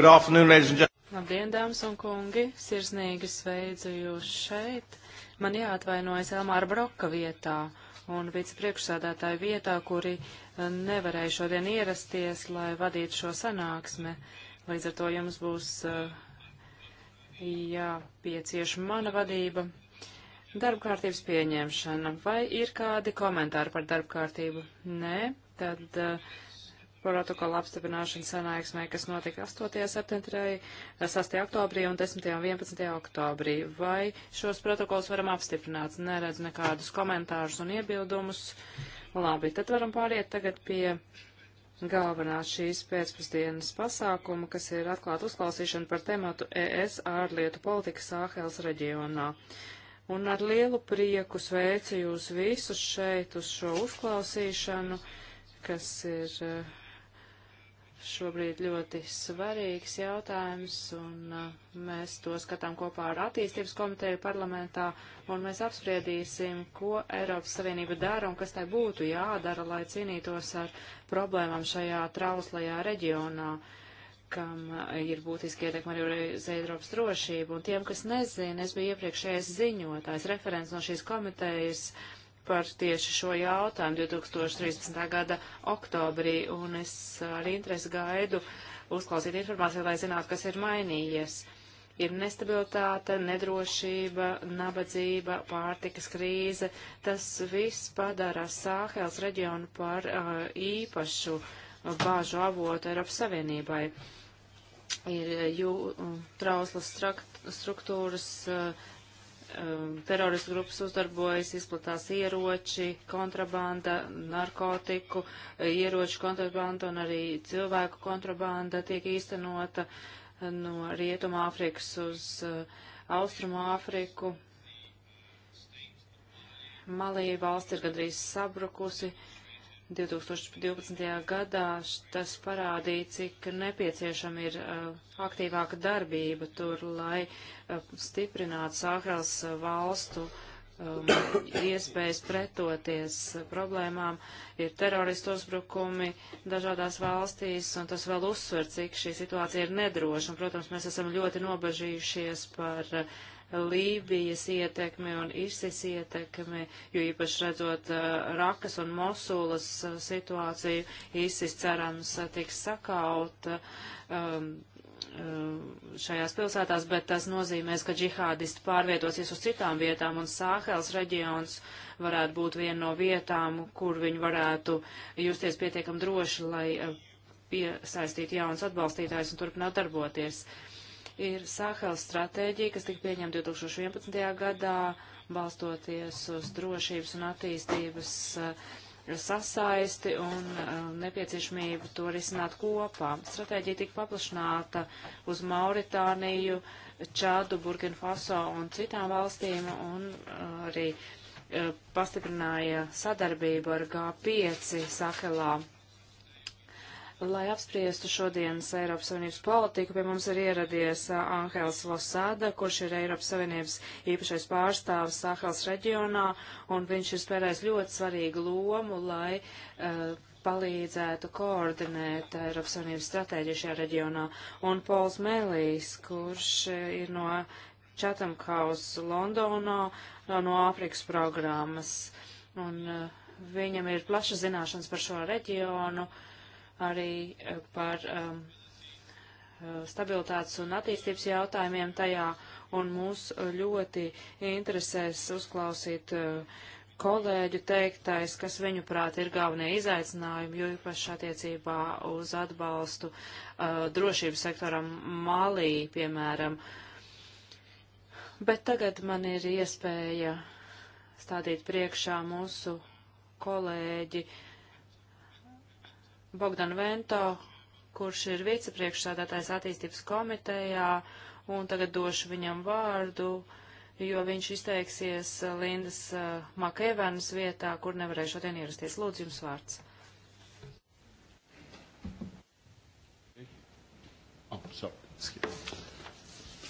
Good afternoon, ladies and gentlemen. Labdien, dāmas un kungi! Sirsnīgi sveicu jūs šeit. Man jāatvainojas Elmāra Broka vietā un vicepriekšsādātāju vietā, kuri eh, nevarēja šodien ierasties, lai vadītu šo sanāksmi. Līdz ar to jums būs eh, jāpiecieš mana vadība. Darbkārtības pieņemšana. Vai ir kādi komentāri par darbkārtību? Nē. Tad uh, protokola apstiprināšana sanāksmē, kas notika 8. septembrī, 6. oktobrī un 10. un 11. oktobrī. Vai šos protokols varam apstiprināt? Neredz nekādus komentārus un iebildumus. Labi, tad varam pāriet tagad pie galvenā šīs pēcpusdienas pasākuma, kas ir atklāta uzklausīšana par tematu ES ārlietu politika Sāhels reģionā. Un ar lielu prieku sveicu jūs visus šeit uz šo uzklausīšanu, kas ir uh, šobrīd ļoti svarīgs jautājums, un uh, mēs to skatām kopā ar attīstības komiteju parlamentā, un mēs apspriedīsim, ko Eiropas Savienība dara un kas tai būtu jādara, lai cīnītos ar problēmām šajā trauslajā reģionā kam uh, ir būtiski ietekme arī uz Eiropas drošību. Un tiem, kas nezina, es biju iepriekšējais ziņotājs, referents no šīs komitejas uh, par tieši šo jautājumu 2013. gada oktobrī, un es ar interesi gaidu uzklausīt informāciju, lai zinātu, kas ir mainījies. Ir nestabilitāte, nedrošība, nabadzība, pārtikas krīze. Tas viss padara Sāhels reģionu par uh, īpašu bāžu avotu Eiropas Savienībai. Ir uh, jū, um, trauslas struktūras, uh, Um, teroristu grupas uzdarbojas, izplatās ieroči, kontrabanda, narkotiku, uh, ieroču kontrabanda un arī cilvēku kontrabanda tiek īstenota uh, no Rietuma Āfrikas uz uh, Austrumu Āfriku. Malī valsts ir gadrīz sabrukusi, uh, 2012. gadā tas parādīja, cik nepieciešama ir uh, aktīvāka darbība tur, lai uh, stiprinātu Sāhrels uh, valstu um, iespējas pretoties uh, problēmām. Ir teroristu uzbrukumi dažādās valstīs, un tas vēl uzsver, cik šī situācija ir nedroša. Un, protams, mēs esam ļoti nobažījušies par uh, Lībijas ietekme un ISIS ietekme, jo īpaši redzot uh, Rakas un Mosulas uh, situāciju, ISIS cerams uh, tiks sakaut uh, um, uh, šajās pilsētās, bet tas nozīmēs, ka džihādisti pārvietosies uz citām vietām un Sāhels reģions varētu būt viena no vietām, kur viņi varētu justies pietiekam droši, lai uh, piesaistītu jauns atbalstītājs un turpināt darboties. Uh, ir Sahel stratēģija, kas tika pieņemta 2011. gadā, balstoties uz drošības un attīstības uh, sasaisti un uh, nepieciešamību to risināt kopā. Stratēģija tika paplašināta uz Mauritāniju, Čādu, Burkina Faso un citām valstīm un uh, arī pastiprināja sadarbību ar G5 Sahelā Lai apspriestu šodienas Eiropas Savienības politiku, pie mums ir ieradies Anhels Losada, kurš ir Eiropas Savienības īpašais pārstāvis Sahels reģionā, un viņš ir spēlējis ļoti svarīgu lomu, lai uh, palīdzētu koordinēt Eiropas Savienības stratēģiju šajā reģionā. Un Pols Melīs, kurš ir no Čatamkaus Londonā, no Āfrikas programmas. Un uh, viņam ir plaša zināšanas par šo reģionu. Uh, arī eh, par um, stabilitātes un attīstības jautājumiem tajā, un mūs eh, ļoti interesēs uzklausīt uh, kolēģu teiktais, kas viņuprāt ir galvenie izaicinājumi, jo īpaši attiecībā uz atbalstu uh, drošības sektoram Malī, piemēram. Bet tagad man ir iespēja stādīt priekšā mūsu kolēģi uh, Bogdan Vento, kurš ir vicepriekšsādātājs attīstības komitejā, un tagad došu viņam vārdu, jo viņš izteiksies Lindas eh, Makēvenas vietā, kur nevarēja šodien ierasties. Lūdzu, jums vārds. Oh, sorry.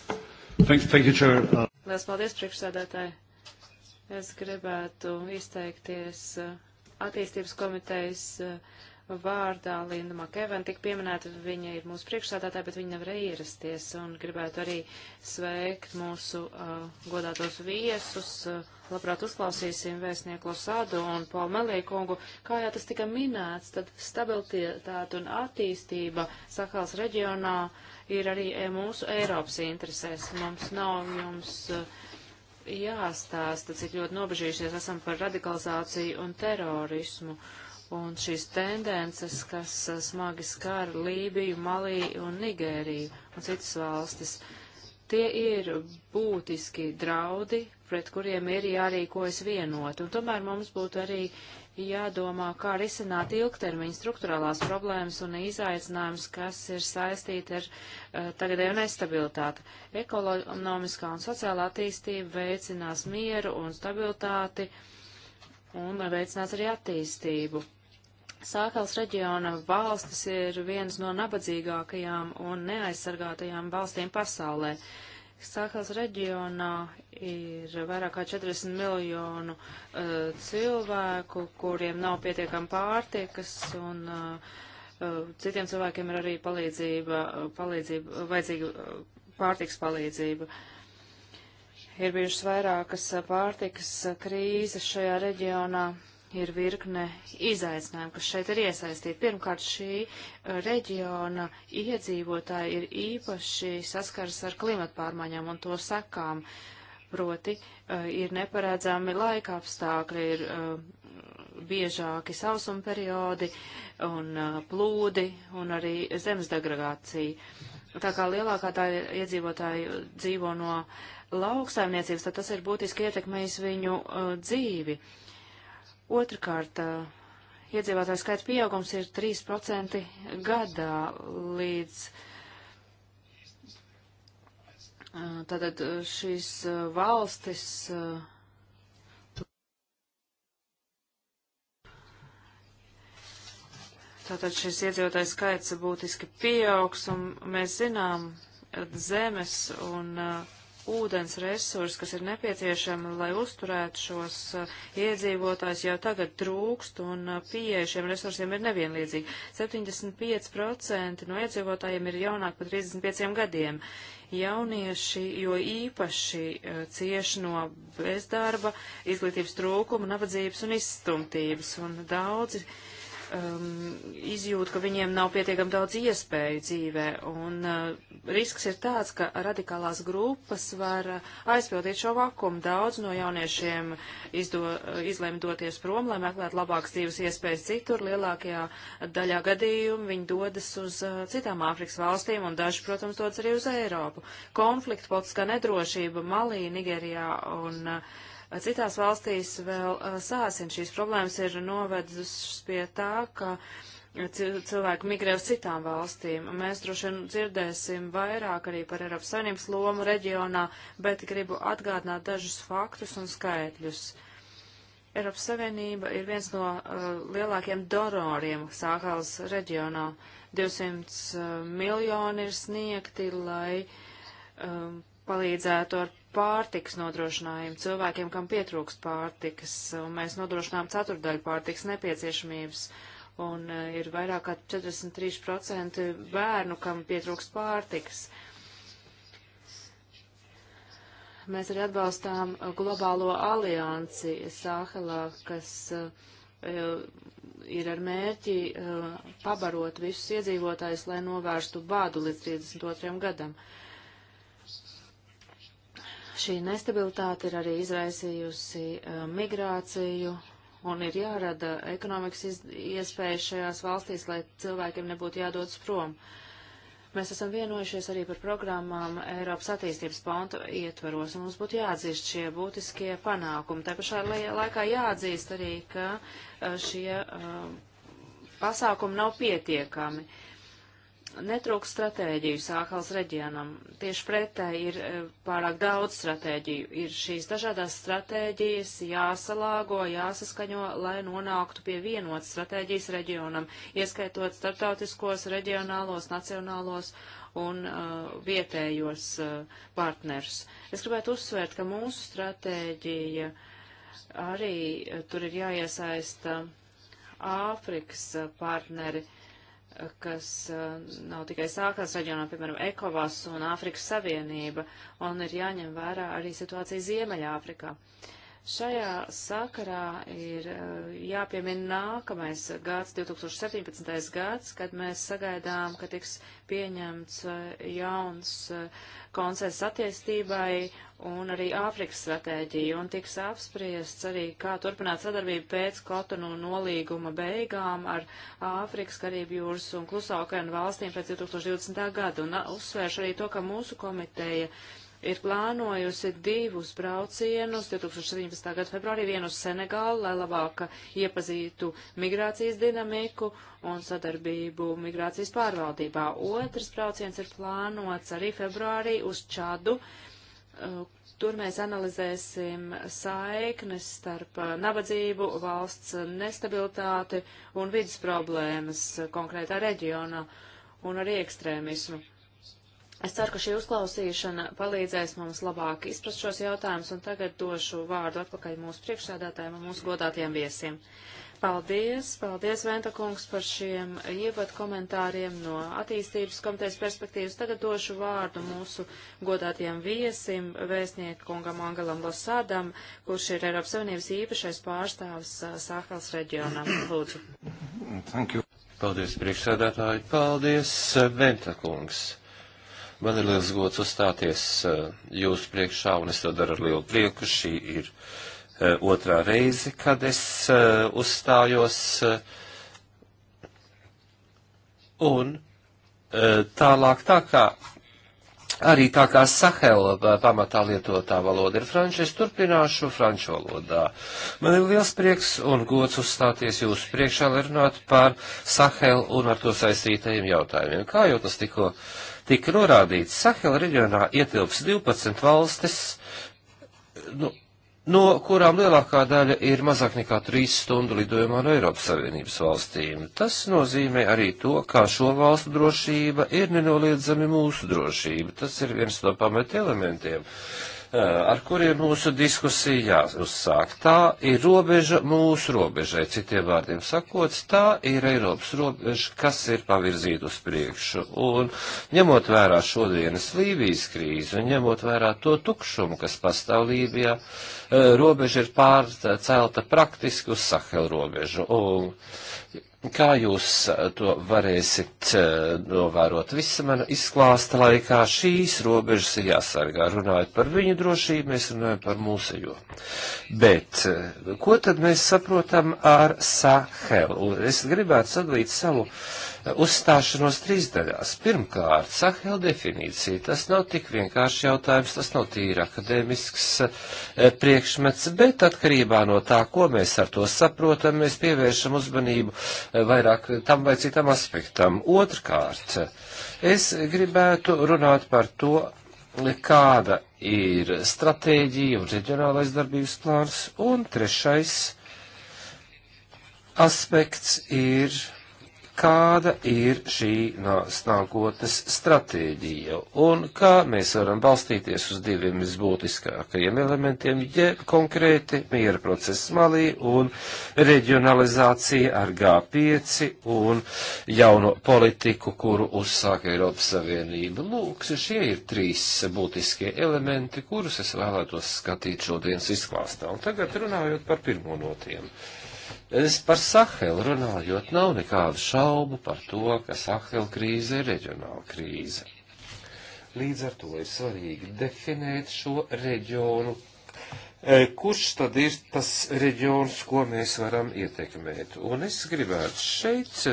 Thank you, thank you, Chair. Uh... Lielas paldies, priekšsēdētāji. Es gribētu izteikties eh, attīstības komitejas uh, vārdā Linda Makevena tik pieminēta, viņa ir mūsu priekšsādātāja, bet viņa nevarēja ierasties un gribētu arī sveikt mūsu uh, godātos viesus. Uh, labprāt uzklausīsim vēstnieku Losādu un Paulu Melīkungu. Kā jau tas tika minēts, tad stabilitāte un attīstība Sahāls reģionā ir arī e, mūsu Eiropas interesēs. Mums nav jums. Uh, Jāstāsta, cik ļoti nobežījušies esam par radikalizāciju un terorismu. Uh, un šīs tendences, kas uh, smagi skar Lībiju, Malī un Nigēriju un citas valstis. Tie ir būtiski draudi, pret kuriem ir jārīkojas vienot, un tomēr mums būtu arī jādomā, kā risināt ilgtermiņa struktūrālās problēmas un izaicinājumus, kas ir saistīti ar uh, tagadēju nestabilitāti. Ekonomiskā un sociālā attīstība veicinās mieru un stabilitāti un veicinās arī attīstību Sāhels reģiona valstis ir viens no nabadzīgākajām un neaizsargātajām valstīm pasaulē. Sāhels reģionā ir vairāk kā 40 miljonu uh, cilvēku, kuriem nav pietiekama pārtikas un uh, citiem cilvēkiem ir arī palīdzība, palīdzība vajadzīga pārtiks palīdzība. Ir bijušas vairākas pārtikas krīzes šajā reģionā ir virkne izaicinājumu, kas šeit ir iesaistīti. Pirmkārt, šī uh, reģiona iedzīvotāji ir īpaši saskars ar klimatu pārmaiņām un to sekām. Proti, uh, ir neparedzami laika apstākļi, ir uh, biežāki sausuma periodi un plūdi un arī zemes degradācija. Tā kā lielākā tā iedzīvotāji dzīvo no lauksaimniecības, tad tas ir būtiski ietekmējis viņu dzīvi. Uh, Otrakārt, eh, iedzīvotāju skaita pieaugums ir 3% gadā līdz. Eh, tātad eh, šīs valstis. Tātad šis iedzīvotāju skaits būtiski pieaugs, un mēs zinām zemes un uh, ūdens resursi, kas ir nepieciešami, lai uzturētu šos eh, iedzīvotājus, jau tagad trūkst un eh, pieeja šiem resursiem ir nevienlīdzīga. 75% no iedzīvotājiem ir jaunāk par 35 gadiem. Jaunieši jo īpaši eh, cieši no bezdarba, izglītības trūkuma, nabadzības un izstumtības. Un daudzi uh, um, izjūt, ka viņiem nav pietiekami daudz iespēju dzīvē, un uh, risks ir tāds, ka radikālās grupas var uh, aizpildīt šo vakumu. Daudz no jauniešiem izdo, uh, izlēma doties prom, lai meklētu labākas dzīves iespējas citur. Lielākajā daļā gadījumu viņi dodas uz uh, citām Āfrikas valstīm, un daži, protams, dodas arī uz Eiropu. Konflikti, politiskā nedrošība Malī, Nigerijā un uh, Citās valstīs vēl sāsim šīs problēmas ir novedusi pie tā, ka cilvēki migrē uz citām valstīm. Mēs droši vien dzirdēsim vairāk arī par Eiropas Savienības lomu reģionā, bet gribu atgādināt dažus faktus un skaitļus. Eiropas Savienība ir viens no uh, lielākiem donoriem Sāhāls reģionā. 200 uh, miljoni ir sniegti, lai um, palīdzētu ar pārtiks nodrošinājumu cilvēkiem, kam pietrūkst pārtikas, un mēs nodrošinām ceturdaļu pārtiks nepieciešamības, un eh, ir vairāk kā 43% bērnu, kam pietrūkst pārtikas. Mēs arī atbalstām eh, globālo aliansi Sāhelā, kas eh, ir ar mērķi pabarot visus iedzīvotājus, lai novērstu bādu līdz 32. gadam. Uh, Šī nestabilitāte ir arī izraisījusi uh, migrāciju un ir jārada ekonomikas iespējas šajās valstīs, lai cilvēkiem nebūtu jādodas prom. Mēs esam vienojušies arī par programmām Eiropas attīstības fonda ietveros, un mums būtu jāatzīst šie būtiskie panākumi. Tā pašā laikā jāatzīst arī, ka uh, šie uh, pasākumi nav pietiekami. Uh, Netrūks stratēģiju Sāhals reģionam. Tieši pretēji ir e, pārāk daudz stratēģiju. Ir šīs dažādās stratēģijas jāsalāgo, jāsaskaņo, lai nonāktu pie vienotas stratēģijas reģionam, ieskaitot startautiskos, reģionālos, nacionālos un uh, vietējos uh, partners. Es gribētu uzsvērt, ka mūsu stratēģija arī uh, tur ir jāiesaista Āfrikas partneri. Uh, kas eh, nav tikai sākās reģionā, piemēram, Ekovas un Āfrikas Savienība, un ir jāņem vērā arī situācija Ziemeļāfrikā. Afrikā. Šajā sakarā ir eh, jāpiemina nākamais gads, 2017. gads, kad mēs sagaidām, ka tiks pieņemts eh, jauns eh, konsens attīstībai un arī Āfrikas stratēģija, un tiks apspriests arī, kā turpināt sadarbību pēc Kotonu nolīguma beigām ar Āfrikas, Karību jūras un Klusā okeāna valstīm pēc 2020. gada. Un uzsvēršu arī to, ka mūsu komiteja ir plānojusi divus braucienus 2017. gada februārī, vienu uz Senegālu, lai labāk iepazītu migrācijas dinamiku un sadarbību migrācijas pārvaldībā. Otrs brauciens ir plānots arī februārī uz Čadu. Uh, tur mēs analizēsim saiknes starp uh, nabadzību, valsts nestabilitāti un vidas problēmas konkrētā reģionā un arī ekstrēmismu. Es ceru, ka šī uzklausīšana palīdzēs mums labāk izprast šos jautājumus, un tagad došu vārdu atpakaļ mūsu priekšsēdētājiem un mūsu godātiem viesiem. Paldies, paldies, Venta kungs, par šiem ievadu komentāriem no attīstības komitejas perspektīvas. Tagad došu vārdu mūsu godātiem viesim, vēstniekungam Angelam Losādam, kurš ir Eiropas Savienības īpašais pārstāvs uh, Sāhels reģionam. Lūdzu. Thank you. Paldies, priekšsēdētāji. Paldies, Venta kungs. Man ir liels gods uzstāties eh, jūsu priekšā, un es to daru ar lielu prieku. Šī ir eh, otrā reize, kad es eh, uzstājos. Un tālāk tā kā arī tā kā Sahela pamatā lietotā valoda ir franču, es turpināšu franču valodā. Man ir liels prieks un gods uzstāties jūsu priekšā, lai runātu par Sahelu un ar to saistītajiem jautājumiem. Kā jau tas tikko tika norādīts, Sahela reģionā ietilps 12 valstis, nu, no kurām lielākā daļa ir mazāk nekā 3 stundu lidojumā no Eiropas Savienības valstīm. Tas nozīmē arī to, kā šo valstu drošība ir nenoliedzami mūsu drošība. Tas ir viens no pamatelementiem. elementiem Eh, ar kuriem mūsu diskusija jāuzsāk. Tā ir robeža mūsu robežai, citiem vārdiem sakot, tā ir Eiropas robeža, kas ir pavirzīta uz priekšu. Un ņemot vērā šodienas Lībijas krīzi un ņemot vērā to tukšumu, kas pastāv Lībijā, eh, robeža ir pārcelta praktiski uz Sahel robežu. Un Kā jūs eh, to varēsiet eh, novērot visa mana izklāsta laikā, šīs robežas ir jāsargā. Runājot par viņu drošību, mēs runājam par mūsejo. Bet eh, ko tad mēs saprotam ar Sahelu? Es gribētu sadalīt salu uh, uzstāšanos trīs daļās. Pirmkārt, Sahel definīcija. Tas nav tik vienkārši jautājums, tas nav tīri akadēmisks eh, priekšmets, bet atkarībā no tā, ko mēs ar to saprotam, mēs pievēršam uzmanību eh, vairāk tam vai citam aspektam. Otrkārt, es gribētu runāt par to, kāda ir stratēģija un reģionālais darbības plāns, un trešais aspekts ir kāda ir šī nākotnes stratēģija un kā mēs varam balstīties uz diviem visbūtiskākajiem elementiem, ja konkrēti miera process Malī un reģionalizācija ar G5 un jauno politiku, kuru uzsāka Eiropas Savienība. Lūk, šie ir trīs būtiskie elementi, kurus es vēlētos skatīt šodienas izklāstā. Un tagad runājot par pirmo no tiem. Uh, Es par Sahelu runājot, nav nekādu šaubu par to, ka Sahela krīze ir reģionāla krīze. Līdz ar to ir svarīgi definēt šo reģionu E, kurš tad ir tas reģions, ko mēs varam ietekmēt. Un es gribētu šeit e,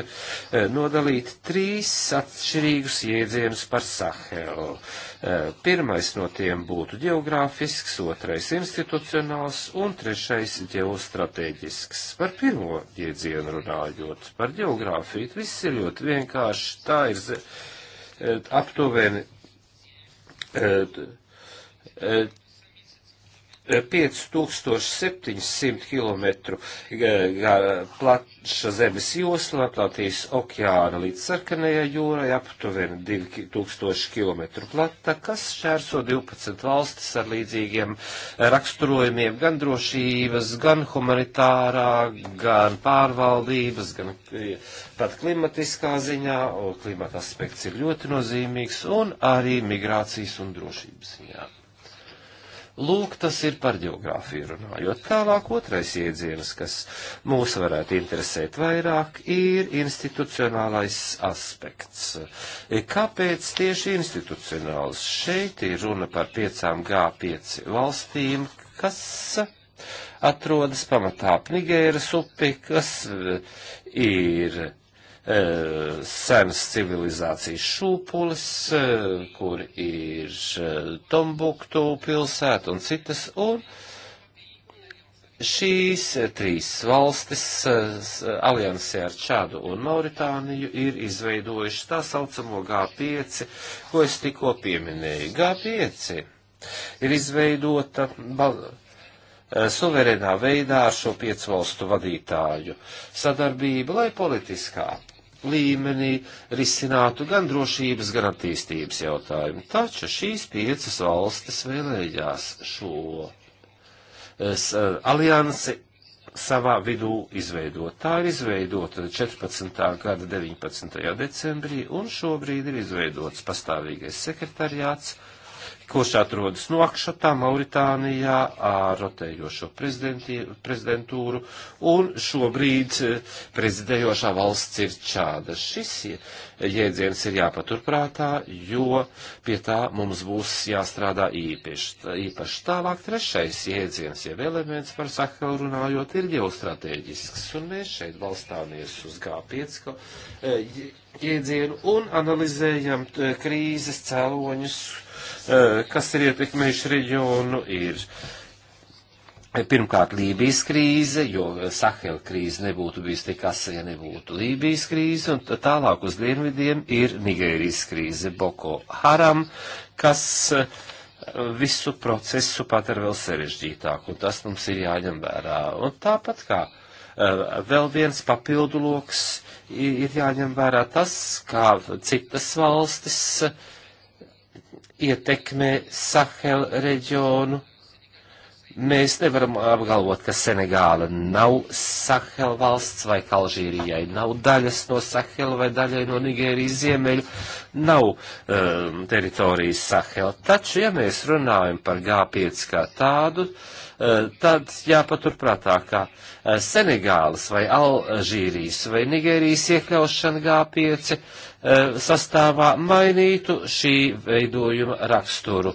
nodalīt trīs atšķirīgus jēdzienus par Sahelu. E, pirmais no tiem būtu geogrāfisks, otrais institucionāls un trešais ģeostrateģisks. Par pirmo jēdzienu runājot, par geogrāfiju, viss ir ļoti vienkārši, tā ir aptuveni 5700 km plaša zemes josla no Atlantijas okeāna līdz sarkanajai jūrai, aptuveni 2000 km plata, kas šķērso 12 valstis ar līdzīgiem raksturojumiem gan drošības, gan humanitārā, gan pārvaldības, gan e, pat klimatiskā ziņā, un klimata aspekts ir ļoti nozīmīgs, un arī migrācijas un drošības ziņā. Lūk, tas ir par ģeogrāfiju runājot. Tālāk otrais iedziens, kas mūs varētu interesēt vairāk, ir institucionālais aspekts. Kāpēc tieši institucionāls? Šeit ir runa par piecām G5 valstīm, kas atrodas pamatā Nigēras upi, kas eh, ir Eh, senas civilizācijas šūpulis, eh, kur ir eh, Tombuktu pilsēta un citas, un šīs trīs valstis aliansē ar Čādu un Mauritāniju ir izveidojuši tā saucamo G5, ko es tikko pieminēju. G5 ir izveidota suverēnā veidā ar šo piecu valstu vadītāju sadarbību, lai politiskā līmenī risinātu gan drošības, gan attīstības jautājumu. Taču šīs piecas valstis vēlējās šo es, eh, aliansi savā vidū izveidot. Tā ir izveidota 14. gada 19. decembrī, un šobrīd ir izveidots pastāvīgais sekretariāts kurš atrodas Nokšatā, Mauritānijā, ar rotējošo prezidentūru, un šobrīd prezidējošā valsts ir čāda. Šis jēdziens ir jāpaturprātā, jo pie tā mums būs jāstrādā īpaši. īpaši tālāk trešais jēdziens, jeb elements par Sahelu runājot, ir ģeostrateģisks, un mēs šeit balstāmies uz G5 ka, jēdzienu un analizējam krīzes cēloņus, Eh, kas ir ietekmējuši reģionu, ir eh, pirmkārt Lībijas krīze, jo eh, Sahela krīze nebūtu bijusi tik asa, ja nebūtu Lībijas krīze, un tālāk uz dienvidiem ir Nigērijas krīze Boko Haram, kas visu procesu padara vēl sarežģītāku, un tas mums ir jāņem vērā. Un tāpat kā vēl viens papildu loks ir jāņem vērā tas, kā citas valstis uh, ietekmē Sahel reģionu. Mēs nevaram apgalvot, ka Senegāla nav Sahel valsts vai Alžīrijai nav daļas no Sahel vai daļai no Nigērijas ziemeļu, nav um, teritorijas Sahel. Taču, ja mēs runājam par G5 kā tādu, uh, tad jāpaturprātā, ka uh, Senegālas vai Alžīrijas vai Nigērijas iekļaušana G5 uh, E, sastāvā mainītu šī veidojuma raksturu,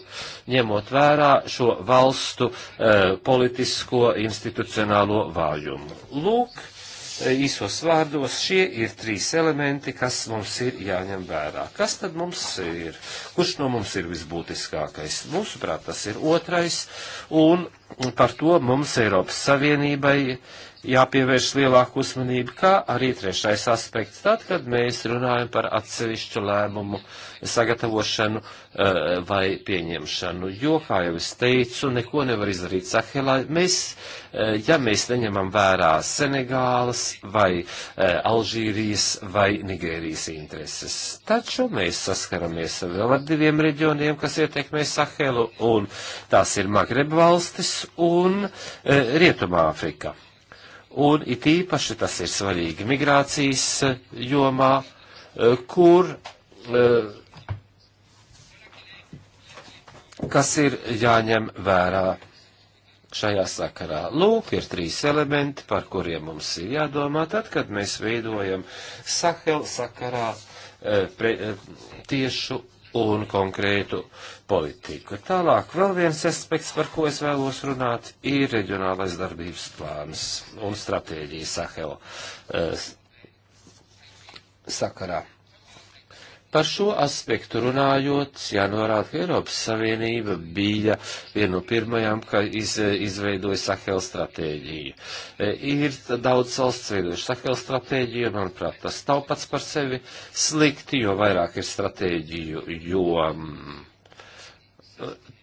ņemot vērā šo valstu e, politisko institucionālo vājumu. Lūk, e, īsos vārdos šie ir trīs elementi, kas mums ir jāņem vērā. Kas tad mums ir? Kurš no mums ir visbūtiskākais? Mūsuprāt, tas ir otrais, un par to mums Eiropas Savienībai jāpievērš lielāku uzmanību, kā arī trešais aspekts, tad, kad mēs runājam par atsevišķu lēmumu sagatavošanu uh, vai pieņemšanu. Jo, kā jau es teicu, neko nevar izdarīt Sahelā. Mēs, uh, ja mēs neņemam vērā Senegālas vai uh, Alžīrijas vai Nigērijas intereses. Taču mēs saskaramies vēl ar diviem reģioniem, kas ietekmē Sahelu, un tās ir Magreb valstis un Rietumāfrika un it īpaši tas ir svarīgi migrācijas eh, jomā, eh, kur, eh, kas ir jāņem vērā šajā sakarā. Lūk, ir trīs elementi, par kuriem mums ir jādomā tad, kad mēs veidojam Sahel sakarā e, pre, e, tiešu un konkrētu politiku. Tālāk vēl viens aspekts, par ko es vēlos runāt, ir reģionālais darbības plāns un stratēģija Sahel uh, sakarā. Par šo aspektu runājot, jānorāda, ka Eiropas Savienība bija viena no pirmajām, ka iz, izveidoja Sahel stratēģiju. E, ir daudz valsts veidojuši Sahel stratēģiju, un, manuprāt, tas nav pats par sevi slikti, jo vairāk ir stratēģiju, jo mm,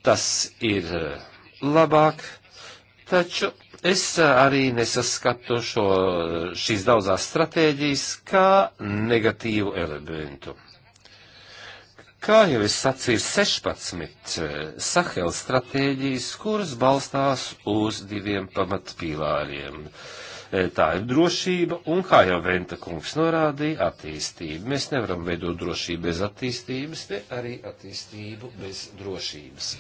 tas ir labāk. Taču es arī nesaskatu šo, šīs daudzās stratēģijas kā negatīvu elementu. Kā jau es sacīju, 16 eh, Sahel stratēģijas, kuras balstās uz diviem pamatpīlāriem. Eh, tā ir drošība, un kā jau Venta kungs norādīja, attīstība. Mēs nevaram veidot drošību bez attīstības, ne arī attīstību bez drošības.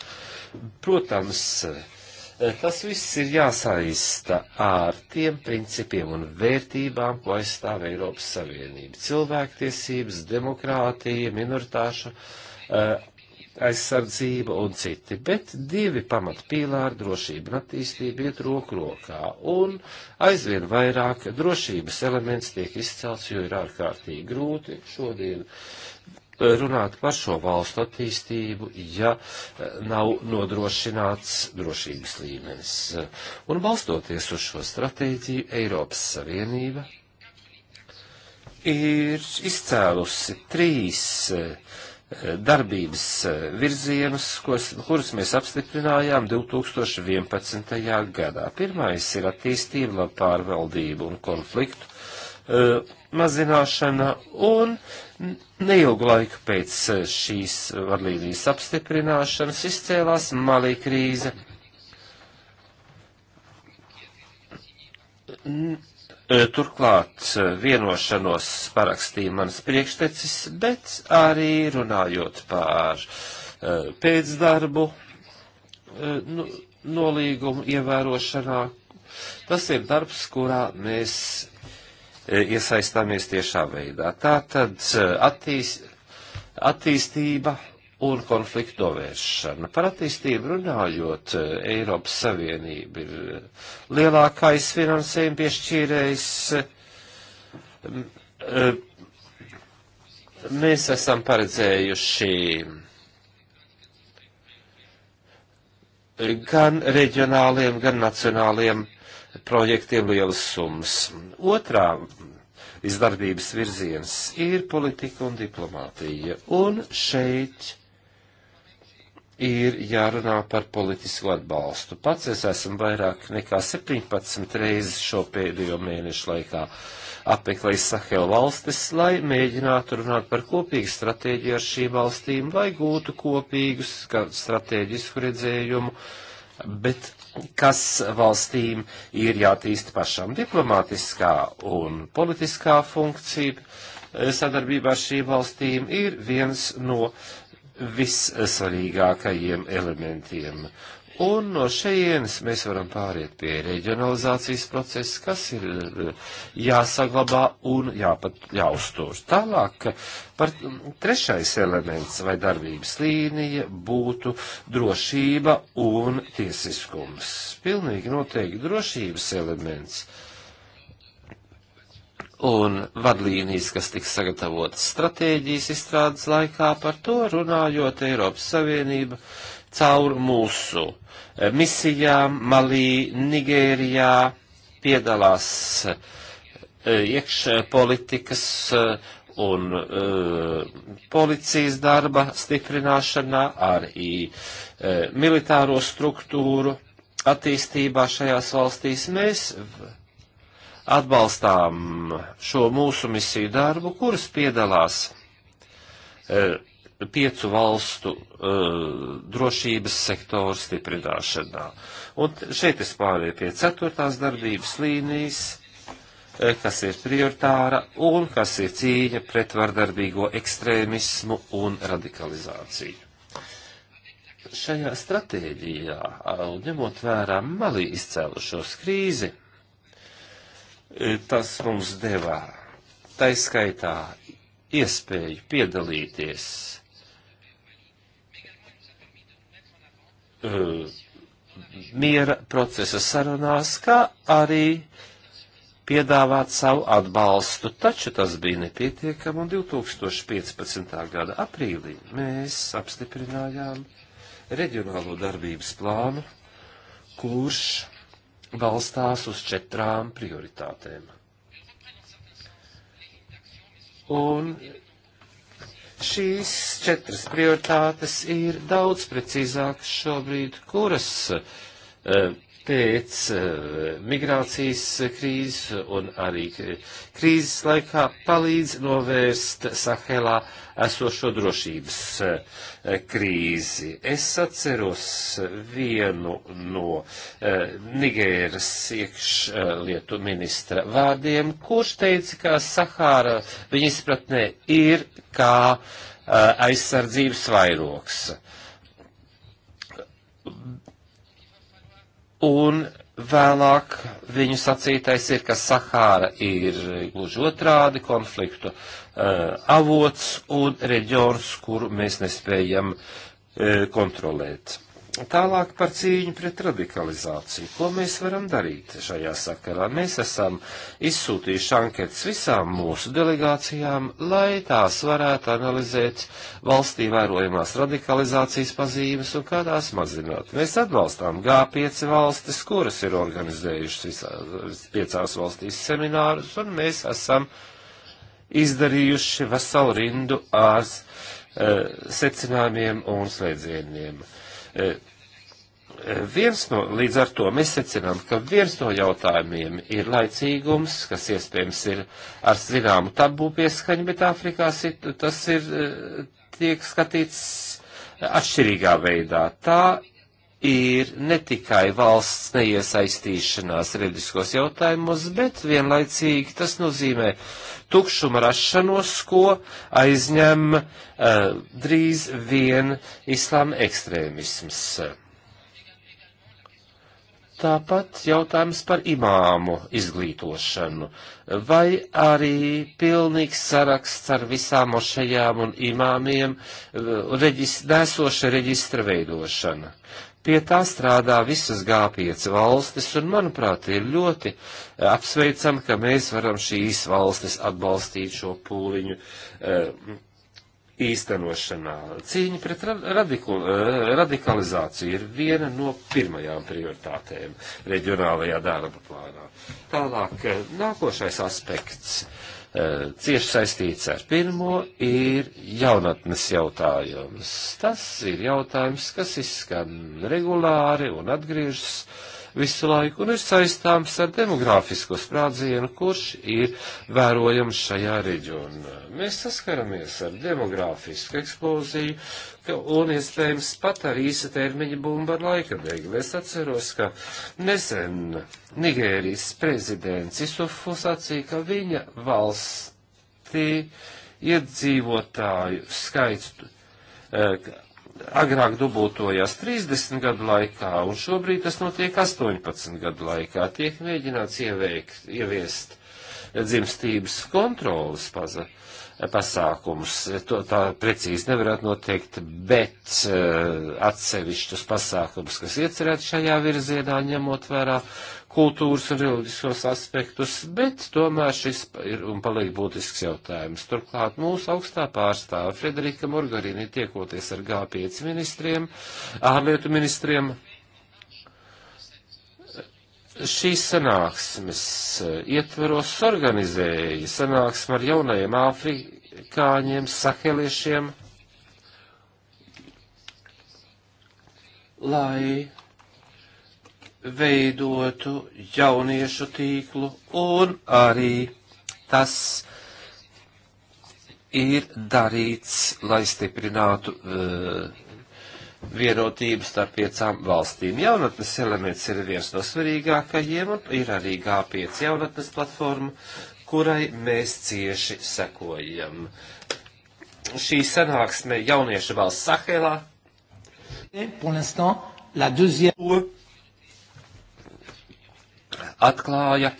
Protams, eh, Eh, tas viss ir jāsaista ar tiem principiem un vērtībām, ko aizstāv Eiropas Savienība. Cilvēktiesības, demokrātija, minoritāšu eh, aizsardzība un citi, bet divi pamatpīlāri - drošība un attīstība iet roku rokā, un aizvien vairāk drošības elements tiek izcelts, jo ir ārkārtīgi grūti šodien uh, runāt par šo valstu attīstību, ja e, nav nodrošināts drošības līmenis. Un balstoties uz šo stratēģiju, Eiropas Savienība ir izcēlusi trīs e, e, darbības virzienus, kos, kurus mēs apstiprinājām 2011. gadā. Pirmais ir attīstība, pārvaldība un konfliktu mazināšana un neilgu laiku pēc šīs vadlīnijas apstiprināšanas izcēlās malī krīze. Turklāt vienošanos parakstīja mans priekštecis, bet arī runājot pār e, pēcdarbu e, nu, nolīgumu ievērošanā. Tas ir darbs, kurā mēs E, iesaistāmies tiešā veidā. Tā tad e, attīst, attīstība un konfliktu novēršana. Par attīstību runājot, e, Eiropas Savienība ir lielākais finansējuma piešķīrējs. Mēs esam paredzējuši gan reģionāliem, gan nacionāliem uh, projektiem lielas summas. Otrā izdarbības virziens ir politika un diplomātija. Un šeit ir jārunā par politisku atbalstu. Pats es esmu vairāk nekā 17 reizes šo pēdējo mēnešu laikā apmeklējis Sahel valstis, lai mēģinātu runāt par kopīgu stratēģiju ar šīm valstīm, lai gūtu kopīgus stratēģisku redzējumu, bet kas valstīm ir jātīsta pašam diplomātiskā un politiskā funkcija eh, sadarbībā ar šīm valstīm ir viens no vissvarīgākajiem elementiem. Un no šejienes mēs varam pāriet pie reģionalizācijas procesa, kas ir eh, jāsaglabā un jāpat, jāuztur. Tālāk par mm, trešais elements vai darbības līnija būtu drošība un tiesiskums. Pilnīgi noteikti drošības elements. Un vadlīnijas, kas tiks sagatavotas stratēģijas izstrādes laikā, par to runājot Eiropas Savienība caur mūsu uh, misijām Malī, Nigērijā, piedalās e, iekšpolitikas e, un e, policijas darba stiprināšanā, arī militāro struktūru attīstībā šajās valstīs. Mēs atbalstām šo mūsu misiju darbu, kuras piedalās piecu valstu uh, drošības sektoru stiprināšanā. Un šeit es pārēju pie ceturtās darbības līnijas, eh, kas ir prioritāra un kas ir cīņa pret vardarbīgo ekstrēmismu un radikalizāciju. Šajā stratēģijā, eh, ņemot vērā malī izcēlušos krīzi, tas mums devā taiskaitā iespēju piedalīties Eh, miera procesa sarunās, kā arī piedāvāt savu atbalstu, taču tas bija nepietiekami, un 2015. gada aprīlī mēs apstiprinājām reģionālo darbības plānu, kurš balstās uz četrām prioritātēm. Un Šīs četras prioritātes ir daudz precīzākas šobrīd, kuras uh, pēc eh, migrācijas krīzes un arī krīzes laikā palīdz novērst Sahelā esošo drošības eh, krīzi. Es atceros vienu no eh, Nigēras iekšlietu ministra vārdiem, kurš teica, ka Sahāra viņa izpratnē ir kā aizsardzības vairoks Un vēlāk viņu sacītais ir, ka Sahāra ir gluži otrādi konfliktu uh, avots un reģions, kuru mēs nespējam uh, kontrolēt. Tālāk par cīņu pret radikalizāciju. Ko mēs varam darīt šajā sakarā? Mēs esam izsūtījuši anketas visām mūsu delegācijām, lai tās varētu analizēt valstī vērojamās radikalizācijas pazīmes un kādās mazināt. Mēs atbalstām G5 valstis, kuras ir organizējušas visā, piecās valstīs seminārus, un mēs esam izdarījuši veselu rindu ar uh, secinājumiem un slēdzieniem. Uh, E, e, viens no, līdz ar to mēs secinām, ka viens no jautājumiem ir laicīgums, kas iespējams ir ar zināmu tabu pieskaņu, bet Āfrikā tas ir e, tiek skatīts atšķirīgā veidā. Tā ir ne tikai valsts neiesaistīšanās reliģiskos jautājumos, bet vienlaicīgi tas nozīmē tukšuma rašanos, ko aizņem uh, drīz vien islāma ekstrēmisms. Tāpat jautājums par imāmu izglītošanu. Vai arī pilnīgs saraksts ar visām mošajām un imāmiem eh, reģis, nesoša reģistra veidošana? Pie tā strādā visas G5 valstis, un, manuprāt, ir ļoti eh, apsveicam, ka mēs varam šīs valstis atbalstīt šo pūliņu uh, īstenošanā. Cīņa pret radiku, eh, radikalizāciju ir viena no pirmajām prioritātēm reģionālajā darba plānā. Tālāk, nākošais aspekts Eh, cieši saistīts ar pirmo, ir jaunatnes jautājums. Tas ir jautājums, kas izskan regulāri un atgriežas visu laiku un ir saistāms ar demogrāfisko sprādzienu, kurš ir vērojams šajā reģionā. Mēs saskaramies ar demogrāfisku eksploziju, un iespējams pat ar īsa termiņa bumbu ar laika dēļ. Es atceros, ka nesen Nigērijas prezidents Isufu sacīja, ka viņa valstī iedzīvotāju skaits eh, agrāk dubultojās 30 gadu laikā, un šobrīd tas notiek 18 gadu laikā. Tiek mēģināts ieveikt, ieviest dzimstības kontrolas paza, pasākumus. To tā precīzi nevarētu noteikt, bet eh, atsevišķus pasākumus, kas iecerēti šajā virzienā, ņemot vērā kultūras un reliģiskos aspektus, bet tomēr šis ir un paliek būtisks jautājums. Turklāt mūsu augstā pārstāva Frederika Morgarīni tiekoties ar G5 ministriem, ārlietu ministriem, šīs sanāksmes eh, ietveros organizēja sanāksmi ar jaunajiem afrikāņiem, saheliešiem, lai veidotu jauniešu tīklu un arī tas ir darīts, lai stiprinātu uh, vienotību starp piecām valstīm. Jaunatnes elements ir viens no svarīgākajiem un ir arī G5 jaunatnes platforma, kurai mēs cieši sekojam. Šī sanāksme jauniešu valsts Sahelā. Atklāja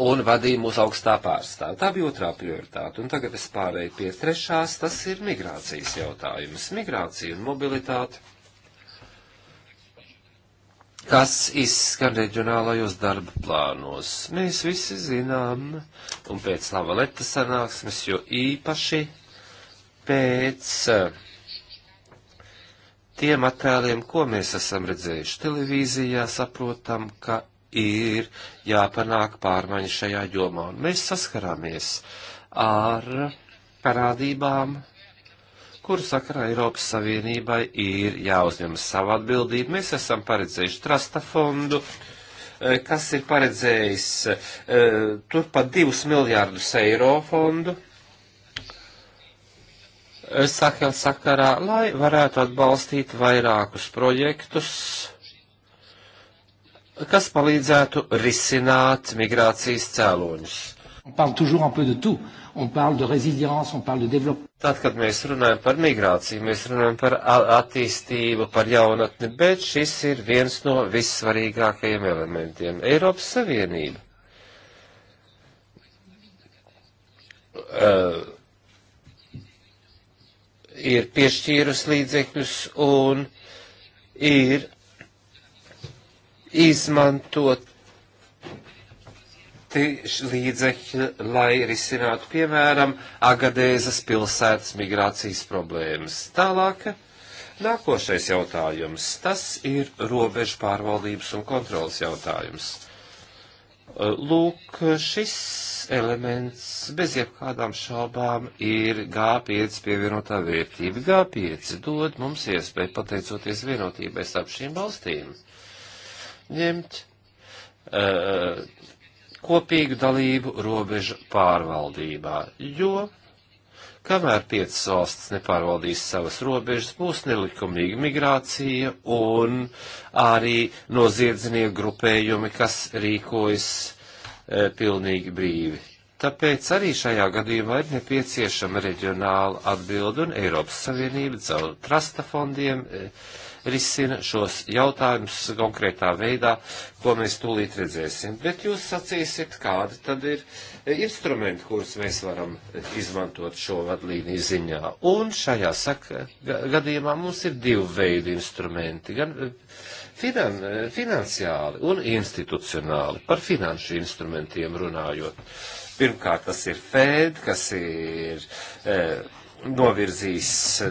un vadīja mūsu augstā pārstāvja. Tā bija otrā prioritāte, un tagad es pārēju pie trešās, tas ir migrācijas jautājums. Migrācija un mobilitāte, kas izskan reģionālajos darba plānos. Mēs visi zinām, un pēc lava leta sanāksmes, jo īpaši pēc eh, tiem attēliem, ko mēs esam redzējuši televīzijā, saprotam, ka ir jāpanāk pārmaiņa šajā jomā. Un mēs saskarāmies ar parādībām, kuru sakarā Eiropas Savienībai ir jāuzņemas savu atbildību. Mēs esam paredzējuši trasta fondu, eh, kas ir paredzējis eh, turpat divus miljārdus eiro fondu eh, Sahel sakarā, lai varētu atbalstīt vairākus projektus kas palīdzētu risināt migrācijas cēloņus. Tad, kad mēs runājam par migrāciju, mēs runājam par attīstību, par jaunatni, bet šis ir viens no vissvarīgākajiem elementiem. Eiropas Savienība. Uh, ir piešķīrusi līdzekļus un ir izmantot līdzekļi, lai risinātu, piemēram, Agadēzas pilsētas migrācijas problēmas. Tālāk, nākošais jautājums. Tas ir robežu pārvaldības un kontrolas jautājums. Lūk, šis elements bez jebkādām šaubām ir G5 pievienotā vērtība. G5 dod mums iespēju, pateicoties vienotībai starp šīm valstīm, ņemt uh, kopīgu dalību robežu pārvaldībā, jo kamēr piecas valstis nepārvaldīs savas robežas, būs nelikumīga migrācija un arī noziedznieku grupējumi, kas rīkojas uh, pilnīgi brīvi. Tāpēc arī šajā gadījumā ir nepieciešama reģionāla atbilda un Eiropas Savienība caur trasta fondiem. Uh, risina šos jautājumus konkrētā veidā, ko mēs tūlīt redzēsim. Bet jūs sacīsiet, kādi tad ir eh, instrumenti, kurus mēs varam izmantot šo vadlīniju ziņā. Un šajā saka, gadījumā mums ir divi veidi instrumenti, gan eh, finan, eh, finansiāli un institucionāli, par finanšu instrumentiem runājot. Pirmkārt, tas ir FED, kas ir. Eh, novirzīs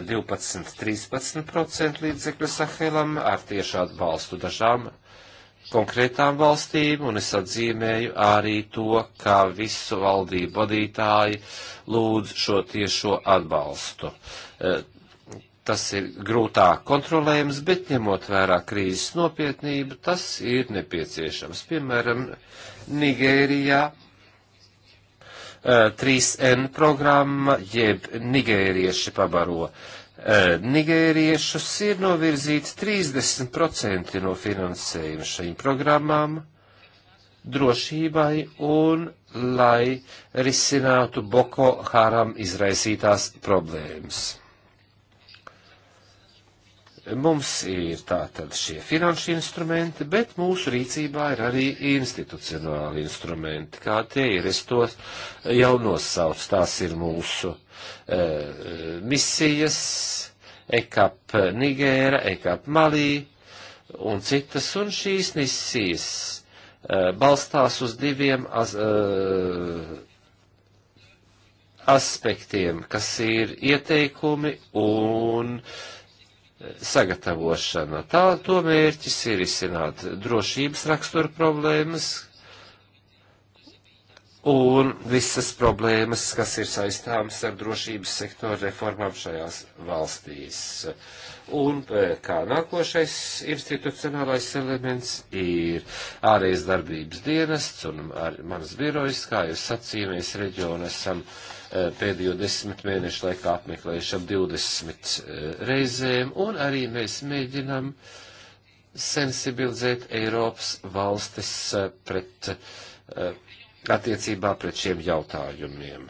12-13% līdzekļu Sahelam ar tiešu atbalstu dažām konkrētām valstīm, un es atzīmēju arī to, kā visu valdību vadītāji lūdz šo tiešo atbalstu. Eh, tas ir grūtāk kontrolējams, bet ņemot vērā krīzes nopietnību, tas ir nepieciešams. Piemēram, Nigērijā 3N eh, programma, jeb nigērieši pabaro. Eh, nigēriešus ir novirzīts 30% no finansējuma šīm programmām drošībai un lai risinātu Boko Haram izraisītās problēmas. Mums ir tātad šie finanšu instrumenti, bet mūsu rīcībā ir arī institucionāli instrumenti. Kā tie ir, es tos jau nosaucu. Tās ir mūsu e, misijas, EKAP Nigēra, EKAP Malī un citas. Un šīs misijas e, balstās uz diviem. Az, e, aspektiem, kas ir ieteikumi un uh, sagatavošana. Tā to mērķis ir izsināt drošības rakstura problēmas un visas problēmas, kas ir saistāmas ar drošības sektoru reformām šajās valstīs. Un e, kā nākošais institucionālais elements ir ārējas darbības dienests un ar, manas birojas, kā jūs sacījāmies, reģionu esam. Uh, Eh, pēdējo desmit mēnešu laikā apmeklējuši ap 20 eh, reizēm, un arī mēs mēģinam sensibilizēt Eiropas valstis eh, pret, attiecībā pret šiem jautājumiem.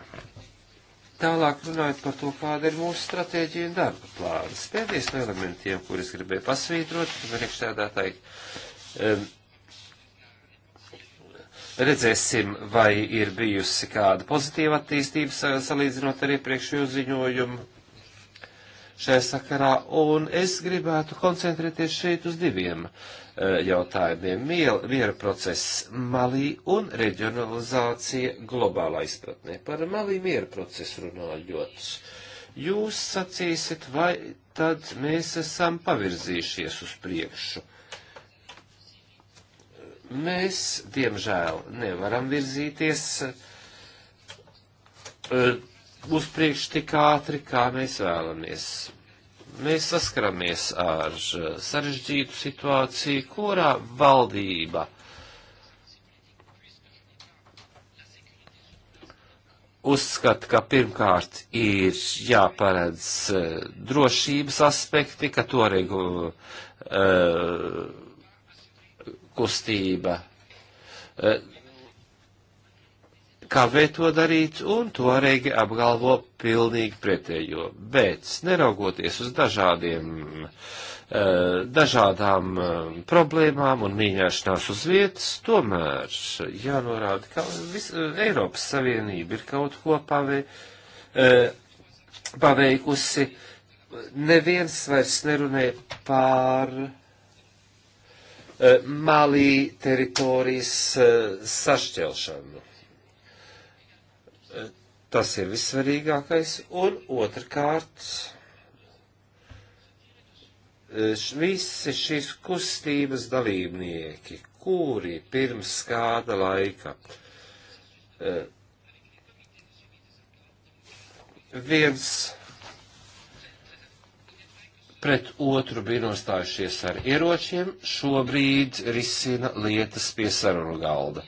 Tālāk runājot par to, kāda ir mūsu stratēģija un darba plāns. Pēdējais no elementiem, kurus gribēju pasvītrot, priekšsēdētāji, um, Redzēsim, vai ir bijusi kāda pozitīva attīstība salīdzinot ar iepriekšējo ziņojumu šajā sakarā, un es gribētu koncentrēties šeit uz diviem e, jautājumiem - miera process Malī un reģionalizācija globālā izpratnē. Par Malī miera procesu runājot, jūs sacīsiet, vai tad mēs esam pavirzījušies uz priekšu Mēs, diemžēl, nevaram virzīties e, uz priekšu tik ātri, kā mēs vēlamies. Mēs saskaramies ar e, sarežģītu situāciju, kurā valdība uzskata, ka pirmkārt ir jāparedz e, drošības aspekti, ka to regu, uh, kustība eh, kavē to darīt, un toreigi apgalvo pilnīgi pretējo. Bet, neraugoties uz dažādiem, eh, dažādām eh, problēmām un mīņāšanās uz vietas, tomēr jānorāda, ka vis, Eiropas Savienība ir kaut ko pavē, paveikusi. Neviens vairs nerunē pār Eh, Malī teritorijas eh, sašķelšanu. Eh, tas ir vissvarīgākais. Un otrkārt, visi šīs kustības dalībnieki, kuri pirms kāda laika viens pret otru bija nostājušies ar ieročiem, šobrīd risina lietas pie sarunu galda.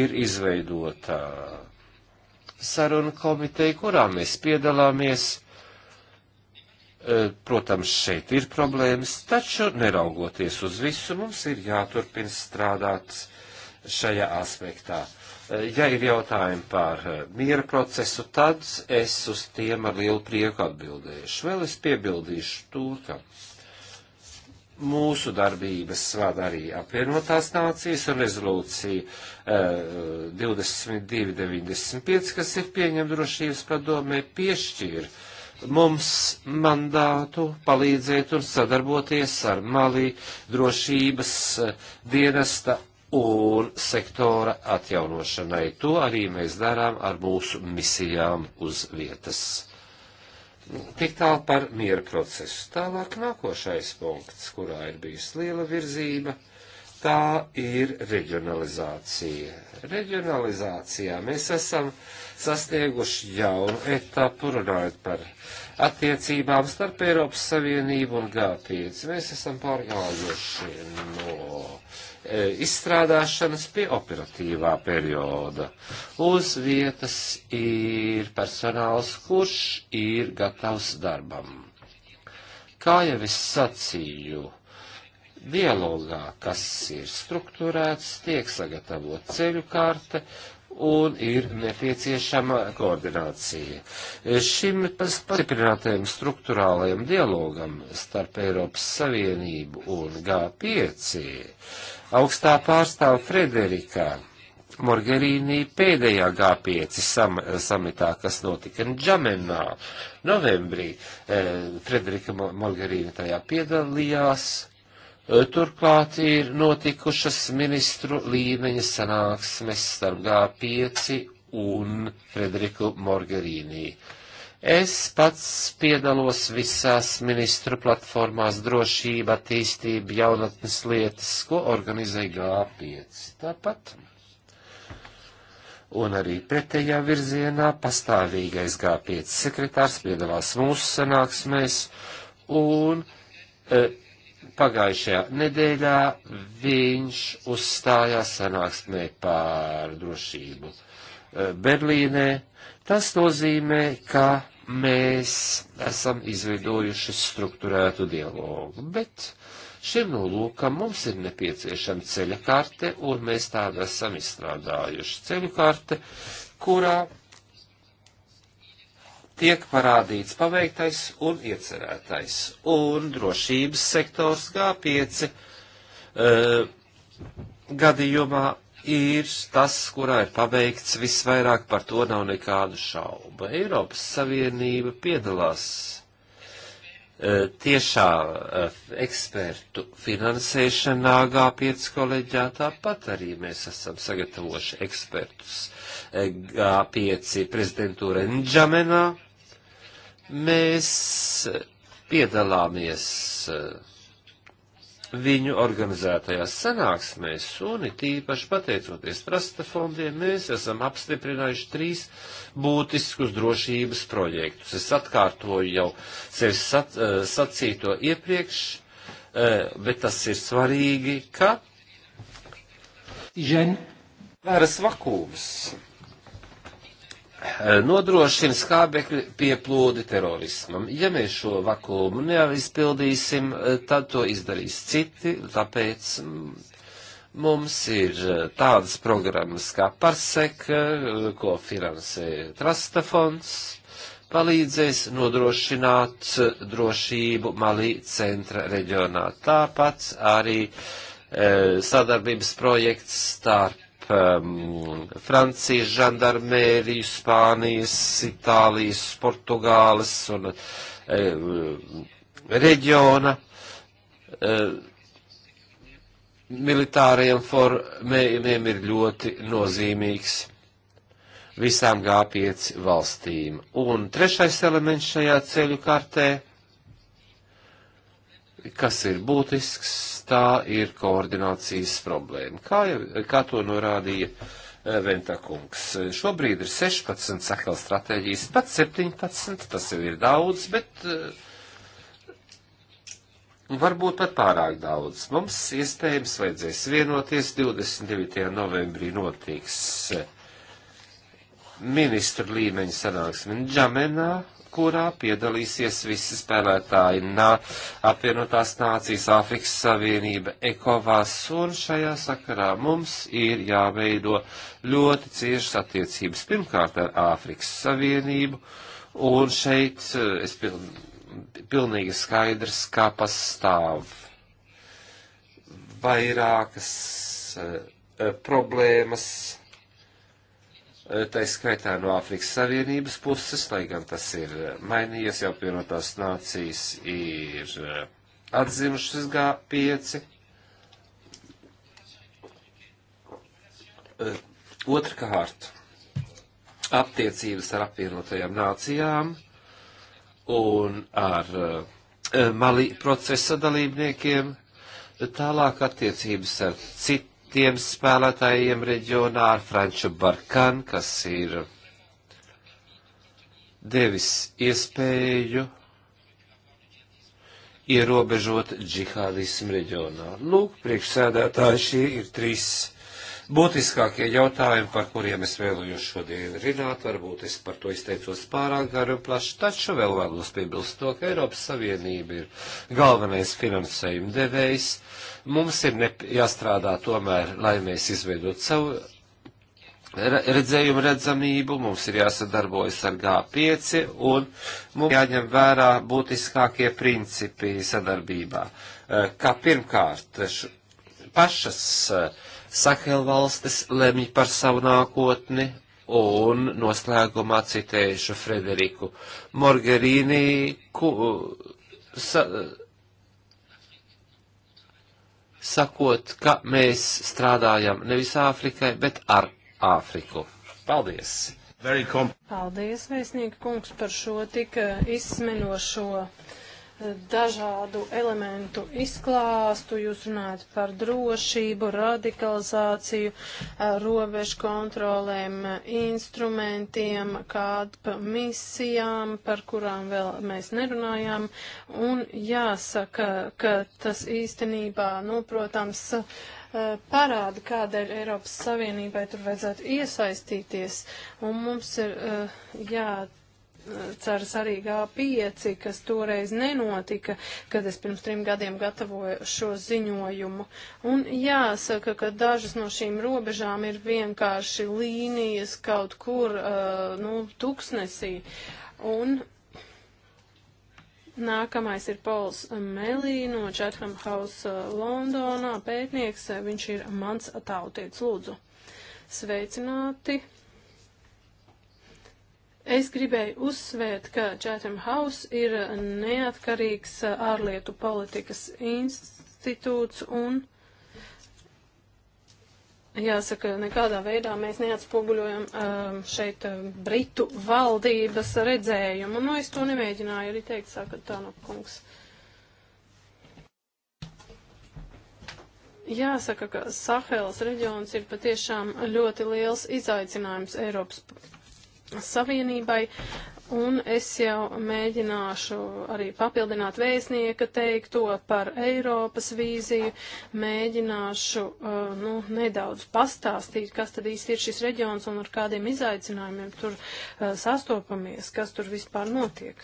Ir izveidota uh, saruna komiteja, kurā mēs piedalāmies. Uh, protams, šeit ir problēmas, taču neraugoties uz visu, mums ir jāturpina strādāt šajā aspektā. Eh, ja ir jautājumi par eh, miera procesu, tad es uz tiem ar lielu prieku atbildēšu. Vēl es piebildīšu to, ka mūsu darbības vada arī apvienotās nācijas un rezolūcija uh, 2295, kas ir pieņemta drošības padomē, piešķīra mums mandātu palīdzēt un sadarboties ar Malī drošības eh, dienesta un sektora atjaunošanai. To arī mēs darām ar mūsu misijām uz vietas. Tik tālu par mieru procesu. Tālāk nākošais punkts, kurā ir bijusi liela virzība, tā ir reģionalizācija. Reģionalizācijā mēs esam sasnieguši jaunu etapu runājot par attiecībām starp Eiropas Savienību un G5. Mēs esam pārgājuši no E, izstrādāšanas pie operatīvā perioda. Uz vietas ir personāls, kurš ir gatavs darbam. Kā jau es sacīju, dialogā, kas ir strukturēts, tiek sagatavot ceļu karte, un ir nepieciešama koordinācija. Šim pastiprinātajam struktūrālajam dialogam starp Eiropas Savienību un G5 Augstā pārstāva Frederikā Morgerīnī pēdējā G5 sam, samitā, kas notika Džamenā novembrī, eh, Frederika Morgerīna tajā piedalījās. Eh, turklāt ir notikušas ministru līmeņa sanāksmes starp G5 un Frederiku Morgerīnī. Uh, Es pats piedalos visās ministru platformās drošība, attīstība, jaunatnes lietas, ko organizē G5. Tāpat. Un arī pretējā virzienā pastāvīgais G5 sekretārs piedalās mūsu sanāksmēs un e, pagājušajā nedēļā viņš uzstājās sanāksmē pār drošību e, Berlīnē. Tas nozīmē, ka mēs esam izveidojuši struktūrētu dialogu, bet šim nolūkam mums ir nepieciešama ceļa karte, un mēs tādu esam izstrādājuši ceļu karte, kurā tiek parādīts paveiktais un iecerētais, un drošības sektors G5 uh, eh, gadījumā ir tas, kurā ir paveikts visvairāk, par to nav nekādu šaubu. Eiropas Savienība piedalās e, tiešā e, ekspertu finansēšanā G5 koleģijā, tāpat arī mēs esam sagatavojuši ekspertus e, G5 prezidentūra Ndžamenā. Mēs piedalāmies uh, viņu organizētajās sanāksmēs, un it īpaši pateicoties trasta fondiem, mēs esam apstiprinājuši trīs būtiskus drošības projektus. Es atkārtoju jau sevi sac, eh, sacīto iepriekš, eh, bet tas ir svarīgi, ka. Žen. Vēras vakūmas Eh, nodrošina skābekļa pieplūdi terorismam. Ja mēs šo vakumu neizpildīsim, eh, tad to izdarīs citi, tāpēc mm, mums ir eh, tādas programmas kā Parsek, ko finansē Trasta fonds, palīdzēs nodrošināt drošību Malī centra reģionā. Tāpat arī sadarbības projekts starp um, Francijas žandarmēriju, Spānijas, Itālijas, Portugāles un um, reģiona um, militāriem formējumiem ir ļoti nozīmīgs visām G5 valstīm. Un trešais elements šajā ceļu kartē kas ir būtisks, tā ir koordinācijas problēma. Kā, jau, kā to norādīja eh, Ventakungs? Šobrīd ir 16 sakala stratēģijas, pat 17, tas jau ir daudz, bet eh, varbūt pat pārāk daudz. Mums iespējams vajadzēs vienoties, 29. novembrī notiks eh, ministru līmeņa sanāksme Džamenā kurā piedalīsies visi spēlētāji NA, apvienotās nācijas, Āfrikas Savienība, ECOVAS, un šajā sakarā mums ir jāveido ļoti ciešas attiecības pirmkārt ar Āfrikas Savienību, un šeit eh, es piln, pilnīgi skaidrs, kā pastāv vairākas eh, eh, problēmas tā skaitā no Āfrikas Savienības puses, lai gan tas ir mainījies, jau pienotās nācijas ir eh, atzinušas G5. Eh, otrkārt, aptiecības ar apvienotajām nācijām un ar eh, Mali procesa dalībniekiem, tālāk attiecības ar citu citiem spēlētājiem reģionā ar Franču Barkan, kas ir devis iespēju ierobežot džihādismu reģionā. Lūk, priekšsēdētāji, šie ir trīs būtiskākie jautājumi, par kuriem es vēlējos šodien runāt, varbūt es par to izteicos pārāk garu un plaši, taču vēl vēlos piebilst to, ka Eiropas Savienība ir galvenais finansējuma devējs. Mums ir jāstrādā tomēr, lai mēs izveidot savu redzējumu redzamību, mums ir jāsadarbojas ar G5 un mums jāņem vērā būtiskākie principi sadarbībā. Kā pirmkārt, pašas Sahel valstis lemj par savu nākotni, un noslēgumā citējuši Frederiku Morgerīni, ku, sa, sakot, ka mēs strādājam nevis Āfrikai, bet ar Āfriku. Paldies! Paldies, vēstnieku kungs, par šo tik eh, izsmeļošo dažādu elementu izklāstu, jūs runājat par drošību, radikalizāciju, robežu kontrolēm, instrumentiem, kādu misijām, par kurām vēl mēs nerunājām. Un jāsaka, ka tas īstenībā, nu, protams, parāda, kādēļ Eiropas Savienībai tur vajadzētu iesaistīties. Un mums ir jā ceras arī G5, kas toreiz nenotika, kad es pirms trim gadiem gatavoju šo ziņojumu. Un jāsaka, ka dažas no šīm robežām ir vienkārši līnijas kaut kur, uh, nu, tuksnesī. Un Nākamais ir Pols Melī no Chatham House uh, Londonā, pētnieks, uh, viņš ir mans tautietis, lūdzu. Sveicināti! Es gribēju uzsvērt, ka Chatham House ir neatkarīgs uh, ārlietu politikas institūts un Jāsaka, nekādā veidā mēs neatspoguļojam um, šeit uh, Britu valdības redzējumu. Nu, es to nemēģināju arī teikt, saka Tanokungs. Jāsaka, ka Sahēlas reģions ir patiešām ļoti liels izaicinājums Eiropas Savienībai. Un es jau mēģināšu arī papildināt vēstnieka teikto par Eiropas vīziju, mēģināšu uh, nu, nedaudz pastāstīt, kas tad īsti ir šis reģions un ar kādiem izaicinājumiem tur uh, sastopamies, kas tur vispār notiek.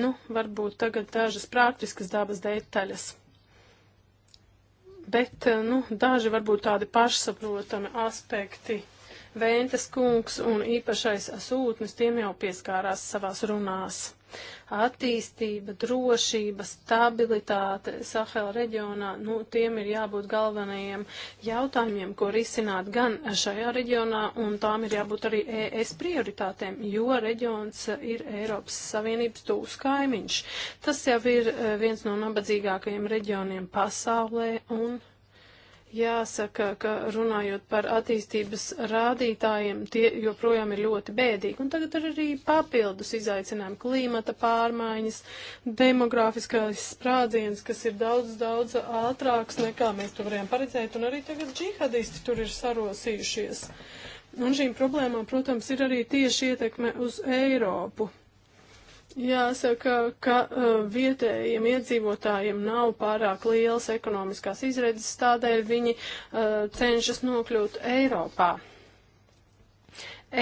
Nu, varbūt tagad dažas praktiskas dabas detaļas bet uh, nu, daži varbūt tādi pašsaprotami aspekti Vēntas kungs un īpašais sūtnis tiem jau pieskārās savās runās. Attīstība, drošība, stabilitāte Sahela reģionā, nu, tiem ir jābūt galvenajiem jautājumiem, ko risināt gan šajā reģionā, un tām ir jābūt arī ES prioritātēm, jo reģions ir Eiropas Savienības tūs kaimiņš. Tas jau ir eh, viens no nabadzīgākajiem reģioniem pasaulē, un Jāsaka, ka runājot par attīstības rādītājiem, tie joprojām ir ļoti bēdīgi. Un tagad ir arī papildus izaicinājumi - klimata pārmaiņas, demografiskais sprādziens, kas ir daudz, daudz ātrāks nekā mēs to varējām paredzēt, un arī tagad džihadisti tur ir sarosījušies. Un šīm problēmām, protams, ir arī tieši ietekme uz Eiropu. Jāsaka, ka uh, vietējiem iedzīvotājiem nav pārāk lielas ekonomiskās izredzes, tādēļ viņi uh, cenšas nokļūt Eiropā.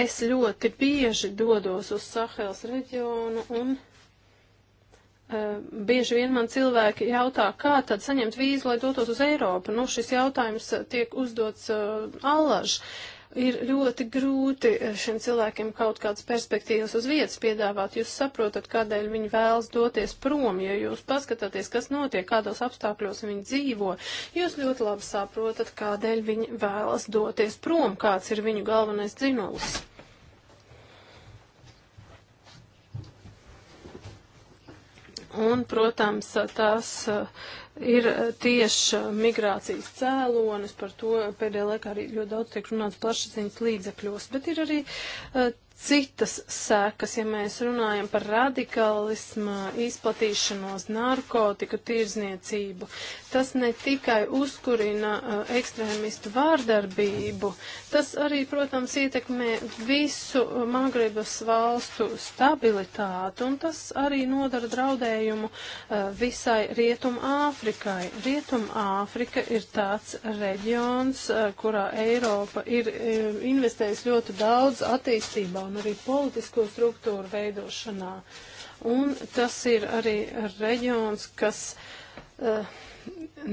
Es ļoti bieži dodos uz Sahels reģionu un uh, bieži vien man cilvēki jautā, kā tad saņemt vīzu, lai dotos uz Eiropu. Nu, šis jautājums tiek uzdots uh, allaž. Uh, ir ļoti grūti eh, šiem cilvēkiem kaut kādas perspektīvas uz vietas piedāvāt. Jūs saprotat, kādēļ viņi vēlas doties prom, ja jūs paskatāties, kas notiek, kādos apstākļos viņi dzīvo. Jūs ļoti labi saprotat, kādēļ viņi vēlas doties prom, kāds ir viņu galvenais dzinolis. un, protams, tas uh, ir tieši uh, migrācijas cēlonis, par to pēdējā laikā arī ļoti daudz tiek runāts plašsaziņas līdzekļos, bet ir arī uh, citas sekas, ja mēs runājam par radikālismu, izplatīšanos, narkotiku, tirzniecību. Tas ne tikai uzkurina uh, ekstrēmistu vārdarbību, tas arī, protams, ietekmē visu Magribas valstu stabilitāti, un tas arī nodara draudējumu uh, visai Rietum Āfrikai. Rietum Āfrika ir tāds reģions, uh, kurā Eiropa ir uh, investējusi ļoti daudz attīstībā un arī politisko struktūru veidošanā. Un tas ir arī reģions, kas uh,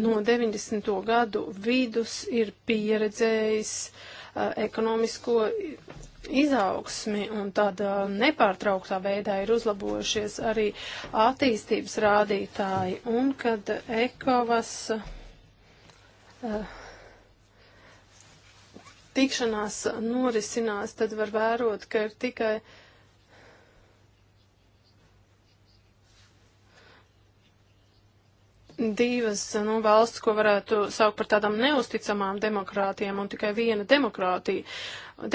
no 90. gadu vidus ir pieredzējis uh, ekonomisko izaugsmi un tādā nepārtrauktā veidā ir uzlabojušies arī attīstības rādītāji. Un kad ekovas uh, eh, tikšanās norisinās, tad var vērot, ka ir tikai. Divas nu, valsts, ko varētu saukt par tādām neusticamām demokrātiem, un tikai viena demokrātija,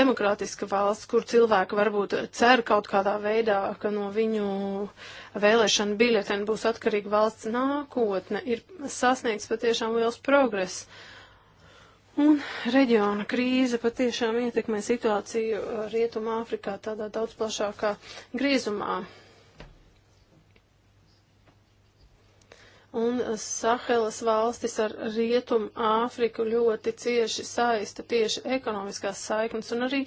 demokrātiska valsts, kur cilvēki varbūt cer kaut kādā veidā, ka no viņu vēlēšana biļetēm būs atkarīga valsts nākotne, ir sasniegts patiešām liels progress. Uh, Un reģiona krīze patiešām ietekmē situāciju Rietumā Afrikā tādā daudz plašākā griezumā. Un Sahelas valstis ar Rietumu Āfriku ļoti cieši saista tieši ekonomiskās saiknes un arī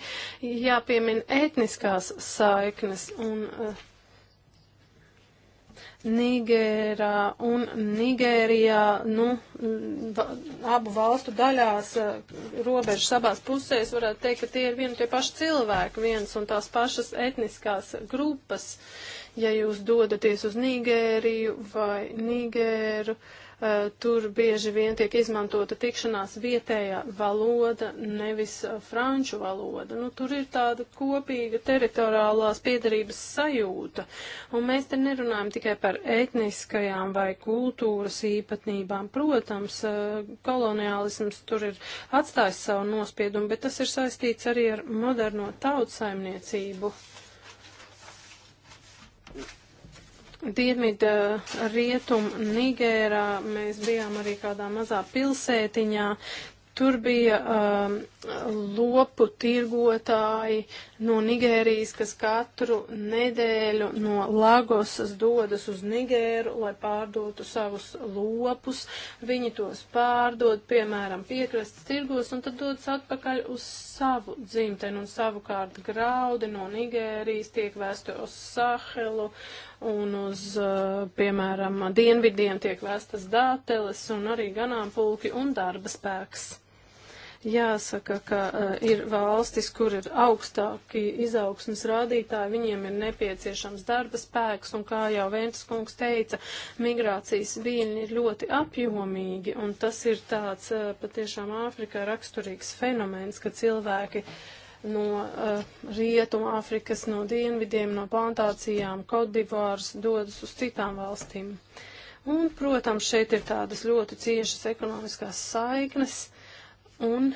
jāpiemina etniskās saiknes. Un, uh, Nigērā un Nigērijā, nu, abu valstu daļās, eh, robežas abās pusēs, varētu teikt, ka tie ir vieni tie paši cilvēki, viens un tās pašas etniskās grupas. Ja jūs dodaties uz Nigēriju vai Nigēru, uh, Eh, tur bieži vien tiek izmantota tikšanās vietējā valoda, nevis eh, franču valoda. Nu, tur ir tāda kopīga teritoriālās piedarības sajūta, un mēs te nerunājam tikai par etniskajām vai kultūras īpatnībām. Protams, eh, koloniālisms tur ir atstājis savu nospiedumu, bet tas ir saistīts arī ar moderno tautsaimniecību. Dienvidu rietumu Nigērā mēs bijām arī kādā mazā pilsētiņā. Tur bija um, lopu tirgotāji, no Nigērijas, kas katru nedēļu no Lagosas dodas uz Nigēru, lai pārdotu savus lopus. Viņi tos pārdod, piemēram, piekrastes tirgos, un tad dodas atpakaļ uz savu dzimteni, un savukārt graudi no Nigērijas tiek vēsti uz Sahelu, un uz, eh, piemēram, dienvidiem tiek vēstas dāteles, un arī ganāmpulki un darba spēks. Jāsaka, ka uh, ir valstis, kur ir augstāki izaugsmas rādītāji, viņiem ir nepieciešams darba spēks, un kā jau Ventas kungs teica, migrācijas viļņi ir ļoti apjomīgi, un tas ir tāds uh, patiešām Āfrikā raksturīgs fenomens, ka cilvēki no uh, eh, Rietuma Āfrikas, no dienvidiem, no plantācijām, Kodivārs dodas uz citām valstīm. Un, protams, šeit ir tādas ļoti ciešas ekonomiskās saiknes, Un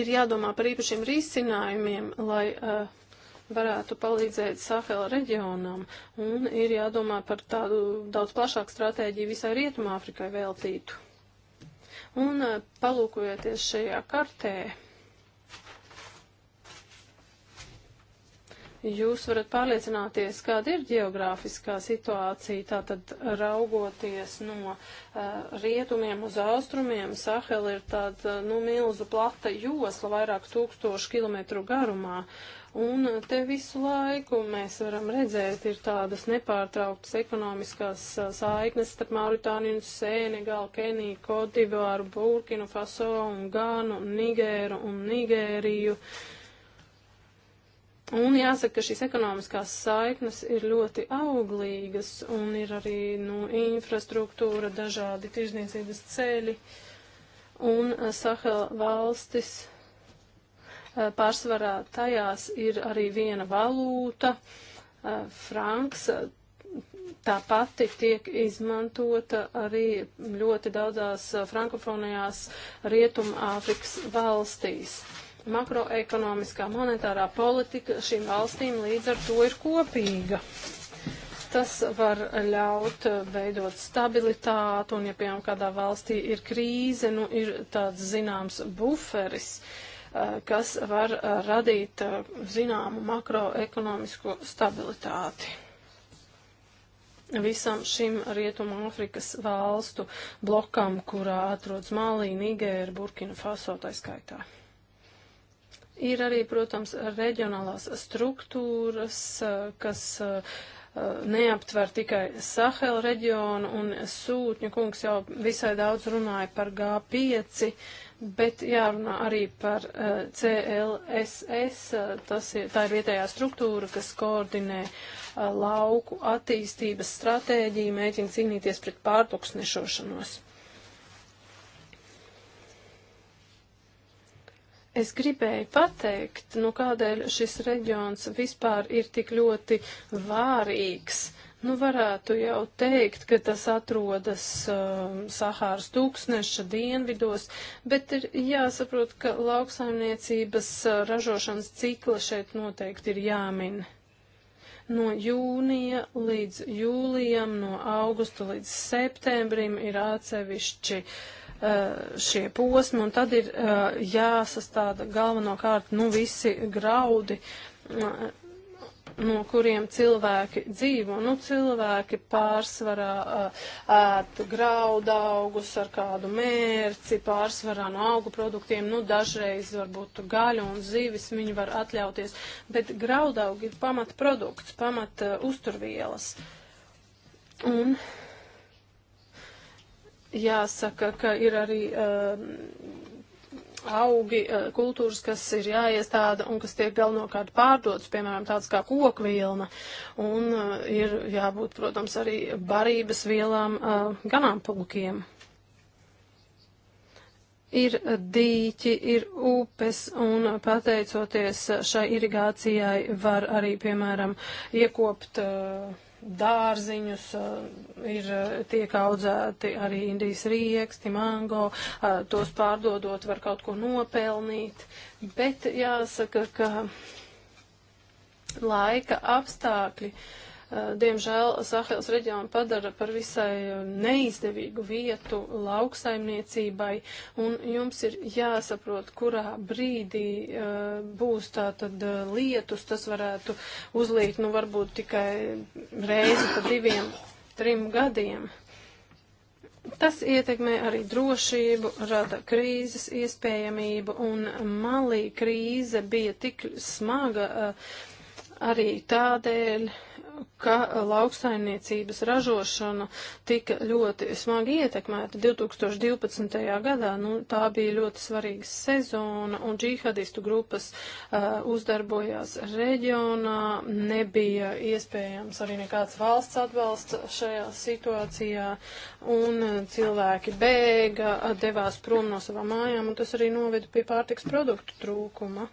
ir jādomā par īpašiem risinājumiem, lai uh, varētu palīdzēt Sahela reģionam, un ir jādomā par tādu daudz plašāku stratēģiju visai Rietumāfrikai veltītu. Un eh, palūkojoties šajā kartē, jūs varat pārliecināties, kāda ir geogrāfiskā situācija, tātad raugoties no uh, rietumiem uz austrumiem, Sahel ir tāda, eh, nu, milzu plata josla vairāk tūkstošu kilometru garumā, un te visu laiku mēs varam redzēt, ir tādas nepārtrauktas ekonomiskās uh, saiknes starp Mauritāniju un Sēnegalu, Keniju, Kodivāru, Burkinu, Faso un Ganu, Nigēru un Nigēriju. Uh, Un jāsaka, ka šīs ekonomiskās saiknes ir ļoti auglīgas un ir arī nu, infrastruktūra, dažādi tirzniecības ceļi un eh, Sahel valstis. Eh, pārsvarā tajās ir arī viena valūta, eh, franks, tā pati tiek izmantota arī ļoti daudzās frankofonajās Rietumāfrikas valstīs makroekonomiskā monetārā politika šīm valstīm līdz ar to ir kopīga. Tas var ļaut veidot stabilitātu, un ja piemēram kādā valstī ir krīze, nu ir tāds zināms buferis, eh, kas var eh, radīt eh, zināmu makroekonomisko stabilitāti visam šim Rietumu Afrikas valstu blokam, kurā atrodas Malī, Nigēra, Burkina Faso taiskaitā. skaitā. Ir arī, protams, reģionālās struktūras, eh, kas eh, neaptver tikai Sahel reģionu, un Sūtņa kungs jau visai daudz runāja par G5, bet jārunā arī par eh, CLSS, tas ir, tā ir vietējā struktūra, kas koordinē lauku attīstības stratēģiju, mēģina cīnīties pret pārtuksnešošanos. Es gribēju pateikt, nu kādēļ šis reģions vispār ir tik ļoti vārīgs. Nu varētu jau teikt, ka tas atrodas um, Sahāras tūkstneša dienvidos, bet ir jāsaprot, ka lauksaimniecības uh, ražošanas cikla šeit noteikti ir jāmin. No jūnija līdz jūlijam, no augusta līdz septembrim ir atsevišķi uh, Uh, šie posmi, un tad ir uh, jāsastāda galvenokārt nu, visi graudi, uh, no kuriem cilvēki dzīvo. Nu, cilvēki pārsvarā ēd graudu augus ar kādu mērci, pārsvarā no augu produktiem, nu, dažreiz varbūt gaļu un zīvis viņi var atļauties, bet graudaugi ir pamatprodukts, pamat uzturvielas. Un, uh, jāsaka, ka ir arī um, augi, uh, kultūras, kas ir jāiestāda un kas tiek galvenokārt pārdotas, piemēram, tāds kā kokvilna. Un uh, ir jābūt, protams, arī barības vielām uh, ganāmpulkiem. Ir dīķi, ir upes, un pateicoties šai irigācijai var arī, piemēram, iekopt uh, dārziņus, uh, ir uh, tiek audzēti arī Indijas rieksti, mango, uh, tos pārdodot var kaut ko nopelnīt, bet jāsaka, ka laika apstākļi. Uh, Eh, diemžēl Sahels reģionu padara par visai neizdevīgu vietu lauksaimniecībai, un jums ir jāsaprot, kurā brīdī uh, būs tā tad uh, eh, lietus, tas varētu uzlīt, nu, varbūt tikai reizi pa diviem, trim gadiem. Tas ietekmē arī drošību, rada krīzes iespējamību, un malī krīze bija tik smaga uh, arī tādēļ, uh, ka lauksaimniecības ražošana tika ļoti smagi ietekmēta 2012. gadā. Nu, tā bija ļoti svarīga sezona, un džihadistu grupas uh, uzdarbojās reģionā, nebija iespējams arī nekāds valsts atbalsts šajā situācijā, un cilvēki bēga, devās prom no savām mājām, un tas arī noveda pie pārtiks produktu trūkuma.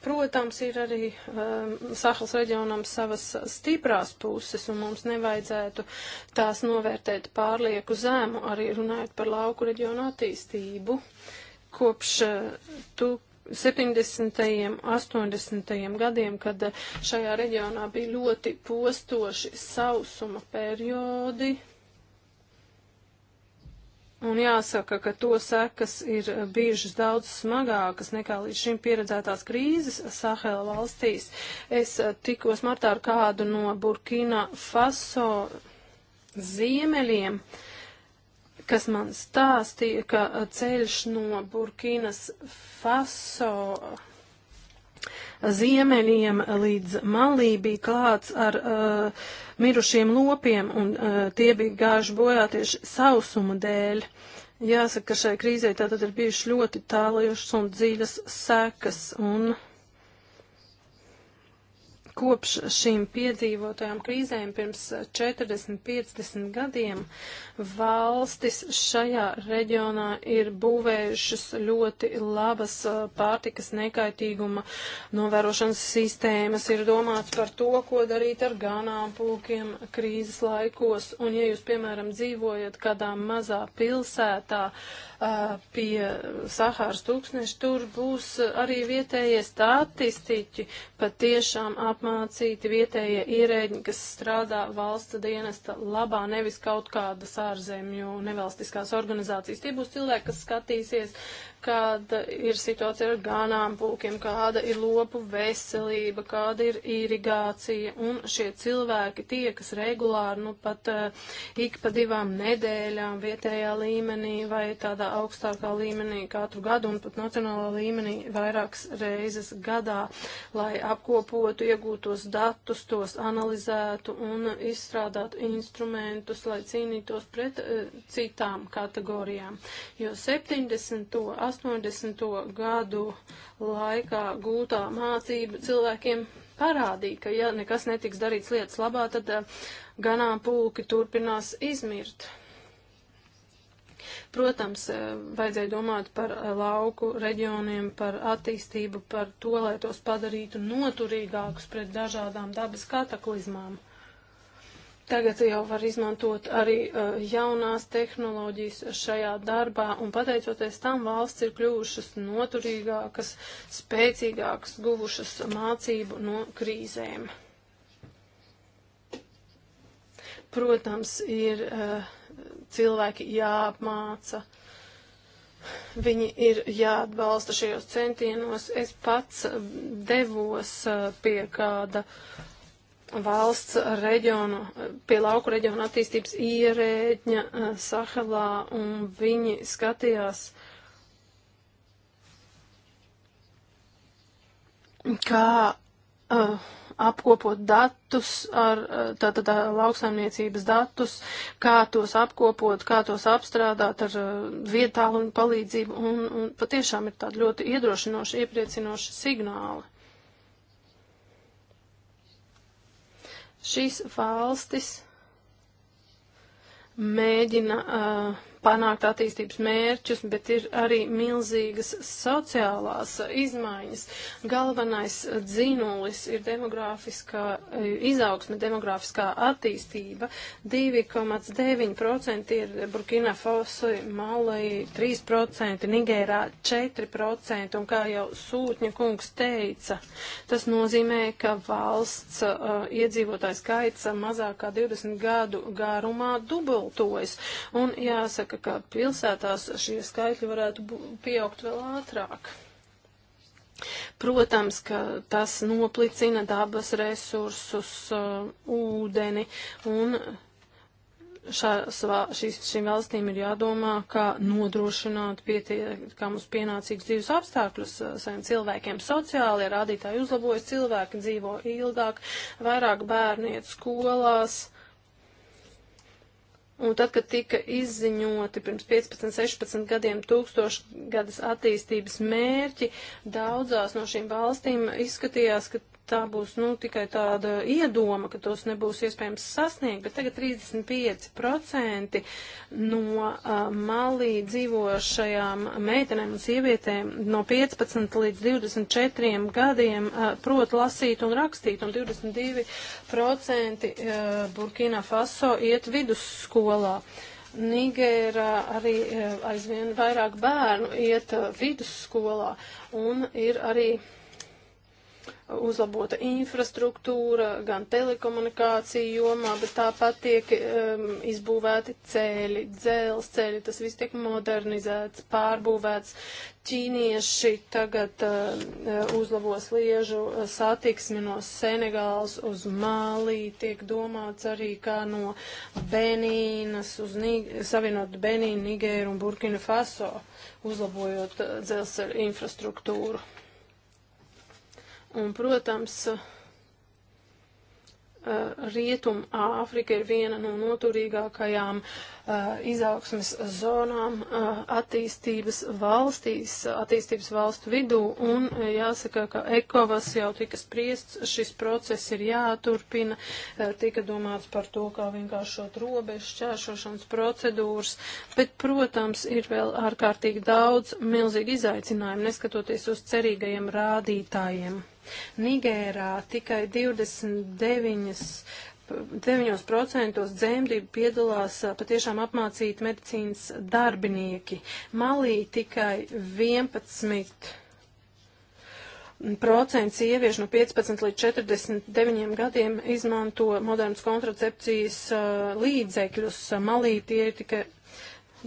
Protams, ir arī um, Sahels reģionam savas stiprās puses, un mums nevajadzētu tās novērtēt pārlieku zēmu, arī runājot par lauku reģionu attīstību. Kopš uh, tu 70. un 80. gadiem, kad uh, šajā reģionā bija ļoti postoši sausuma periodi, Un jāsaka, ka to sekas ir bijušas daudz smagākas nekā līdz šim pieredzētās krīzes Sahela valstīs. Es eh, tikos martā ar kādu no Burkina Faso ziemeļiem, kas man stāstīja, ka eh, ceļš no Burkinas Faso ziemeļiem līdz malī bija kāds ar uh, mirušiem lopiem, un uh, tie bija gājuši bojā tieši sausuma dēļ. Jāsaka, ka šai krīzē tātad ir bijušas ļoti tālajušas un dziļas sekas, un uh, kopš šīm piedzīvotajām krīzēm pirms 40-50 gadiem valstis šajā reģionā ir būvējušas ļoti labas uh, pārtikas nekaitīguma novērošanas sistēmas, ir domāts par to, ko darīt ar ganāmpulkiem krīzes laikos. Un ja jūs, piemēram, dzīvojat kādā mazā pilsētā, uh, pie Sahāras tūkstneša, tur būs arī vietējie statistiķi, patiešām apmācīti vietējie ierēģi, kas strādā valsts dienesta labā, nevis kaut kādas ārzemju nevalstiskās organizācijas. Tie būs cilvēki, kas skatīsies, uh, kāda ir situācija ar ganāmpulkiem, kāda ir lopu veselība, kāda ir irigācija, un šie cilvēki tie, kas regulāri, nu pat uh, ik pa divām nedēļām vietējā līmenī vai tādā augstākā līmenī katru gadu un pat nacionālā līmenī vairākas reizes gadā, lai apkopotu iegūtos datus, tos analizētu un izstrādātu instrumentus, lai cīnītos pret uh, citām kategorijām. Jo 70 to 80. gadu laikā gūtā mācība cilvēkiem parādīja, ka ja nekas netiks darīts lietas labā, tad eh, ganāmpulki turpinās izmirt. Protams, eh, vajadzēja domāt par eh, lauku reģioniem, par attīstību, par to, lai tos padarītu noturīgākus pret dažādām dabas kataklizmām. Tagad jau var izmantot arī uh, jaunās tehnoloģijas šajā darbā, un pateicoties tam valsts ir kļuvušas noturīgākas, spēcīgākas, guvušas mācību no krīzēm. Protams, ir uh, cilvēki jāapmāca, viņi ir jāatbalsta šajos centienos. Es pats devos uh, pie kāda uh, valsts reģionu, pie lauku reģionu attīstības ierēģņa eh, Sahelā, un viņi skatījās, kā uh, apkopot datus ar eh, tātad tā, lauksaimniecības datus, kā tos apkopot, kā tos apstrādāt ar vietālu un palīdzību, un, un patiešām ir tādi ļoti iedrošinoši, iepriecinoši signāli. Šīs valstis mēģina uh, panākt attīstības mērķus, bet ir arī milzīgas sociālās izmaiņas. Galvenais dzinulis ir demogrāfiskā izaugsme, demogrāfiskā attīstība. 2,9% ir Burkina Faso, Malai 3%, Nigērā 4%, un kā jau Sūtņa kungs teica, tas nozīmē, ka valsts uh, iedzīvotājs skaits mazāk kā 20 gadu garumā dubultojas. Un jāsaka, jāsaka, ka pilsētās šie skaitļi varētu pieaugt vēl ātrāk. Protams, ka tas noplicina dabas resursus, uh, ūdeni un šās, šīs, šīm valstīm ir jādomā, kā nodrošināt pietiekamus pienācīgus dzīves apstākļus uh, saviem cilvēkiem. Sociālie rādītāji uzlabojas, cilvēki dzīvo ilgāk, vairāk bērniet skolās. Uh, Un tad, kad tika izziņoti pirms 15, 16 gadiem tūkstošgadas attīstības mērķi, daudzās no šīm valstīm izskatījās, ka tā būs nu, tikai tāda iedoma, ka tos nebūs iespējams sasniegt, bet tagad 35% no uh, malī dzīvošajām meitenēm un sievietēm no 15 līdz 24 gadiem uh, prot lasīt un rakstīt, un 22% uh, Burkina Faso iet vidusskolā. Nigērā arī aizvien vairāk bērnu iet vidusskolā un ir arī uzlabota infrastruktūra, gan telekomunikācija jomā, bet tāpat tiek um, izbūvēti ceļi, dzelzceļi, tas viss tiek modernizēts, pārbūvēts. Ķīnieši tagad uh, uzlabos liežu uh, satiksmi no Senegāls uz Mālī, tiek domāts arī kā no Benīnas, uz Nī savienot Benīnu, Nigēru un Burkina Faso, uzlabojot uh, dzelzceļu infrastruktūru. Un, protams, eh, Rietum Āfrika ir viena no noturīgākajām uh, izaugsmes zonām uh, attīstības valstīs, attīstības valstu vidū, un jāsaka, ka ekovas jau tika spriests, šis process ir jāturpina, uh, tika domāts par to, kā vienkāršot robežu šķēršošanas procedūras, bet, protams, ir vēl ārkārtīgi daudz milzīgi izaicinājumi, neskatoties uz cerīgajiem rādītājiem. Nigērā tikai 29 9% dzemdību piedalās patiešām apmācīti medicīnas darbinieki. Malī tikai 11 procents sieviešu no 15 līdz 49 gadiem izmanto modernas kontracepcijas līdzekļus. Malī tie ir tikai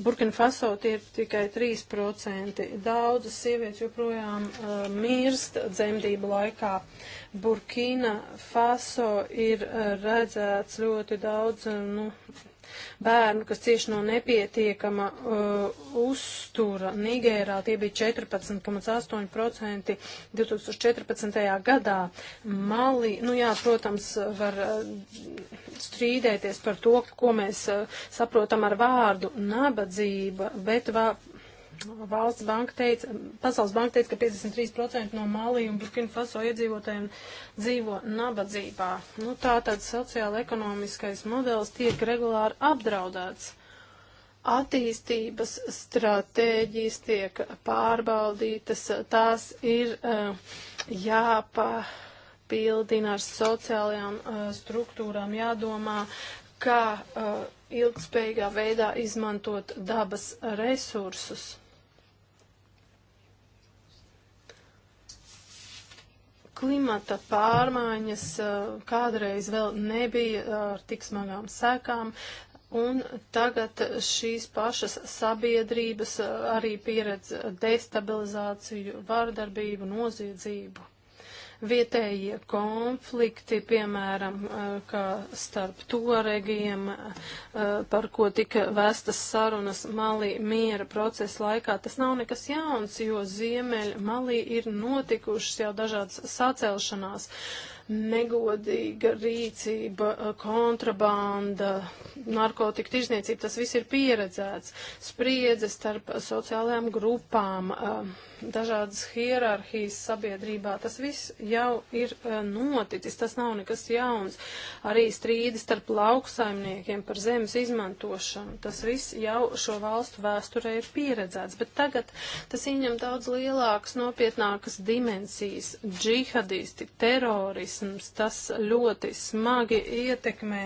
Burkina Faso tie ir tikai 3%. Daudzas sievietes joprojām uh, mirst dzemdību laikā. Burkina Faso ir eh, redzēts ļoti daudz eh, nu, bērnu, kas cieši no nepietiekama uh, uztura. Nigērā tie bija 14,8% 2014. gadā. Mali, nu jā, protams, var uh, strīdēties par to, ko mēs uh, saprotam ar vārdu nabadzība, bet vā, Valsts banka teica, Pasaules banka teica, ka 53% no Malī un Burkina Faso iedzīvotājiem dzīvo nabadzībā. Nu, tā tad sociāla-ekonomiskais modelis tiek regulāri apdraudēts. Attīstības stratēģijas tiek pārbaudītas, tās ir uh, jāpapildina ar sociālajām uh, struktūrām, jādomā, kā uh, ilgspējīgā veidā izmantot dabas resursus. klimata pārmaiņas kādreiz vēl nebija ar tik smagām sekām, Un tagad šīs pašas sabiedrības arī pieredz destabilizāciju, vārdarbību, noziedzību vietējie konflikti, piemēram, uh, kā starp toregiem, uh, par ko tika vēstas sarunas Malī miera procesa laikā. Tas nav nekas jauns, jo Ziemeļa Malī ir notikušas jau dažādas sacelšanās negodīga rīcība, uh, kontrabanda, narkotika tirzniecība, tas viss ir pieredzēts. Spriedze starp sociālajām grupām, dažādas hierarhijas sabiedrībā. Tas viss jau ir eh, noticis, tas nav nekas jauns. Arī strīdi starp lauksaimniekiem par zemes izmantošanu, tas viss jau šo valstu vēsturē ir pieredzēts, bet tagad tas ieņem daudz lielākas, nopietnākas dimensijas. Džihadisti, terorisms, tas ļoti smagi ietekmē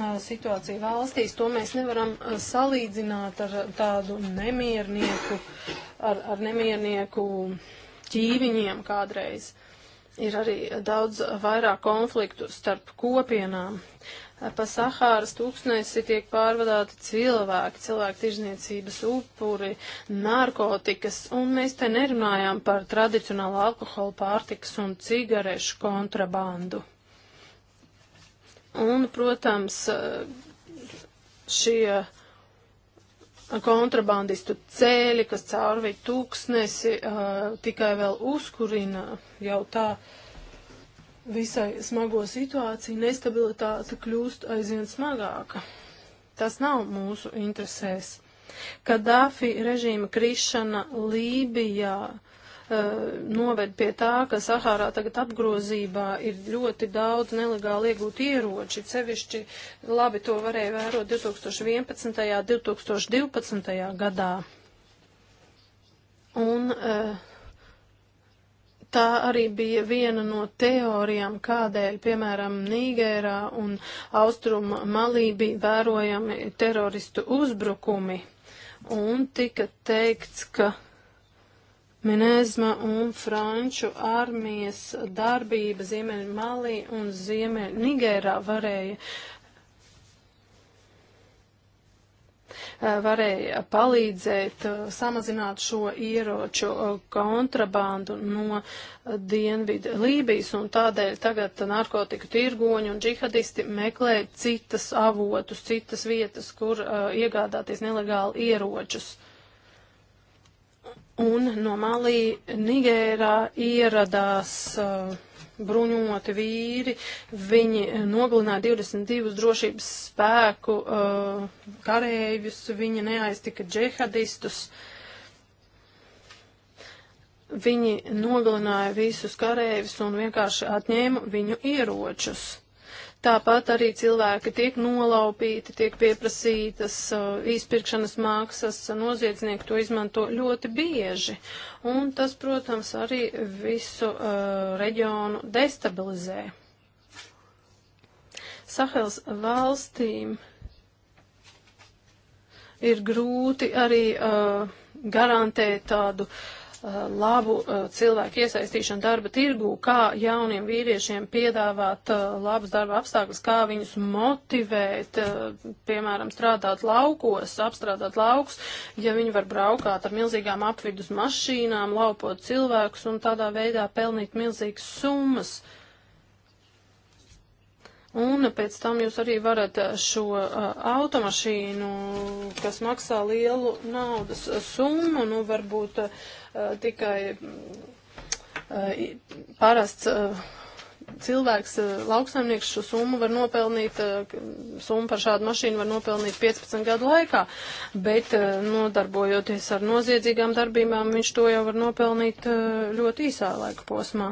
situācija valstīs, to mēs nevaram salīdzināt ar tādu nemiernieku, ar, ar nemiernieku ķīviņiem kādreiz. Ir arī daudz vairāk konfliktu starp kopienām. Pa Sahāras tūkstnesi tiek pārvadāti cilvēki, cilvēku tirzniecības upuri, narkotikas, un mēs te nerunājām par tradicionālu alkoholu pārtikas un cigarešu kontrabandu. Un, protams, eh, šie kontrabandistu ceļi, kas caurvīja tūkstnesi, eh, tikai vēl uzkurina jau tā visai smago situāciju, nestabilitāte kļūst aizvien smagāka. Tas nav mūsu interesēs. Kadāfi režīma krišana Lībijā Uh, noved pie tā, ka Sahārā tagad apgrozībā ir ļoti daudz nelegāli iegūtu ieroči. Cevišķi labi to varēja vērot 2011. un 2012. gadā. Un, uh, tā arī bija viena no teorijām, kādēļ, piemēram, Nīgērā un Austrum Malī bija vērojami teroristu uzbrukumi. Un tika teikts, ka Minēzma un Franču armijas darbība Ziemeļ Malī un Ziemeļ Nigērā varēja varēja palīdzēt samazināt šo ieroču uh, kontrabandu no Dienvidu Lībijas, un tādēļ tagad narkotiku tirgoņi un džihadisti meklē citas avotus, citas vietas, kur uh, iegādāties nelegāli ieročus. Uh, Un no Malī Nigērā ieradās uh, bruņoti vīri. Viņi nogalināja 22 drošības spēku uh, karējus, viņi neaiztika džihadistus. Viņi nogalināja visus karējus un vienkārši atņēma viņu ieročus. Tāpat arī cilvēki tiek nolaupīti, tiek pieprasītas uh, izpirkšanas maksas, noziedznieki to izmanto ļoti bieži. Un tas, protams, arī visu uh, reģionu destabilizē. Sahels valstīm ir grūti arī uh, garantēt tādu uh, Uh, labu uh, cilvēku iesaistīšanu darba tirgū, kā jauniem vīriešiem piedāvāt uh, labus darba apstākļus, kā viņus motivēt, piemēram, strādāt laukos, apstrādāt laukus, ja viņi var braukāt ar milzīgām apvidus mašīnām, laupot cilvēkus un tādā veidā pelnīt milzīgas summas. Un pēc tam jūs arī varat šo uh, automašīnu, kas maksā lielu naudas summu, nu varbūt uh, Eh, tikai eh, parasts eh, cilvēks, lauksaimnieks šo summu var nopelnīt, summu par šādu mašīnu var nopelnīt 15 gadu laikā, bet nodarbojoties ar noziedzīgām darbībām, viņš to jau var nopelnīt ļoti īsā laika posmā.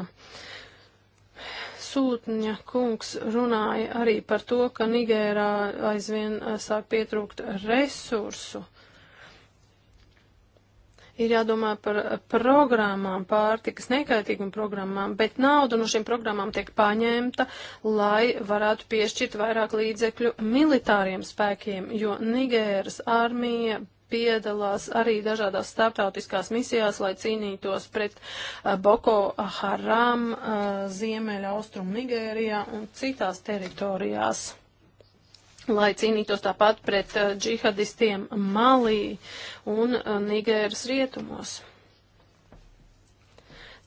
Sūtņa kungs runāja arī par to, ka Nigērā aizvien sāk pietrūkt resursu. Uh, ir jādomā par programmām, pārtikas nekaitīguma programmām, bet nauda no šīm programmām tiek paņemta, lai varētu piešķirt vairāk līdzekļu militāriem spēkiem, jo Nigēras armija piedalās arī dažādās starptautiskās misijās, lai cīnītos pret uh, Boko Haram, uh, Ziemeļa Austrum Nigērijā un citās teritorijās lai cīnītos tāpat pret eh, džihadistiem Malī un eh, Nigēras rietumos.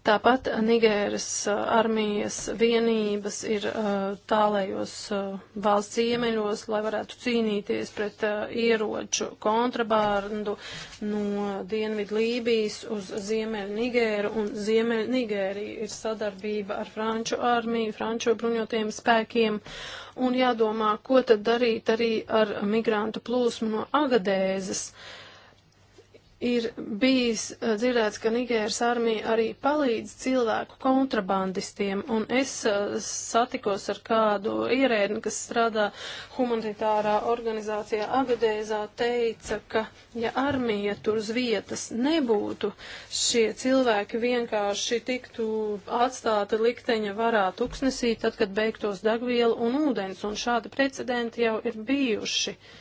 Tāpat Nigēras uh, armijas vienības ir uh, tālējos uh, valsts ziemeļos, lai varētu cīnīties pret ieroču kontrabandu no Dienvidu Lībijas uz Ziemeļu Nigēru, un Ziemeļu Nigērija ir sadarbība ar Franču armiju, Franču bruņotajiem spēkiem, un jādomā, ko tad darīt arī ar migrantu plūsmu no Agadēzes. Uh, Ir bijis eh, dzirdēts, ka Nigēras armija arī palīdz cilvēku kontrabandistiem, un es eh, satikos ar kādu ierēdni, kas strādā humanitārā organizācijā Agadēzā, teica, ka ja armija tur uz vietas nebūtu, šie cilvēki vienkārši tiktu atstāti likteņa varā tuksnesī, tad, kad beigtos degviela un ūdens, un šādi precedenti jau ir bijuši. Uh,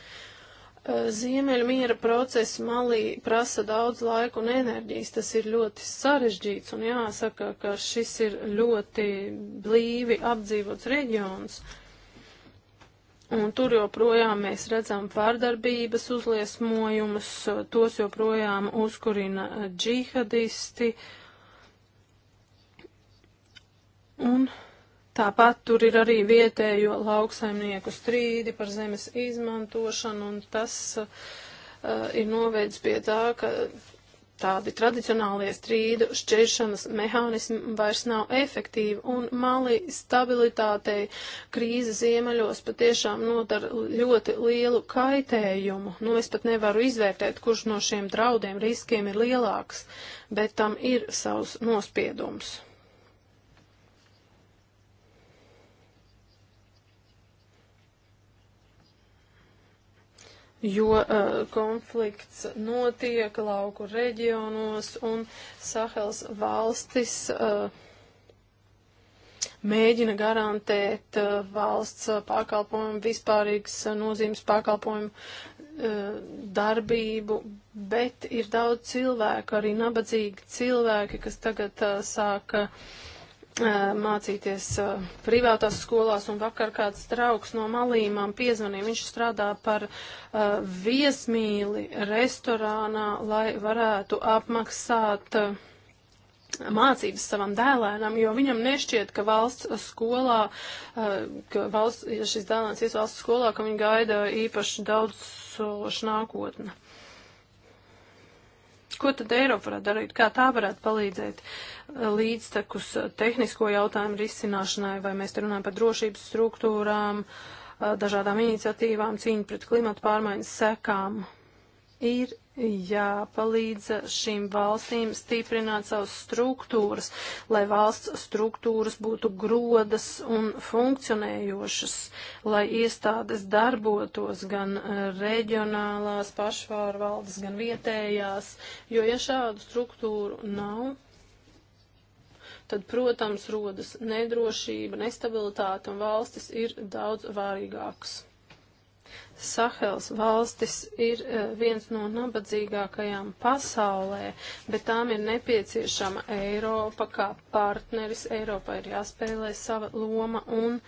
Eh, Ziemeļu miera process malī prasa daudz laika un enerģijas. Tas ir ļoti sarežģīts un jāsaka, ka šis ir ļoti blīvi apdzīvots reģions. Un tur joprojām mēs redzam pārdarbības uzliesmojumus, tos joprojām uzkurina eh, džihadisti. Un Tāpat tur ir arī vietējo lauksaimnieku strīdi par zemes izmantošanu, un tas uh, ir novēdz pie tā, ka tādi tradicionālie strīdu šķiršanas mehānismi vairs nav efektīvi, un mali stabilitātei krīze ziemeļos patiešām nodara ļoti lielu kaitējumu. Nu, es pat nevaru izvērtēt, kurš no šiem draudiem riskiem ir lielāks, bet tam ir savs nospiedums. jo uh, konflikts notiek lauku reģionos un Sahels valstis. Uh, mēģina garantēt uh, valsts pakalpojumu, vispārīgas nozīmes pakalpojumu uh, darbību, bet ir daudz cilvēku, arī nabadzīgi cilvēki, kas tagad uh, sāka uh, mācīties privātās skolās, un vakar kāds draugs no malīmām piezvanīja. Viņš strādā par viesmīli restorānā, lai varētu apmaksāt mācības savam dēlēnam, jo viņam nešķiet, ka valsts skolā, ka valsts, ja šis dēlēns ies valsts skolā, ka viņu gaida īpaši daudz sološa nākotne. Ko tad Eiropa varētu darīt? Kā tā varētu palīdzēt uh, līdztekus uh, tehnisko jautājumu risināšanai, vai mēs te runājam par drošības struktūrām, uh, dažādām iniciatīvām, cīņu pret klimatu pārmaiņas sekām? Ir jāpalīdz šīm valstīm stiprināt savas struktūras, lai valsts struktūras būtu grodas un funkcionējošas, lai iestādes darbotos gan reģionālās pašvārvaldes, gan vietējās, jo ja šādu struktūru nav, tad, protams, rodas nedrošība, nestabilitāte un valstis ir daudz vārīgākas. Sahels valstis ir e, viens no nabadzīgākajām pasaulē, bet tām ir nepieciešama Eiropa kā partneris. Eiropa ir jāspēlē sava loma un uh,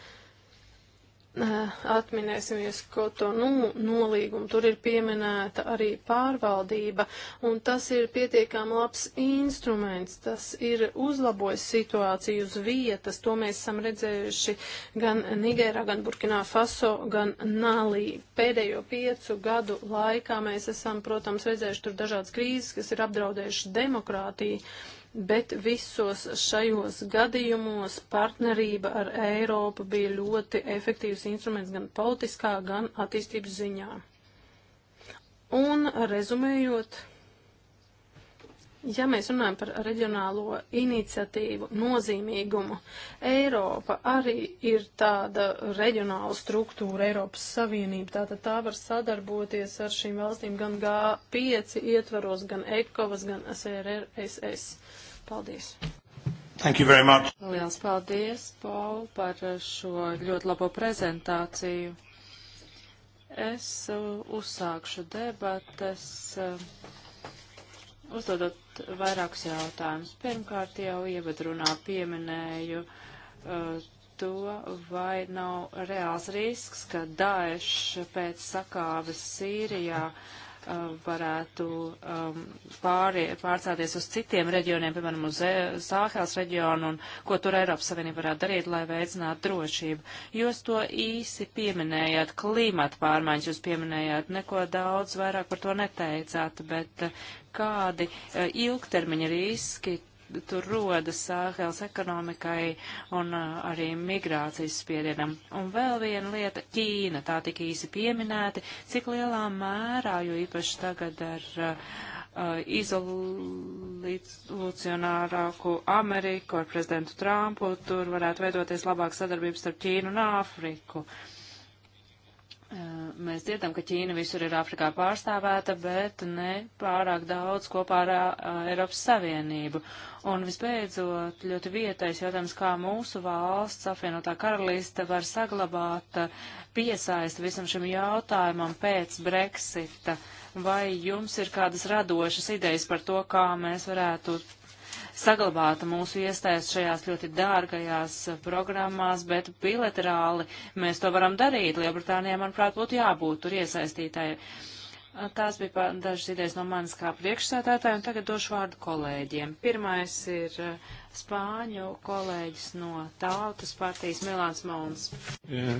atminēsimies Kotonu nu, nolīgumu, tur ir pieminēta arī pārvaldība, un tas ir pietiekami labs instruments, tas ir uzlabojis situāciju uz vietas, to mēs esam redzējuši gan Nigērā, gan Burkinā Faso, gan Nalī. Pēdējo piecu gadu laikā mēs esam, protams, redzējuši tur dažādas krīzes, kas ir apdraudējuši demokrātiju bet visos šajos gadījumos partnerība ar Eiropu bija ļoti efektīvs instruments gan politiskā, gan attīstības ziņā. Un rezumējot, ja mēs runājam par reģionālo iniciatīvu nozīmīgumu, Eiropa arī ir tāda reģionāla struktūra Eiropas Savienība, tātad tā var sadarboties ar šīm valstīm gan G5 ietvaros, gan ECOVAS, gan SRSS. Paldies! Thank you very much. Liels paldies, Paul, par šo ļoti labo prezentāciju. Es uh, uzsākšu debates, uh, uzdodot vairākus jautājumus. Pirmkārt jau ievadrunā pieminēju uh, to, vai nav reāls risks, ka Daesh pēc sakāves Sīrijā uh, Eh, varētu um, pārie, pārcēties uz citiem reģioniem, piemēram, uz eh, Sāhēls reģionu, un ko tur Eiropas Savienība varētu darīt, lai veicinātu drošību. Jūs to īsi pieminējāt, klimata pārmaiņas jūs pieminējāt, neko daudz vairāk par to neteicāt, bet eh, kādi ilgtermiņa riski, tur rodas Sāhels ekonomikai un arī migrācijas spiedienam. Un vēl viena lieta - Ķīna, tā tik īsi pieminēti, cik lielā mērā, jo īpaši tagad ar uh, izolucionārāku Ameriku, ar prezidentu Trumpu, tur varētu veidoties labāk sadarbības starp Ķīnu un Āfriku. Uh, Mēs dzirdam, ka Ķīna visur ir Āfrikā pārstāvēta, bet ne pārāk daudz kopā ar Eiropas Savienību. Un visbeidzot, ļoti vietais jautājums, kā mūsu valsts, apvienotā karalista, var saglabāt piesaisti visam šim jautājumam pēc Brexita. Vai jums ir kādas radošas idejas par to, kā mēs varētu saglabātu mūsu iestājas šajās ļoti dārgajās programmās, bet bilaterāli mēs to varam darīt. Lielbritānijā, manuprāt, būtu jābūt tur iesaistītai. Tās bija dažas idejas no manis kā priekšsētātāja, un tagad došu vārdu kolēģiem. Pirmais ir eh, Spāņu kolēģis no Tautas partijas Milāns Mons. Yeah.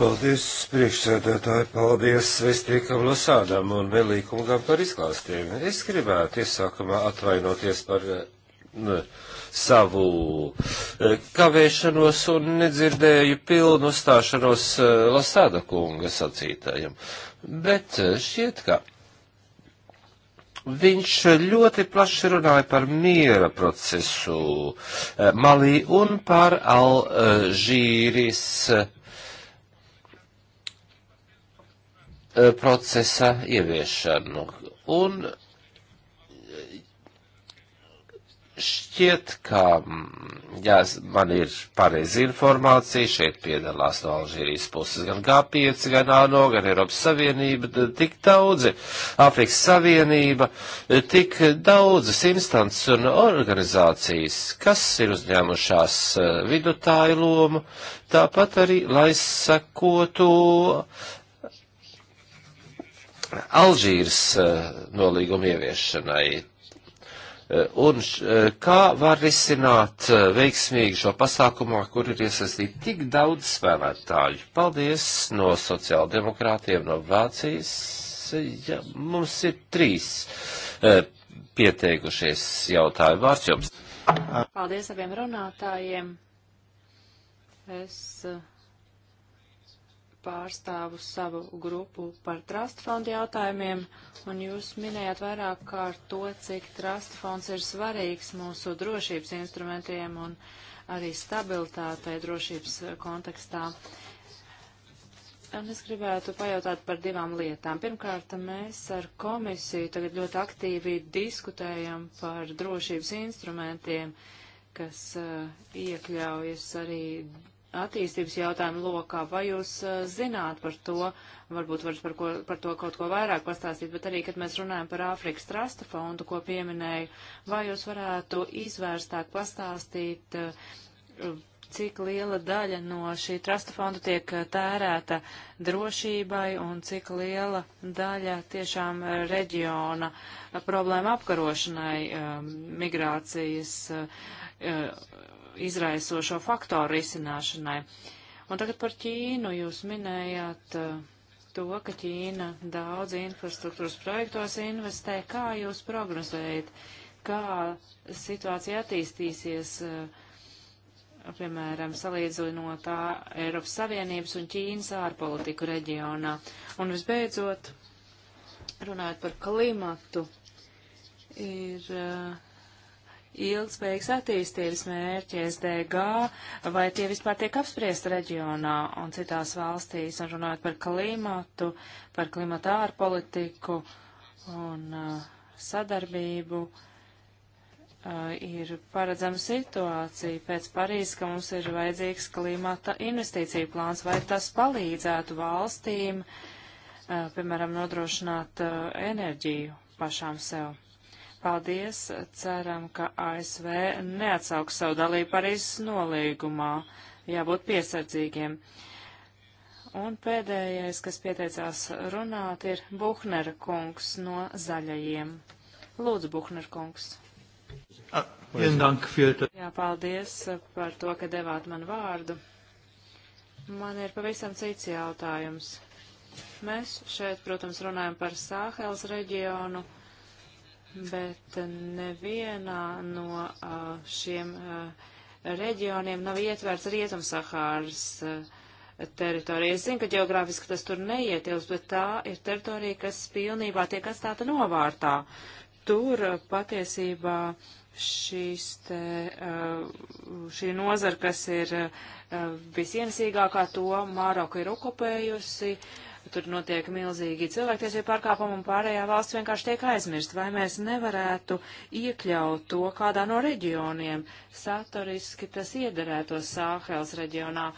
Paldies, priekšsēdētāji, paldies Vestīkam Lasādam un Velīkungam par izklāstiem. Es gribētu iesākumā atvainoties par eh, savu eh, kavēšanos un nedzirdēju pilnu stāšanos eh, Lasāda kunga sacītājiem. Bet eh, šķiet, ka viņš ļoti plaši runāja par miera procesu Malī un par Alžīris procesa ieviešanu. Un Šķiet, ka, ja man ir pareizi informācija, šeit piedalās no Alžīrijas puses gan G5, gan ANO, gan Eiropas Savienība, tik daudzi, Afrikas Savienība, tik daudzas instances un organizācijas, kas ir uzņēmušās eh, vidutāju lomu, tāpat arī, lai sakotu, Alžīras eh, nolīguma ieviešanai Eh, un eh, kā var risināt eh, veiksmīgi šo pasākumā, kur ir iesaistīti tik daudz spēlētāju? Paldies no sociāldemokrātiem no Vācijas. Ja, mums ir trīs pieteikušies jautāju vārds jums. Paldies abiem runātājiem. Es pārstāvu savu grupu par Trust fondu jautājumiem, un jūs minējāt vairāk kārt to, cik Trust fonds ir svarīgs mūsu drošības instrumentiem un arī stabilitātei drošības kontekstā. Un es gribētu pajautāt par divām lietām. Pirmkārt, mēs ar komisiju tagad ļoti aktīvi diskutējam par drošības instrumentiem, kas uh, iekļaujas arī attīstības jautājumu lokā. Vai jūs uh, zināt par to, varbūt varat par, ko, par to kaut ko vairāk pastāstīt, bet arī, kad mēs runājam par Āfrikas trasta fondu, ko pieminēju, vai jūs varētu izvērstāk pastāstīt, uh, cik liela daļa no šī trasta fonda tiek tērēta drošībai un cik liela daļa tiešām reģiona problēma apkarošanai, uh, migrācijas izraisošo faktoru risināšanai. Un tagad par Ķīnu. Jūs minējāt eh, to, ka Ķīna daudz infrastruktūras projektos investē. Kā jūs prognozējat, kā situācija attīstīsies, eh, piemēram, salīdzinot Eiropas Savienības un Ķīnas ārpolitiku reģionā? Un visbeidzot, runājot par klimatu, ir uh, ilgspējīgas attīstības mērķi SDG, vai tie vispār tiek apspriesti reģionā un citās valstīs, un runājot par klimatu, par klimata ārpolitiku un uh, sadarbību, uh, ir paredzama situācija pēc Parīzes, ka mums ir vajadzīgs klimata investīciju plāns, vai tas palīdzētu valstīm, uh, piemēram, nodrošināt uh, enerģiju pašām sev. Paldies! Ceram, ka ASV neatsauks savu dalību Parīzes nolīgumā. Jābūt piesardzīgiem. Un pēdējais, kas pieteicās runāt, ir Buhnera kungs no zaļajiem. Lūdzu, Buhnera kungs. Ah, Jā, paldies par to, ka devāt man vārdu. Man ir pavisam cits jautājums. Mēs šeit, protams, runājam par Sāhels reģionu bet nevienā no uh, šiem uh, reģioniem nav ietverts Rietumsahāras uh, teritorija. Es zinu, ka geogrāfiski tas tur neietilps, bet tā ir teritorija, kas pilnībā tiek atstāta novārtā. Tur patiesībā šīs te, šī nozara, kas ir visienesīgākā, to Māroka ir okupējusi. Uh, tur notiek milzīgi cilvēktiesību pārkāpumi un pārējā valsts vienkārši tiek aizmirst. Vai mēs nevarētu iekļaut to kādā no reģioniem? Satoriski tas iederētos Sāhels reģionā.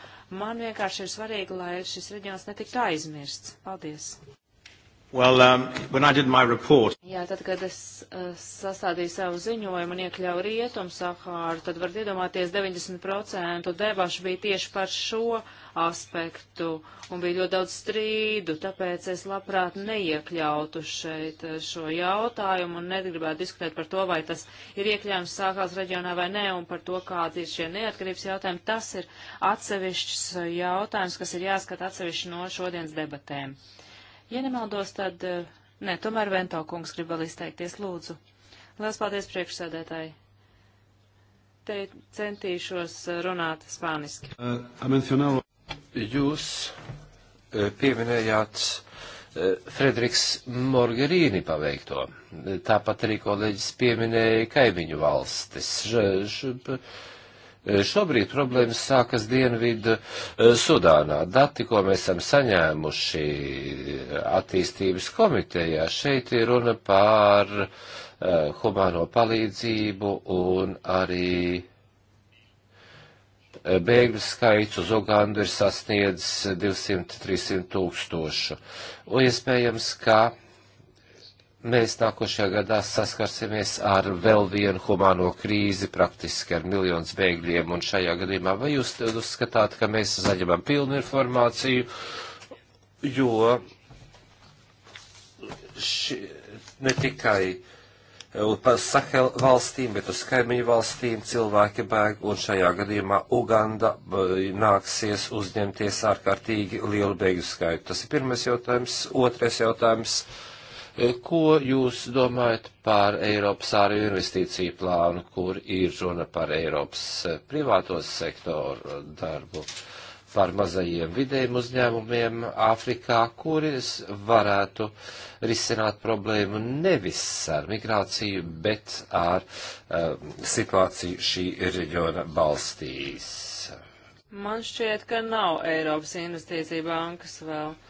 Man vienkārši ir svarīgi, lai šis reģions netiktu aizmirsts. Paldies! Well, um, when I did my report... Jā, tad, kad es uh, sastādīju savu ziņojumu un iekļauju rietumu Sahāru, tad varat iedomāties 90% debašu bija tieši par šo aspektu un bija ļoti daudz strīdu, tāpēc es labprāt neiekļautu šeit uh, šo jautājumu un negribētu diskutēt par to, vai tas ir iekļāms Sahāras reģionā vai nē un par to, kāds ir šie neatkarības jautājumi. Tas ir atsevišķs uh, jautājums, kas ir jāskat atsevišķi no šodienas debatēm. Uh, Ja nemaldos, tad, eh, nē, ne, tomēr Vento kungs grib vēl izteikties, lūdzu. Lielas paldies priekšsēdētāji. Te centīšos eh, runāt spāniski. Uh, Jūs pieminējāt Frederiks Morgerīni paveikto. Tāpat arī kolēģis pieminēja kaimiņu valstis. Ž, ž, Eh, šobrīd problēmas sākas Dienvidu eh, Sudānā. Dati, ko mēs esam saņēmuši eh, attīstības komitejā, šeit ir runa par uh, humāno palīdzību un arī bēgļu skaits uz Ugandu ir sasniedzis 200-300 tūkstošu. Un iespējams, ka mēs nākošajā gadā saskarsimies ar vēl vienu humāno krīzi, praktiski ar miljonus bēgļiem, un šajā gadījumā vai jūs uzskatāt, ka mēs saņemam pilnu informāciju, jo ši, ne tikai uh, pa Sahel valstīm, bet uz kaimiņu valstīm cilvēki bēg, un šajā gadījumā Uganda uh, nāksies uzņemties ārkārtīgi lielu bēgļu skaitu. Tas ir pirmais jautājums. Otrais jautājums. Uh, Ko jūs domājat par Eiropas ārēju investīciju plānu, kur ir runa par Eiropas eh, privātos sektoru darbu, par mazajiem vidējiem uzņēmumiem Āfrikā, kuris varētu risināt problēmu nevis ar migrāciju, bet ar um, situāciju šī reģiona balstīs? Man šķiet, ka nav Eiropas investīcija bankas vēl. Uh,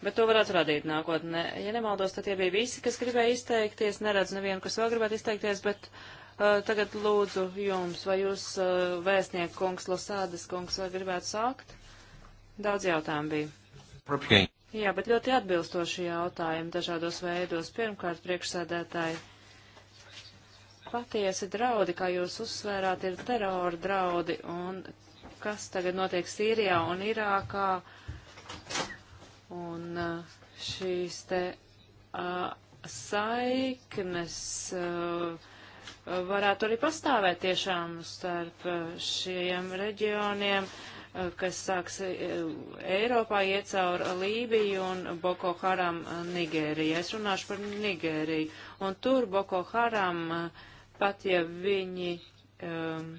Bet to varētu radīt nākotnē. Ja nemaldos, tad tie bija visi, kas gribēja izteikties. Neredzu nevienu, kas vēl gribētu izteikties, bet uh, tagad lūdzu jums, vai jūs uh, vēstnieku kungs, Losādes kungs, vai gribētu sākt? Daudz jautājumu bija. Okay. Jā, bet ļoti atbilstoši jautājumi dažādos veidos. Pirmkārt, priekšsēdētāji, patiesi draudi, kā jūs uzsvērāt, ir terora draudi, un kas tagad notiek Sīrijā un Irākā, Un uh, šīs te uh, saiknes uh, varētu arī pastāvēt tiešām starp uh, šiem reģioniem, uh, kas sāks uh, Eiropā iet caur Lībiju un Boko Haram Nigēriju. Es runāšu par Nigēriju. Un tur Boko Haram, pat ja viņi. Um,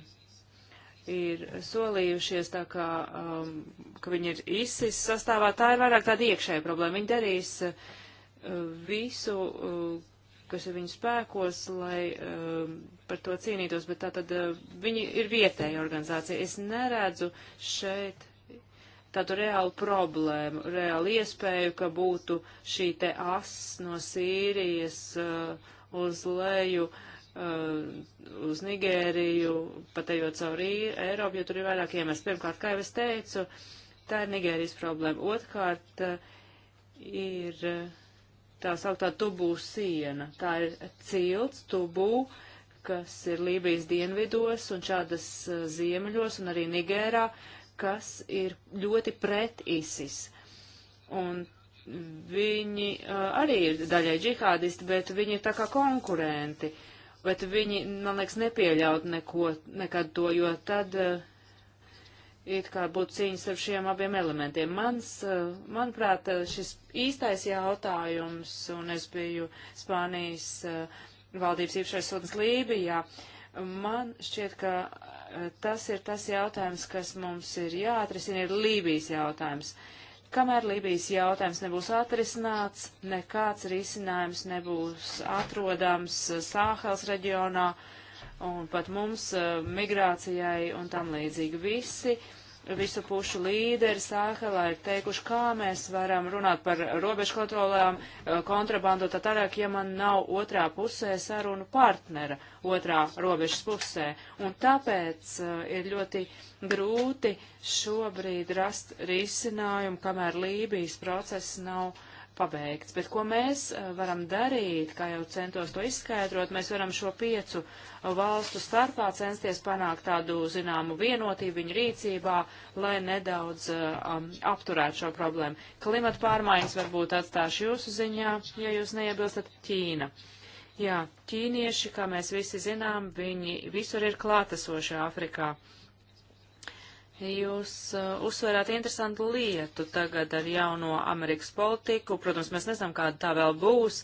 ir solījušies, tā kā, um, ka viņi ir ISIS sastāvā, tā ir vairāk tāda iekšēja problēma. Viņi darīs uh, visu, uh, kas ir viņu spēkos, lai uh, par to cīnītos, bet tā tad uh, viņi ir vietēja organizācija. Es neredzu šeit tādu reālu problēmu, reālu iespēju, ka būtu šī te as no Sīrijas uh, uz leju. Uh, Uh, uz Nigēriju, patējot cauri Eiropu, jo tur ir vairāk iemesli. Pirmkārt, kā jau es teicu, tā ir Nigērijas problēma. Otkārt, uh, ir uh, tā sauktā tubū siena. Tā ir cilts tubū, kas ir Lībijas dienvidos un šādas ziemeļos un arī Nigērā, kas ir ļoti pret ISIS. Un viņi uh, arī ir daļai džihādisti, bet viņi ir tā kā konkurenti. Uh, bet viņi, man liekas, nepieļaut neko, nekad to, jo tad eh, it kā būtu cīņas ar šiem abiem elementiem. Mans, eh, manuprāt, eh, šis īstais jautājums, un es biju Spānijas valdības īpašais sūtnis Lībijā, man šķiet, ka tas ir tas jautājums, kas mums ir jāatrisina, ir Lībijas jautājums. Uh, Kamēr Lībijas jautājums nebūs atrisināts, nekāds risinājums nebūs atrodams eh, Sāhels reģionā un pat mums eh, migrācijai un tam līdzīgi visi visu pušu līderi Sāhelā ir teikuši, kā mēs varam runāt par robežu kontrolām, eh, kontrabandu, tā tālāk, ja man nav otrā pusē sarunu partnera otrā robežas pusē. Un tāpēc eh, ir ļoti grūti šobrīd rast risinājumu, kamēr Lībijas process nav pabeigts. Bet ko mēs eh, varam darīt, kā jau centos to izskaidrot, mēs varam šo piecu valstu starpā censties panākt tādu zināmu vienotību viņu rīcībā, lai nedaudz um, apturētu šo problēmu. Klimata pārmaiņas varbūt atstāšu jūsu ziņā, ja jūs neiebilstat Ķīna. Jā, ķīnieši, kā mēs visi zinām, viņi visur ir klātesoši Āfrikā. Uh, Jūs uh, uzsvērāt interesantu lietu tagad ar jauno Amerikas politiku. Protams, mēs nezinām, kāda tā vēl būs,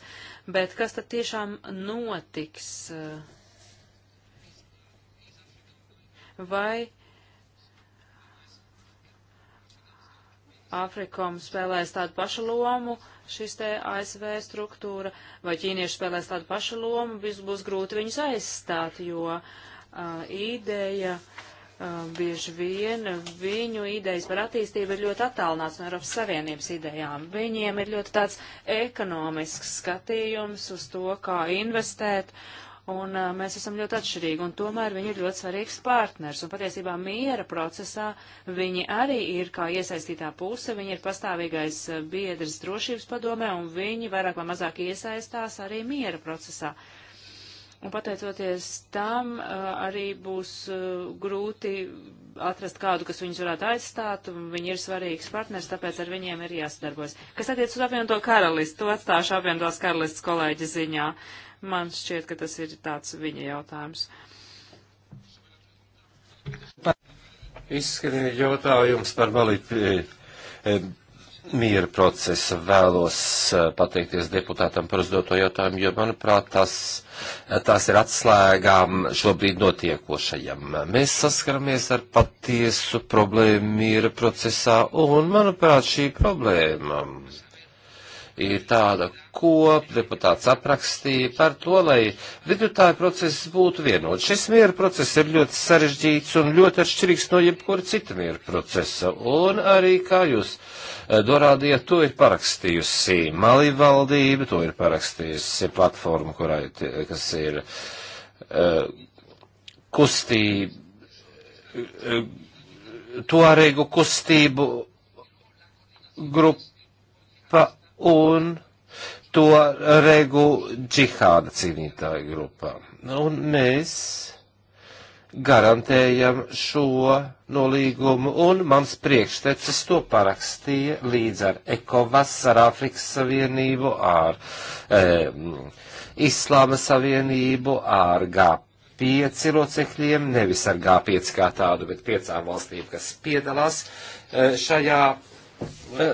bet kas tad tiešām notiks? Vai Afrikom spēlēs tādu pašu lomu šis te ASV struktūra, vai ķīnieši spēlēs tādu pašu lomu, būs, būs grūti viņus aizstāt, jo uh, ideja. Uh, Uh, bieži vien viņu idejas par attīstību ir ļoti attālināts no Eiropas Savienības idejām. Viņiem ir ļoti tāds ekonomisks skatījums uz to, kā investēt, un uh, mēs esam ļoti atšķirīgi, un tomēr viņi ir ļoti svarīgs partners, un patiesībā miera procesā viņi arī ir kā iesaistītā puse, viņi ir pastāvīgais uh, biedrs drošības padomē, un viņi vairāk vai mazāk iesaistās arī miera procesā. Uh, Un pateicoties tam, arī būs grūti atrast kādu, kas viņus varētu aizstāt. Viņi ir svarīgs partners, tāpēc ar viņiem ir jāsadarbojas. Kas attiec uz apvienoto karalistu, to atstāšu apvienotās karalistas kolēģi ziņā. Man šķiet, ka tas ir tāds viņa jautājums. Izskanēja jautājums par valīti miera procesa vēlos eh, pateikties deputātam par uzdoto jautājumu, jo, manuprāt, tas, eh, tās ir atslēgām šobrīd notiekošajam. Mēs saskaramies ar patiesu problēmu miera procesā, un, manuprāt, šī problēma ir tāda, ko deputāts aprakstīja par to, lai vidutāja process būtu vienots. Šis miera process ir ļoti sarežģīts un ļoti atšķirīgs no jebkura cita miera procesa. Un arī, kā jūs Eh, Dorādija to ir parakstījusi Mali valdība, to ir parakstījusi platforma, kurai, kas ir eh, kustība, eh, tuārēgu kustību grupa un to regu džihāda cīnītāju grupā. Un mēs garantējam šo nolīgumu, un mans priekštecis to parakstīja līdz ar ECOVAS, ar Afrikas Savienību, ar e, Islāma Savienību, ar G5 locekļiem, nevis ar G5 kā tādu, bet piecām valstīm, kas piedalās e, šajā. E,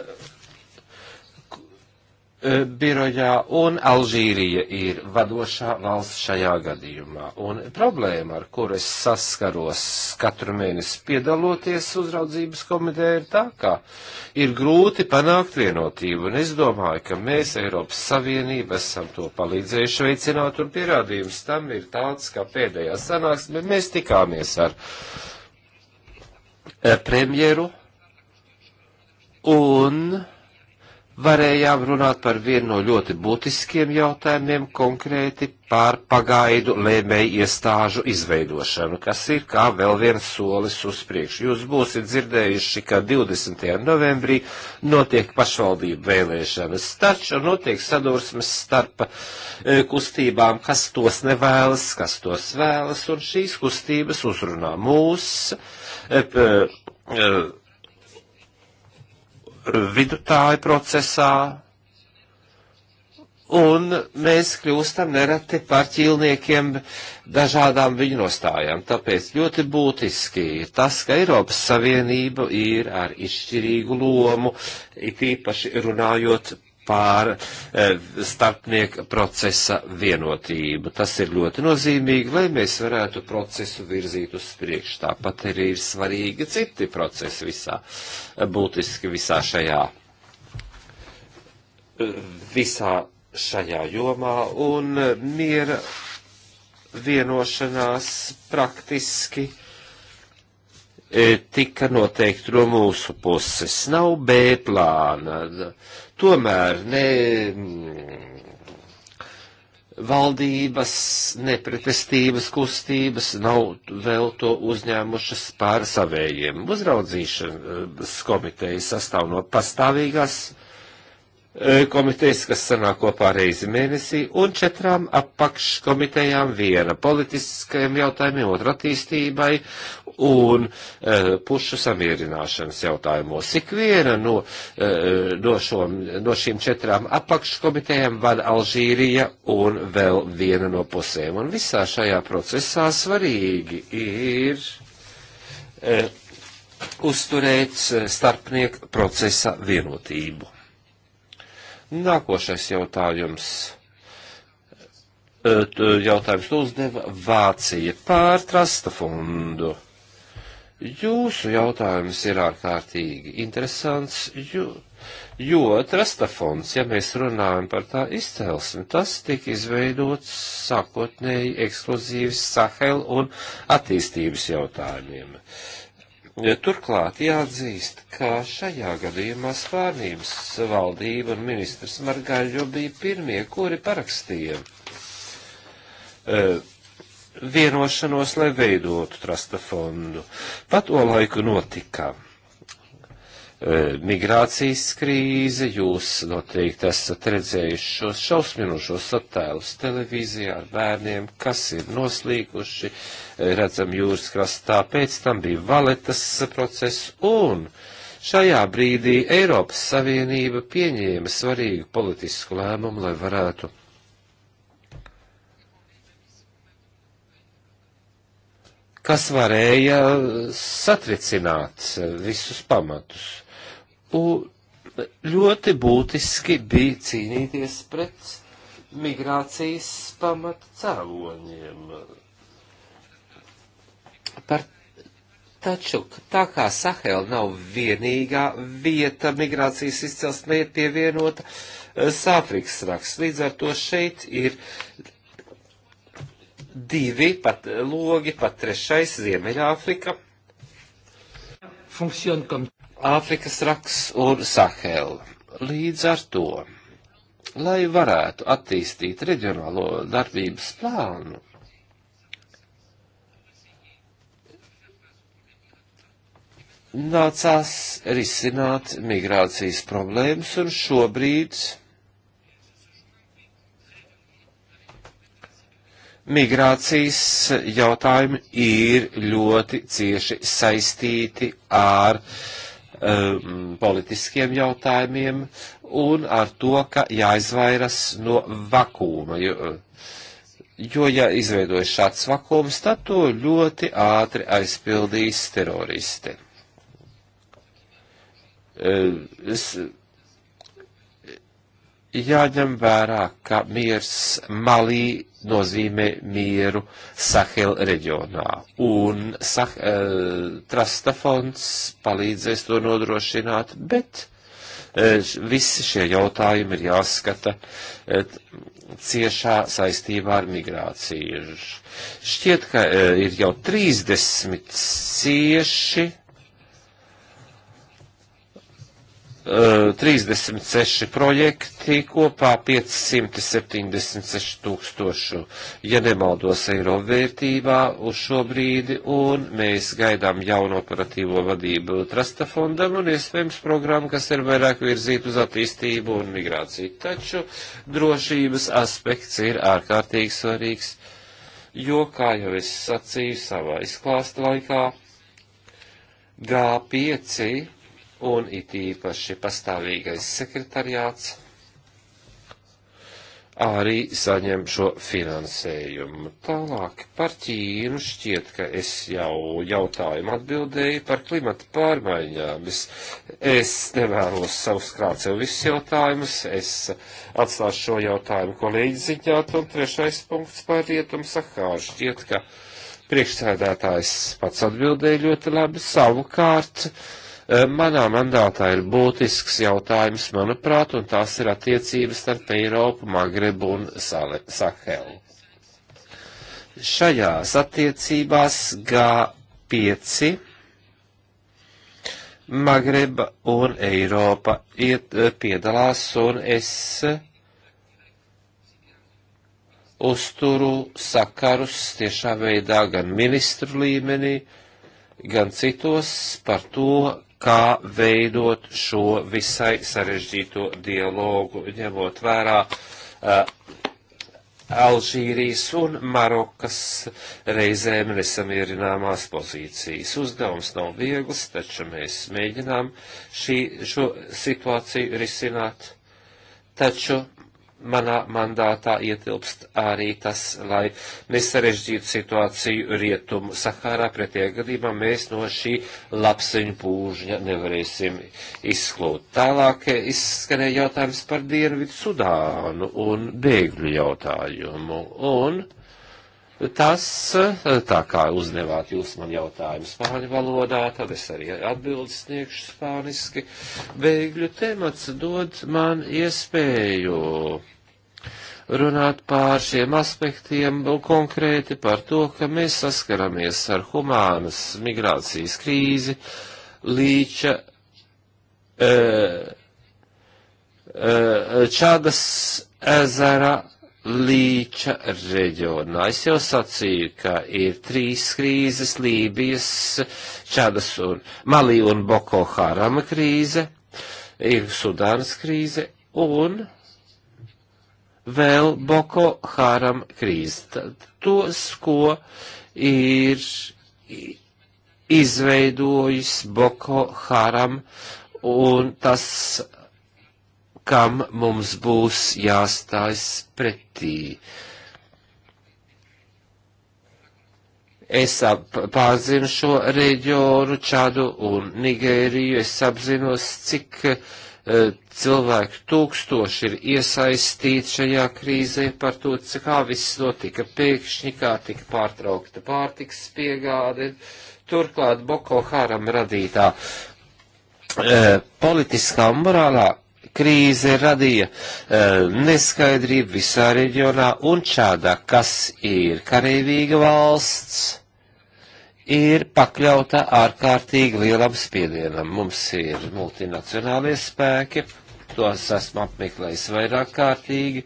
Eh, birojā, un Alžīrija ir vadošā valsts šajā gadījumā. Un problēma, ar kuru es saskaros katru mēnesi piedaloties uzraudzības komitē, ir tā, ka ir grūti panākt vienotību, un es domāju, ka mēs Eiropas Savienība esam to palīdzējuši veicināt, un pierādījums tam ir tāds, ka pēdējā sanāksmē mēs tikāmies ar eh, premjeru, un varējām runāt par vienu no ļoti būtiskiem jautājumiem, konkrēti par pagaidu lēmēju iestāžu izveidošanu, kas ir kā vēl viens solis uz priekšu. Jūs būsiet dzirdējuši, ka 20. novembrī notiek pašvaldību vēlēšanas, taču notiek sadursmes starp e, kustībām, kas tos nevēlas, kas tos vēlas, un šīs kustības uzrunā mūs. Ep, ep, ep, vidutāju procesā, un mēs kļūstam nereti par ķīlniekiem dažādām viņu nostājām. Tāpēc ļoti būtiski ir tas, ka Eiropas Savienība ir ar izšķirīgu lomu, it īpaši runājot pār eh, starpnieka procesa vienotību. Tas ir ļoti nozīmīgi, lai mēs varētu procesu virzīt uz priekšu. Tāpat arī ir svarīgi citi procesi visā, eh, būtiski visā šajā, eh, visā šajā jomā un miera vienošanās praktiski tika noteikti no mūsu puses. Nav B plāna Tomēr ne valdības, nepretestības kustības nav vēl to uzņēmušas pār savējiem. Uzraudzīšanas komiteja sastāv no pastāvīgās e, komitejas, kas sanāk kopā reizi mēnesī, un četrām apakškomitejām viena politiskajiem jautājumiem, otra attīstībai un e, pušu samierināšanas jautājumos. Ikviena no, e, no, šom, no šīm četrām apakškomitejām vada Alžīrija un vēl viena no pusēm. Un visā šajā procesā svarīgi ir e, uzturēt starpnieku procesa vienotību. Nākošais jautājums jautājums uzdeva Vācija pār trasta fondu. Jūsu jautājums ir ārkārtīgi interesants, jo, jo trastafons, ja mēs runājam par tā izcelsmi, tas tika izveidots sākotnēji ekskluzīvi Sahel un attīstības jautājumiem. Turklāt jāatzīst, ka šajā gadījumā Spānijas valdība un ministrs Margaļo bija pirmie, kuri parakstīja uh, vienošanos, lai veidotu trasta fondu. Pat to laiku notika e, migrācijas krīze, jūs noteikti esat redzējuši šos šausminošos attēlus televīzijā ar bērniem, kas ir noslīkuši, e, redzam jūras krastā, pēc tam bija valetas process un šajā brīdī Eiropas Savienība pieņēma svarīgu politisku lēmumu, lai varētu kas varēja satricināt visus pamatus. Un ļoti būtiski bija cīnīties pret migrācijas pamata cēloņiem. Par Taču tā kā Sahela nav vienīgā vieta migrācijas izcelsmē pievienota eh, Sāfrikas raksts, līdz ar to šeit ir divi pat logi, pat trešais Ziemeļāfrika. Āfrikas raks un Sahel. Līdz ar to, lai varētu attīstīt reģionālo darbības plānu, nācās risināt migrācijas problēmas un šobrīd migrācijas jautājumi ir ļoti cieši saistīti ar um, politiskiem jautājumiem un ar to, ka jāizvairas no vakuma. Jo, jo ja izveidojas šāds vakums, tad to ļoti ātri aizpildīs teroristi. Um, es, jāņem vērā, ka miers Malī nozīmē mieru Sahel reģionā. Un sah, uh, eh, Trasta fonds palīdzēs to nodrošināt, bet eh, visi šie jautājumi ir jāskata eh, ciešā saistībā ar migrāciju. Šķiet, ka ir jau 30 cieši 36 projekti, kopā 576 tūkstošu, ja nemaldos, eiro vērtībā uz šo brīdi, un mēs gaidām jaunu operatīvo vadību Trasta fondam un iespējams programmu, kas ir vairāk virzīt uz attīstību un migrāciju. Taču drošības aspekts ir ārkārtīgi svarīgs, jo, kā jau es sacīju savā izklāsta laikā, G5 un it īpaši pastāvīgais sekretariāts arī saņem šo finansējumu. Tālāk par Ķīnu šķiet, ka es jau jautājumu atbildēju par klimata pārmaiņām. Es, es nevēlos savskrāt sev visus jautājumus, es atstāšu šo jautājumu kolēģi ziņāt, un trešais punkts par rietumu sahāru šķiet, ka priekšsēdētājs pats atbildēja ļoti labi savukārt. Uh, Eh, manā mandātā ir būtisks jautājums, manuprāt, un tās ir attiecības starp Eiropu, Magrebu un Sahelu. Šajās attiecībās G5 Magreba un Eiropa iet, eh, piedalās, un es uzturu sakarus tiešā veidā gan ministru līmenī, gan citos par to, kā veidot šo visai sarežģīto dialogu, ņemot vērā uh, Alžīrijas un Marokas reizēm nesamierināmās pozīcijas. Uzdevums nav viegls, taču mēs mēģinām šī, šo situāciju risināt. Taču manā mandātā ietilpst arī tas, lai nesarežģītu situāciju rietumu Sahārā, pretie gadījumā mēs no šī lapseņu pūžņa nevarēsim izsklūt. Tālāk izskanēja jautājums par Dienvidu Sudānu un bēgļu jautājumu. Un Tas, eh, tā kā uzdevāt jūs man jautājumu spāņu valodā, tad es arī atbildes sniegšu spāniski. Bēgļu temats dod man iespēju runāt pār šiem aspektiem un konkrēti par to, ka mēs saskaramies ar humānas migrācijas krīzi, līča. Uh, eh, eh, Čadas ezera Līča reģionā. Es jau sacīju, ka ir trīs krīzes - Lībijas, Čadas un Malī un Boko Harama krīze, ir Sudānas krīze un vēl Boko Haram krīze. Tad tos, ko ir izveidojis Boko Haram un tas kam mums būs jāstājas pretī. Es pārzinu šo reģionu, Čadu un Nigēriju. Es apzinos, cik uh, cilvēku tūkstoši ir iesaistīti šajā krīzē par to, kā viss notika pēkšņi, kā tika pārtraukta pārtiks piegāde. Turklāt Boko Haram radītā uh, politiskā un morālā krīze radīja eh, neskaidrību visā reģionā, un šādā, kas ir kareivīga valsts, ir pakļauta ārkārtīgi lielam spiedienam. Mums ir multinacionālie spēki, tos esmu apmeklējis vairāk kārtīgi,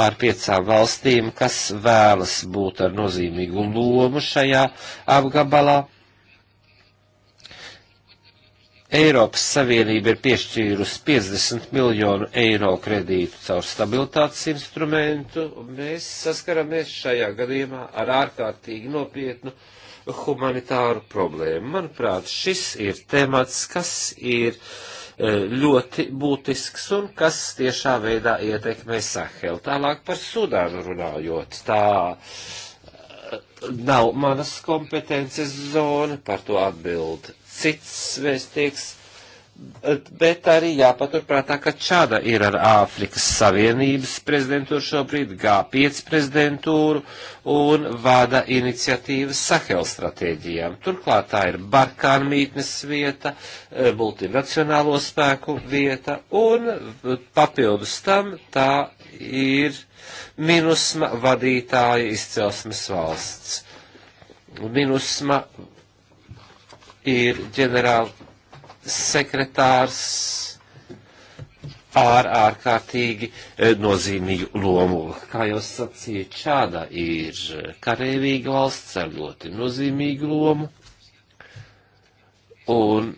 ar piecām valstīm, kas vēlas būt ar nozīmīgu lomu šajā apgabalā Eiropas Savienība ir piešķīrusi 50 miljonu eiro kredītu caur stabilitātes instrumentu, un mēs saskaramies šajā gadījumā ar ārkārtīgi nopietnu humanitāru problēmu. Manuprāt, šis ir temats, kas ir e, ļoti būtisks un kas tiešā veidā ietekmē Sahelu. Tālāk par Sudānu runājot, tā e, nav manas kompetences zona, par to atbild cits vēstnieks, bet arī jāpaturprātā, ka Čāda ir ar Āfrikas Savienības prezidentūru šobrīd, G5 prezidentūru un vada iniciatīvas Sahel stratēģijām. Turklāt tā ir Barkāna mītnes vieta, eh, multinacionālo spēku vieta un papildus tam tā ir minusma vadītāja izcelsmes valsts. Minusma ir ģenerāla sekretārs ar ārkārtīgi e, nozīmīgu lomu. Kā jau sacīju, Čāda ir e, karēvīga valsts ar ļoti nozīmīgu lomu. Un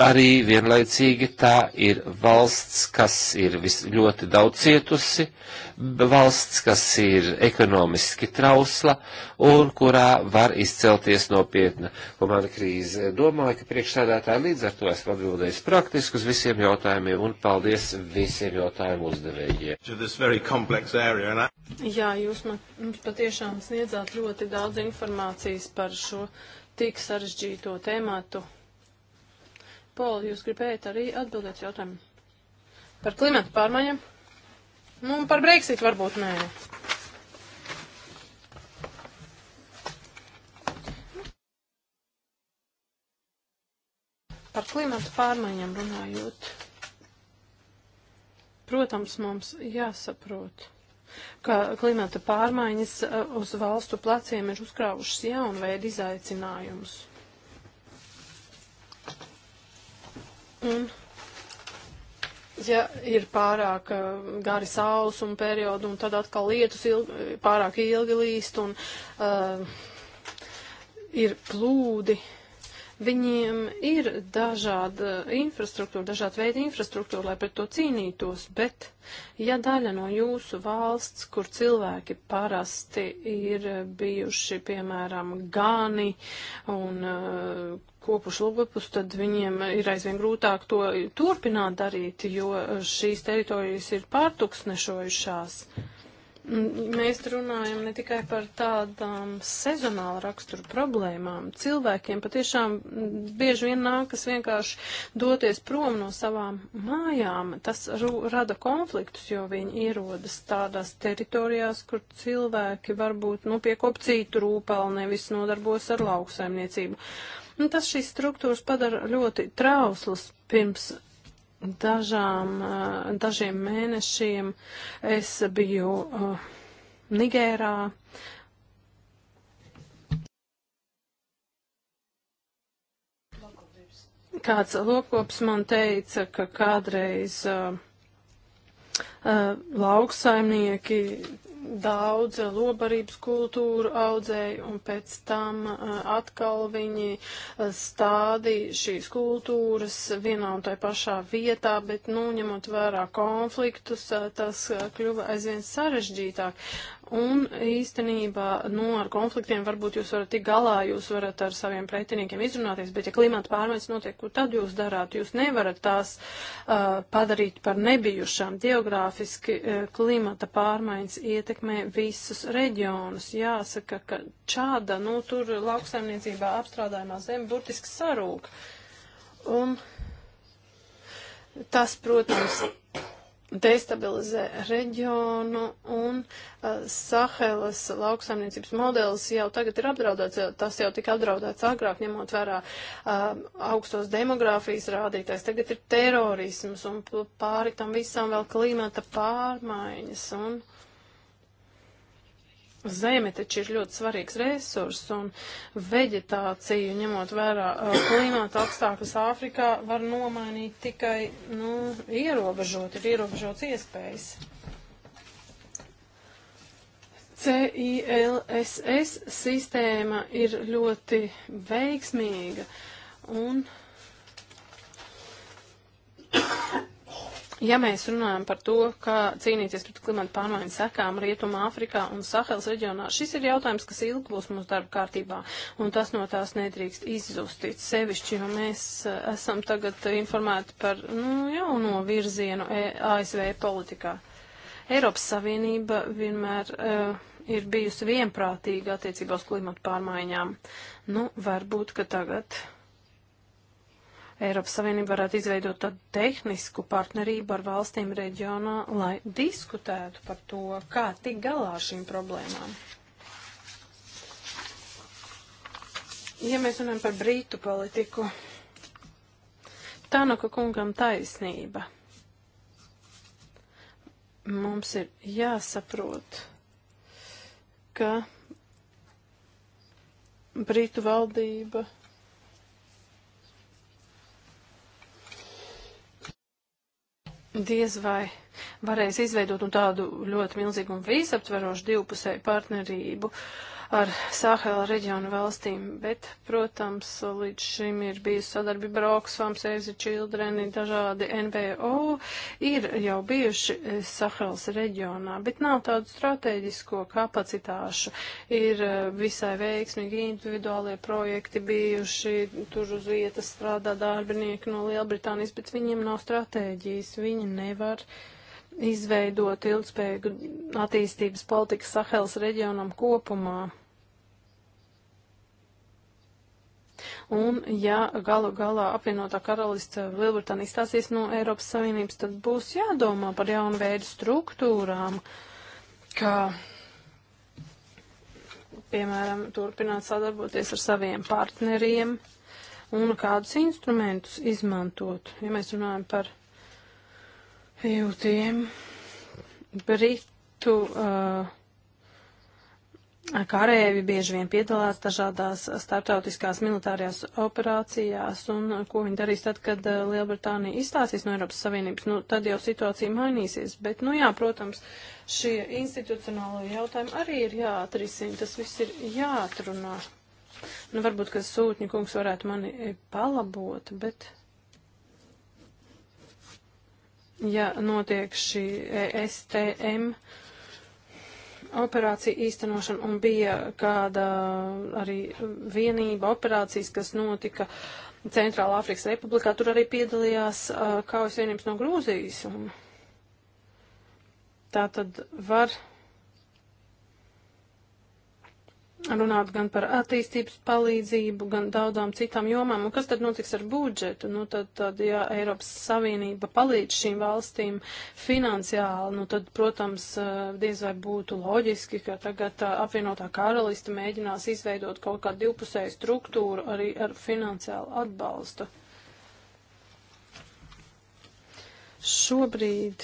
arī vienlaicīgi tā ir valsts, kas ir vis, ļoti daudz cietusi, valsts, kas ir ekonomiski trausla un kurā var izcelties nopietna humana krīze. Domāju, ka priekšsēdētāji līdz ar to esmu atbildējis praktiski uz visiem jautājumiem un paldies visiem jautājumu uzdevējiem. Jā, jūs man mums patiešām sniedzāt ļoti daudz informācijas par šo tik sarežģīto tēmatu. Poli, jūs gribējat arī atbildēt jautājumu par klimatu pārmaiņām? Nu, par Brexit varbūt nē. Par klimatu pārmaiņām runājot. Protams, mums jāsaprot, ka klimata pārmaiņas uh, uz valstu pleciem ir uzkrāvušas jaunveidu izaicinājumus. Un, ja ir pārāk uh, gari sausuma periodi, un tad atkal lietus ilgi, pārāk ilgi līst, un uh, ir plūdi. Uh, Viņiem ir dažāda infrastruktūra, dažāda veida infrastruktūra, lai pret to cīnītos, bet ja daļa no jūsu valsts, kur cilvēki parasti ir bijuši, piemēram, gani un uh, kopuši logopus, tad viņiem ir aizvien grūtāk to turpināt darīt, jo šīs teritorijas ir pārtuksnešojušās. Uh, Mēs runājam ne tikai par tādām sezonāla rakstura problēmām. Cilvēkiem patiešām bieži vien nākas vienkārši doties prom no savām mājām. Tas rada konfliktus, jo viņi ierodas tādās teritorijās, kur cilvēki varbūt nu, piekop citu rūpeli, nevis nodarbojas ar lauksaimniecību. Un nu, tas šīs struktūras padara ļoti trauslas pirms dažām, eh, dažiem mēnešiem es biju uh, Nigērā. Kāds lokops man teica, ka kādreiz uh, uh, lauksaimnieki daudz lobarības kultūru audzēja un pēc tam eh, atkal viņi eh, stādīja šīs kultūras vienā un tai pašā vietā, bet, nu, ņemot vērā konfliktus, eh, tas kļuva aizvien sarežģītāk. Un īstenībā, nu, ar konfliktiem varbūt jūs varat tik galā, jūs varat ar saviem pretiniekiem izrunāties, bet ja klimata pārmaiņas notiek, ko tad jūs darāt? Jūs nevarat tās uh, padarīt par nebijušām. Geogrāfiski uh, klimata pārmaiņas ietekmē visus reģionus. Jāsaka, ka čāda, nu, tur lauksaimniecībā apstrādājumā zeme burtiski sarūk. Un tas, protams, destabilizē reģionu un uh, Sahelas lauksaimniecības modelis jau tagad ir apdraudēts, tas jau tika apdraudēts agrāk, ņemot vērā uh, augstos demogrāfijas rādītājs. Tagad ir terorisms un pāri tam visam vēl klimata pārmaiņas un Zeme taču ir ļoti svarīgs resurs un veģetāciju, ņemot vērā klimata apstākļus Āfrikā, var nomainīt tikai, nu, ierobežot, ir ierobežots iespējas. CILSS sistēma ir ļoti veiksmīga un Ja mēs runājam par to, kā cīnīties pret klimata pārmaiņu sekām Rietumā, Āfrikā un Sahels reģionā, šis ir jautājums, kas ilgi būs mūsu darba kārtībā, un tas no tās nedrīkst izzustīt sevišķi, jo mēs eh, esam tagad informēti par nu, jauno virzienu e- ASV politikā. Eiropas Savienība vienmēr. Uh, ir bijusi vienprātīga attiecībā uz klimatu pārmaiņām. Nu, varbūt, ka tagad Eiropas Savienība varētu izveidot tādu tehnisku partnerību ar valstīm reģionā, lai diskutētu par to, kā tik galā ar šīm problēmām. Ja mēs runājam par brītu politiku, Tanaka kungam taisnība. Mums ir jāsaprot, ka Brītu valdība diez vai varēs izveidot nu, tādu ļoti milzīgu un visaptverošu divpusēju partnerību. Uh, ar Sāhela reģionu valstīm, bet, protams, līdz šim ir bijusi sadarbība ar Oxfam, Save Children, dažādi NVO ir jau bijuši eh, Sāhelas reģionā, bet nav tādu strateģisko kapacitāšu. Ir eh, visai veiksmīgi individuālie projekti bijuši, tur uz vietas strādā darbinieki no Lielbritānijas, bet viņiem nav stratēģijas, viņi nevar izveidot ilgspējīgu attīstības politiku Sahelas reģionam kopumā. Un ja galu galā apvienotā karalista Lielbritānija stāsies no Eiropas Savienības, tad būs jādomā par jaunu veidu struktūrām, kā piemēram turpināt sadarboties ar saviem partneriem un kādus instrumentus izmantot. Ja mēs runājam par jūtiem, Britu. Uh, Karēvi bieži vien piedalās dažādās starptautiskās militārajās operācijās, un ko viņi darīs tad, kad eh, Lielbritānija izstāsies no Eiropas Savienības, nu, tad jau situācija mainīsies. Bet, nu jā, protams, šie institucionālo jautājumi arī ir jāatrisina, tas viss ir jāatrunā. Nu, varbūt, ka sūtņu kungs varētu mani eh, palabot, bet ja notiek šī e STM operāciju īstenošanu un bija kāda arī vienība operācijas, kas notika Centrāla Afrikas Republikā. Tur arī piedalījās uh, kaujas vienības no Grūzijas. Un tā tad var runāt gan par attīstības palīdzību, gan daudzām citām jomām. Un kas tad notiks ar budžetu? Nu, tad, tad, ja Eiropas Savienība palīdz šīm valstīm finansiāli, nu, tad, protams, eh, diez vai būtu loģiski, ka tagad eh, apvienotā karalista mēģinās izveidot kaut kādu divpusēju struktūru arī ar finansiālu atbalstu. Šobrīd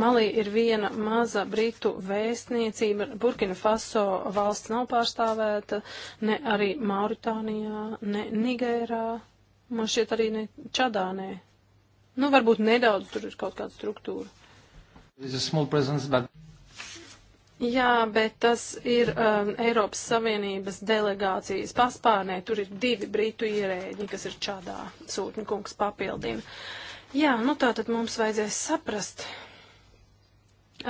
Malī ir viena maza britu vēstniecība, Burkina Faso valsts nav pārstāvēta, ne arī Mauritānijā, ne Nigērā, man šķiet arī ne Čadānē. Nu, varbūt nedaudz tur ir kaut kāda struktūra. But... Jā, bet tas ir um, Eiropas Savienības delegācijas paspārnē. Tur ir divi brītu ierēģi, kas ir čādā. Sūtņa kungs papildina. Jā, nu tā tad mums vajadzēs saprast,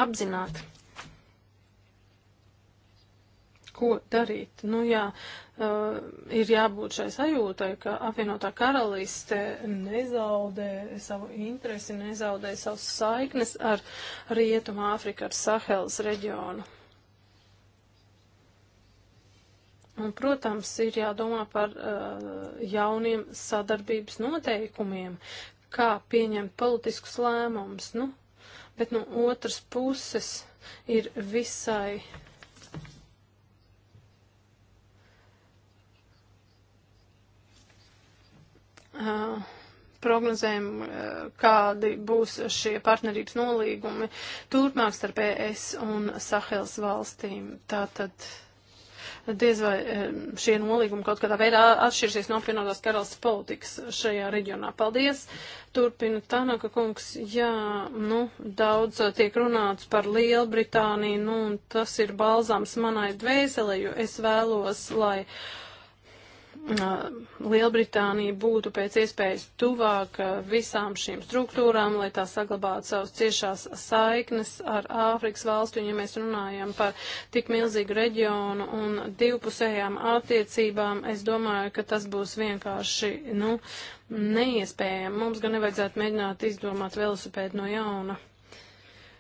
apzināti, ko darīt. Nu jā, uh, ir jābūt šai sajūtai, ka apvienotā karaliste nezaudē savu interesi, nezaudē savas saiknes ar Rietumu Āfriku, ar Sahels reģionu. Un, protams, ir jādomā par uh, jauniem sadarbības noteikumiem, kā pieņemt politiskus lēmumus. Nu, bet no otras puses ir visai Uh, prognozēm, uh, kādi būs šie partnerības nolīgumi turpmāk starp ES un Sahels valstīm. Tātad Diez vai šie nolīgumi kaut kādā veidā atšķirsies no apvienotās karalists politikas šajā reģionā. Paldies! Turpina Tanaka kungs. Jā, nu, daudz uh, tiek runāts par Lielbritāniju, nu, un tas ir balzams manai dvēselē, jo es vēlos, lai. Uh, Lielbritānija būtu pēc iespējas tuvāk visām šīm struktūrām, lai tā saglabātu savas ciešās saiknes ar Āfrikas valstu, ja mēs runājam par tik milzīgu reģionu un divpusējām attiecībām, es domāju, ka tas būs vienkārši, nu, neiespējami. Mums gan nevajadzētu mēģināt izdomāt velosipēdu no jauna.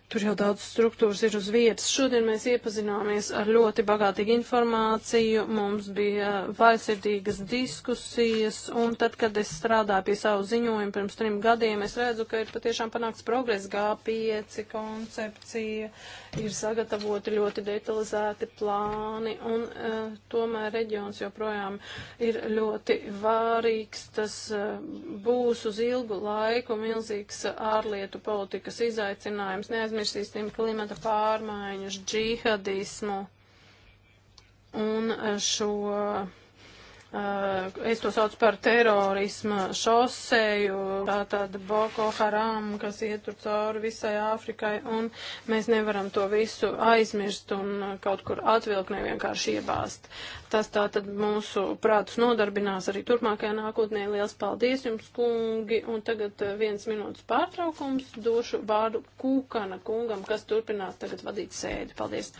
Tur jau daudz struktūras ir uz vietas. Šodien mēs iepazināmies ar ļoti bagātīgu informāciju, mums bija vaisirdīgas diskusijas, un tad, kad es strādāju pie savu ziņojumu pirms trim gadiem, es redzu, ka ir patiešām panāks progress G5 koncepcija, ir sagatavoti ļoti detalizēti plāni, un uh, tomēr reģions joprojām ir ļoti vārīgs, tas uh, būs uz ilgu laiku milzīgs ārlietu politikas izaicinājums. Neaizmirst neaizmirsīsim klimata pārmaiņas, džihadismu un eh, šo Uh, es to saucu par terorisma šoseju, tātad Boko Haram, kas ietur cauri visai Āfrikai, un mēs nevaram to visu aizmirst un kaut kur atvilkt, nevienkārši iebāzt. Tas tātad mūsu prātus nodarbinās arī turpmākajā nākotnē. Liels paldies jums, kungi, un tagad uh, viens minūtes pārtraukums došu vārdu Kūkana kungam, kas turpinās tagad vadīt sēdi. Paldies!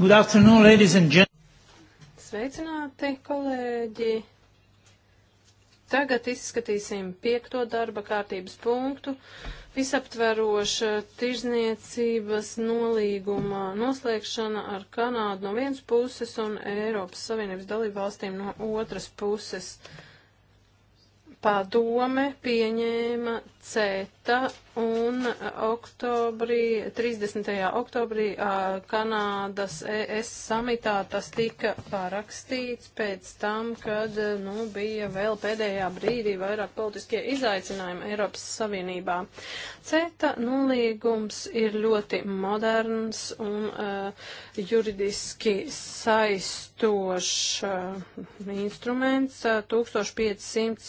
Good afternoon, ladies and gentlemen. Sveicināti, kolēģi. Tagad izskatīsim piekto darba kārtības punktu visaptveroša tirzniecības nolīguma noslēgšana ar Kanādu no vienas puses un Eiropas Savienības dalību valstīm no otras puses. Uh, padome pieņēma CETA marta un oktobrī, 30. oktobrī Kanādas ES samitā tas tika parakstīts pēc tam, kad nu, bija vēl pēdējā brīdī vairāk politiskie izaicinājumi Eiropas Savienībā. CETA nolīgums ir ļoti moderns un uh, juridiski saistošs uh, instruments, uh, 1595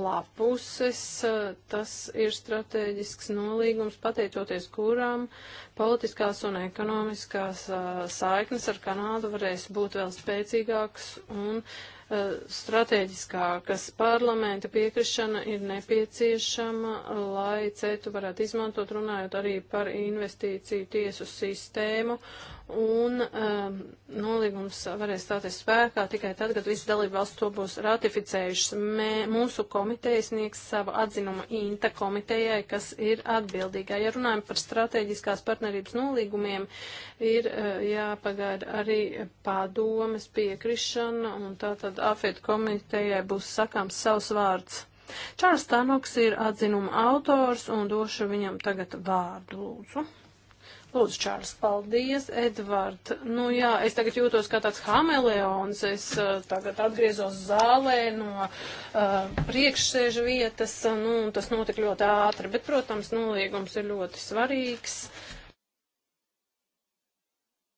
lapus puses eh, tas ir strateģisks nolīgums, pateicoties kurām politiskās un ekonomiskās eh, saiknes ar Kanādu varēs būt vēl spēcīgākas un eh, strateģiskākas. Parlamenta piekrišana ir nepieciešama, lai CETU varētu izmantot, runājot arī par investīciju tiesu sistēmu un um, nolīgums varēs stāties spēkā tikai tad, kad visi dalībvalsts to būs ratificējušas. Mē, mūsu komiteja sniegs savu atzinumu INTA komitejai, kas ir atbildīgā. Ja runājam par strateģiskās partnerības nolīgumiem, ir uh, jāpagaida arī padomes piekrišana, un tātad AFET komitejai būs sakāms savs vārds. Čārls Tanoks ir atzinuma autors, un došu viņam tagad vārdu lūdzu. Lūdzu, Čārlis, paldies, Edvard. Nu jā, es tagad jūtos kā tāds hameleons. Es uh, tagad atgriezos zālē no uh, eh, priekšsēžu vietas. Nu, tas notika ļoti ātri, bet, protams, noliegums ir ļoti svarīgs.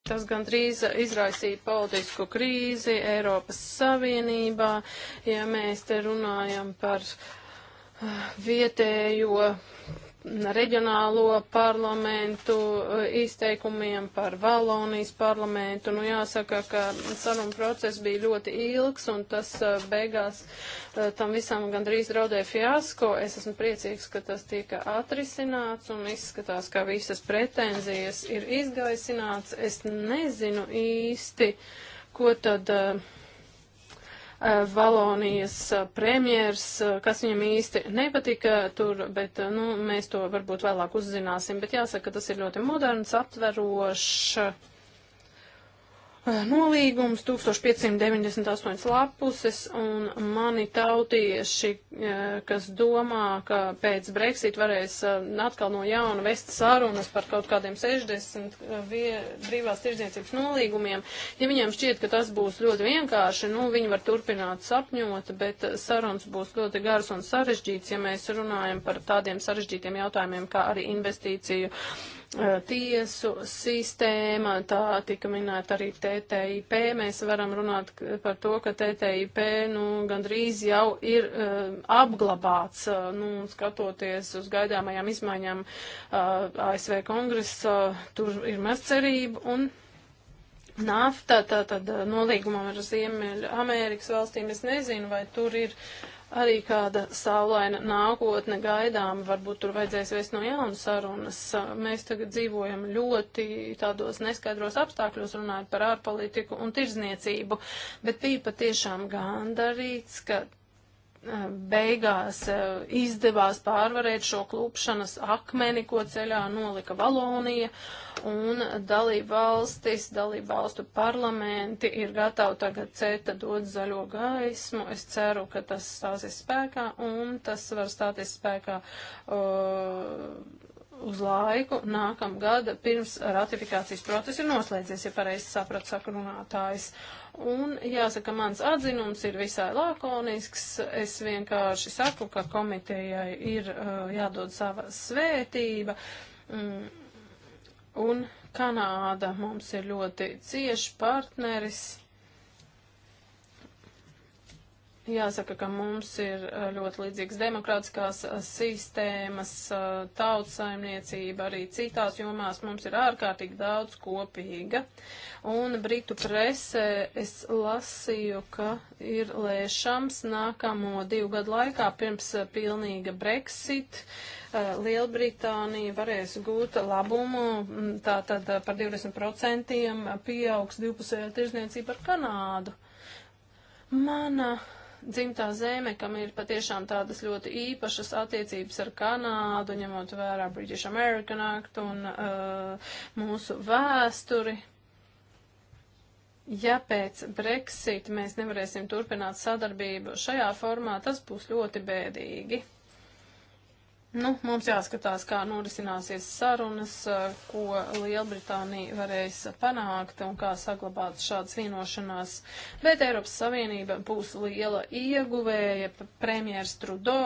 Tas gandrīz izraisīja politisku krīzi Eiropas Savienībā, ja mēs te runājam par uh, vietējo reģionālo parlamentu eh, izteikumiem, par Valonijas parlamentu. Nu, jāsaka, ka saruna process bija ļoti ilgs un tas eh, beigās eh, tam visam gandrīz draudēja fiasko. Es esmu priecīgs, ka tas tika atrisināts un izskatās, ka visas pretenzijas ir izgaisināts. Es nezinu īsti, ko tad. Uh, Eh, Valonijas eh, premjers, eh, kas viņam īsti nepatika tur, bet nu, mēs to varbūt vēlāk uzzināsim. Bet jāsaka, tas ir ļoti moderns, aptverošs Eh, nolīgums, 1598 lapuses, un mani tautieši, eh, kas domā, ka pēc Brexit varēs eh, atkal no jauna vest sarunas par kaut kādiem 60 vie, brīvās tirdzniecības nolīgumiem, ja viņiem šķiet, ka tas būs ļoti vienkārši, nu, viņi var turpināt sapņot, bet sarunas būs ļoti garas un sarežģītas, ja mēs runājam par tādiem sarežģītiem jautājumiem, kā arī investīciju tiesu sistēma, tā tika minēta arī TTIP. Mēs varam runāt par to, ka TTIP nu, gandrīz jau ir uh, apglabāts, uh, nu, skatoties uz gaidāmajām izmaiņām uh, ASV kongresā, uh, tur ir maz cerību. Un, Nafta, tā tad nolīgumam ar Ziemeļa Amerikas valstīm, es nezinu, vai tur ir uh, arī kāda saulaina nākotne gaidām, varbūt tur vajadzēs vēst no jauna sarunas. Mēs tagad dzīvojam ļoti tādos neskaidros apstākļos, runājot par ārpolitiku un tirzniecību, bet bija patiešām gandarīts, ka beigās e, izdevās pārvarēt šo klūpšanas akmeni, ko ceļā nolika Valonija, un dalība valstis, dalība valstu parlamenti ir gatavi tagad CETA dot zaļo gaismu. Es ceru, ka tas stāsies spēkā, un tas var stāties spēkā uh, uz laiku nākamgada pirms ratifikācijas process ir noslēdzies, ja pareizi sapratu sakrunātājs. Uh, Un, jāsaka, mans atzinums ir visai lakonisks. Es vienkārši saku, ka komitejai ir uh, jādod sava svētība. Mm, un Kanāda mums ir ļoti cieši partneris. Jāsaka, ka mums ir ļoti līdzīgas demokrātiskās sistēmas, tautsaimniecība arī citās jomās. Mums ir ārkārtīgi daudz kopīga. Un Britu presē es lasīju, ka ir lēšams nākamo divu gadu laikā pirms pilnīga Brexit. Lielbritānija varēs gūt labumu, tātad par 20% pieaugs divpusējā tirzniecība ar Kanādu. Mana dzimtā zeme, kam ir patiešām tādas ļoti īpašas attiecības ar Kanādu, ņemot vērā British American Act un uh, mūsu vēsturi. Ja pēc Brexit mēs nevarēsim turpināt sadarbību šajā formā, tas būs ļoti bēdīgi. Nu, mums jāskatās, kā norisināsies sarunas, eh, ko Lielbritānija varēs panākt un kā saglabāt šādas vienošanās. Bet Eiropas Savienība būs liela ieguvēja, premjers Trudo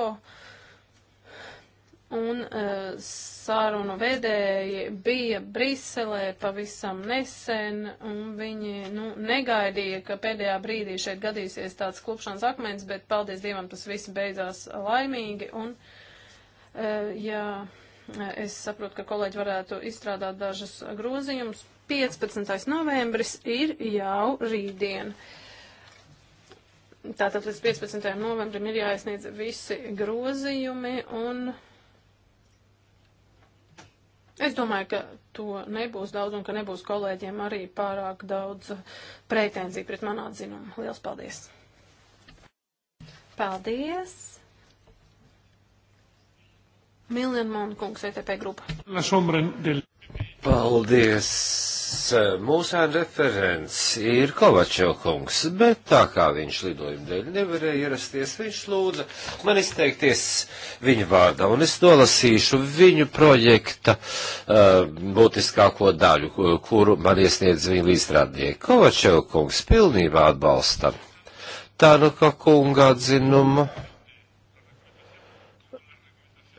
un uh, sarunu vedēji bija Briselē pavisam nesen, un viņi nu, negaidīja, ka pēdējā brīdī šeit gadīsies tāds klupšanas akmens, bet paldies Dievam, tas viss beidzās laimīgi. Un, uh, Eh, Jā, eh, es saprotu, ka kolēģi varētu izstrādāt dažus grozījumus. 15. novembris ir jau rītdien. Tātad līdz 15. novembrim ir jāiesniedz visi grozījumi un es domāju, ka to nebūs daudz un ka nebūs kolēģiem arī pārāk daudz pretenziju pret manā dzinumu. Liels paldies! Paldies! Miljan Monkungs, ETP grupa. Paldies! Mūsu referents ir Kovačevkungs, bet tā kā viņš lidojuma dēļ nevarēja ierasties, viņš lūdza man izteikties viņa vārdā, un es nolasīšu viņu projekta uh, būtiskāko daļu, kuru man iesniedz viņa līdzstrādnieki. Kovačevkungs pilnībā atbalsta Tanuka kunga atzinumu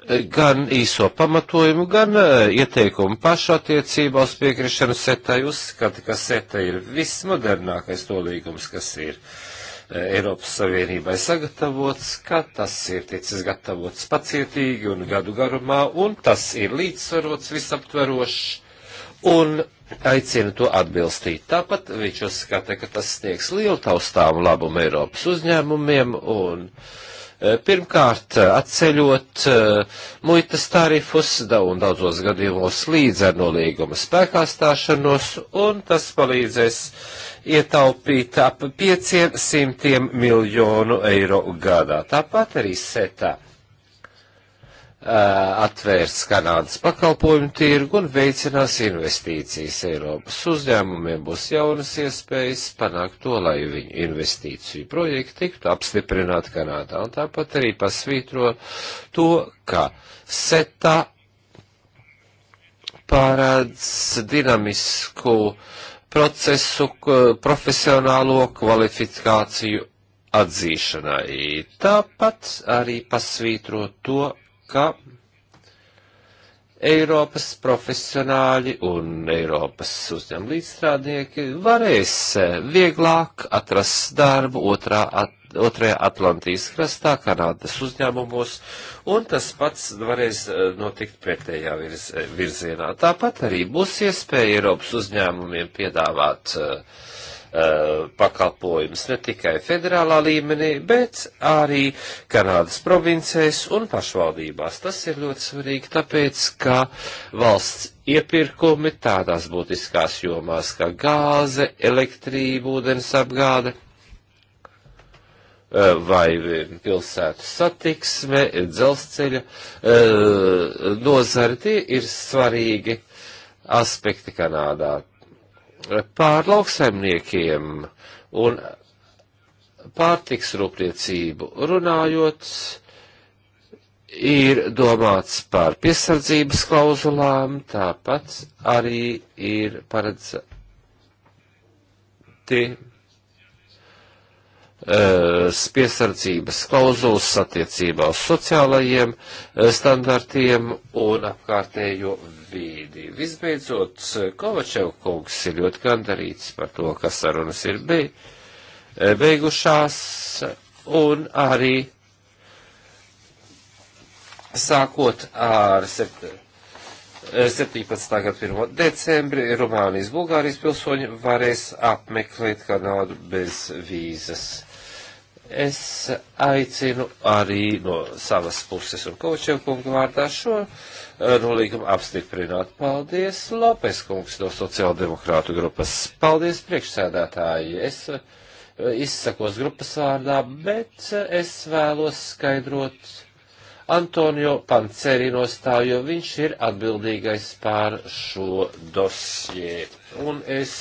gan īso pamatojumu, gan eh, ieteikumu pašu attiecībā uz piekrišanu setai uzskata, ka seta ir vismodernākais to līgums, kas ir eh, Eiropas Savienībai sagatavots, ka tas ir ticis gatavots pacietīgi un gadu garumā, un tas ir līdzsvarots, visaptverošs, un aicina to atbilstīt. Tāpat viņš uzskata, ka tas sniegs lielu taustām labumu Eiropas uzņēmumiem, un uh, Pirmkārt, atceļot eh, muitas tarifus un daudzos gadījumos līdz ar nolīguma spēkā stāšanos, un tas palīdzēs ietaupīt ap 500 miljonu eiro gadā. Tāpat arī setā atvērs Kanādas pakalpojumu tirgu un veicinās investīcijas Eiropas uzņēmumiem. Būs jaunas iespējas panākt to, lai viņu investīciju projekti tiktu apstiprināti Kanādā. Un tāpat arī pasvītro to, ka SETA pārādz dinamisku procesu profesionālo kvalifikāciju atzīšanai. Tāpat arī pasvītro to, ka Eiropas profesionāļi un Eiropas uzņēmuma līdzstrādnieki varēs eh, vieglāk atrast darbu otrā, at, otrajā Atlantijas krastā, Kanādas uzņēmumos, un tas pats varēs eh, notikt pretējā virz, eh, virzienā. Tāpat arī būs iespēja Eiropas uzņēmumiem piedāvāt uh, Uh, pakalpojumus ne tikai federālā līmenī, bet arī Kanādas provincēs un pašvaldībās. Tas ir ļoti svarīgi, tāpēc, ka valsts iepirkumi tādās būtiskās jomās kā gāze, elektrība, ūdens apgāde uh, vai pilsētu satiksme, dzelzceļa uh, nozari, tie ir svarīgi aspekti Kanādā pār lauksaimniekiem un pārtiks rūpniecību runājot, ir domāts par piesardzības klauzulām, tāpat arī ir paredzēti Eh, piesardzības klauzulas attiecībā uz sociālajiem eh, standartiem un apkārtējo vīdi. Visbeidzot, Kovačev kungs ir ļoti gandarīts par to, kas sarunas ir bij, eh, beigušās un arī sākot ar 17. gada 1. decembri Rumānijas Bulgārijas pilsoņi varēs apmeklēt Kanādu bez vīzas. Es aicinu arī no savas puses un kočiem kungu vārdā šo eh, nolīgumu apstiprināt. Paldies, Lopes kungs no sociāldemokrātu grupas. Paldies, priekšsēdētāji. Es eh, izsakos grupas vārdā, bet eh, es vēlos skaidrot Antonio Panceri nostāju, jo viņš ir atbildīgais pār šo dosie. Un es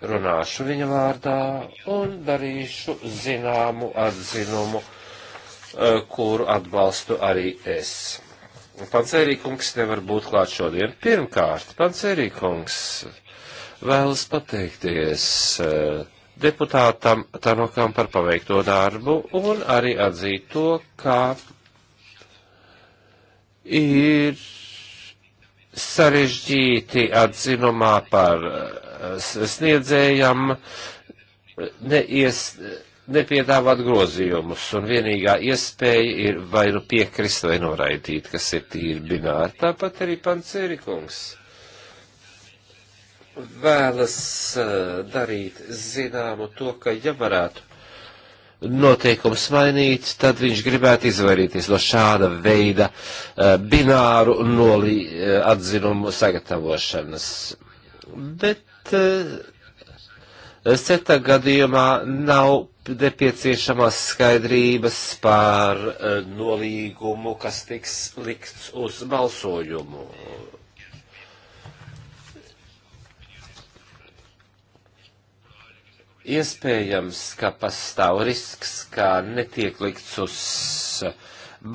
runāšu viņa vārdā un darīšu zināmu atzinumu, e, kuru atbalstu arī es. Pancerīkungs nevar būt klāt šodien. Pirmkārt, Pancerīkungs vēlas pateikties e, deputātam Tanokam par paveikto darbu un arī atzīt to, ka ir sarežģīti atzinumā par sniedzējam neies, nepiedāvāt grozījumus, un vienīgā iespēja ir vai nu piekrist vai noraidīt, kas ir tīri bināri. Tāpat arī pancerikungs vēlas darīt zināmu to, ka ja varētu noteikums mainīt, tad viņš gribētu izvairīties no šāda veida bināru noli atzinumu sagatavošanas. Bet Eh, seta gadījumā nav nepieciešamās skaidrības par eh, nolīgumu, kas tiks likts uz balsojumu. Iespējams, ka pastāv risks, ka netiek likts uz eh,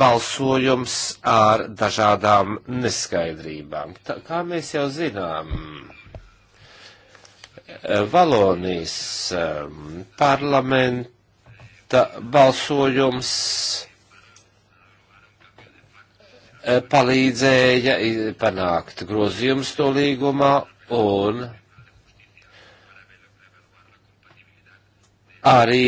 balsojums ar dažādām neskaidrībām. Tā, kā mēs jau zinām, Valonijas um, parlamenta balsojums uh, palīdzēja panākt grozījums to līgumā un arī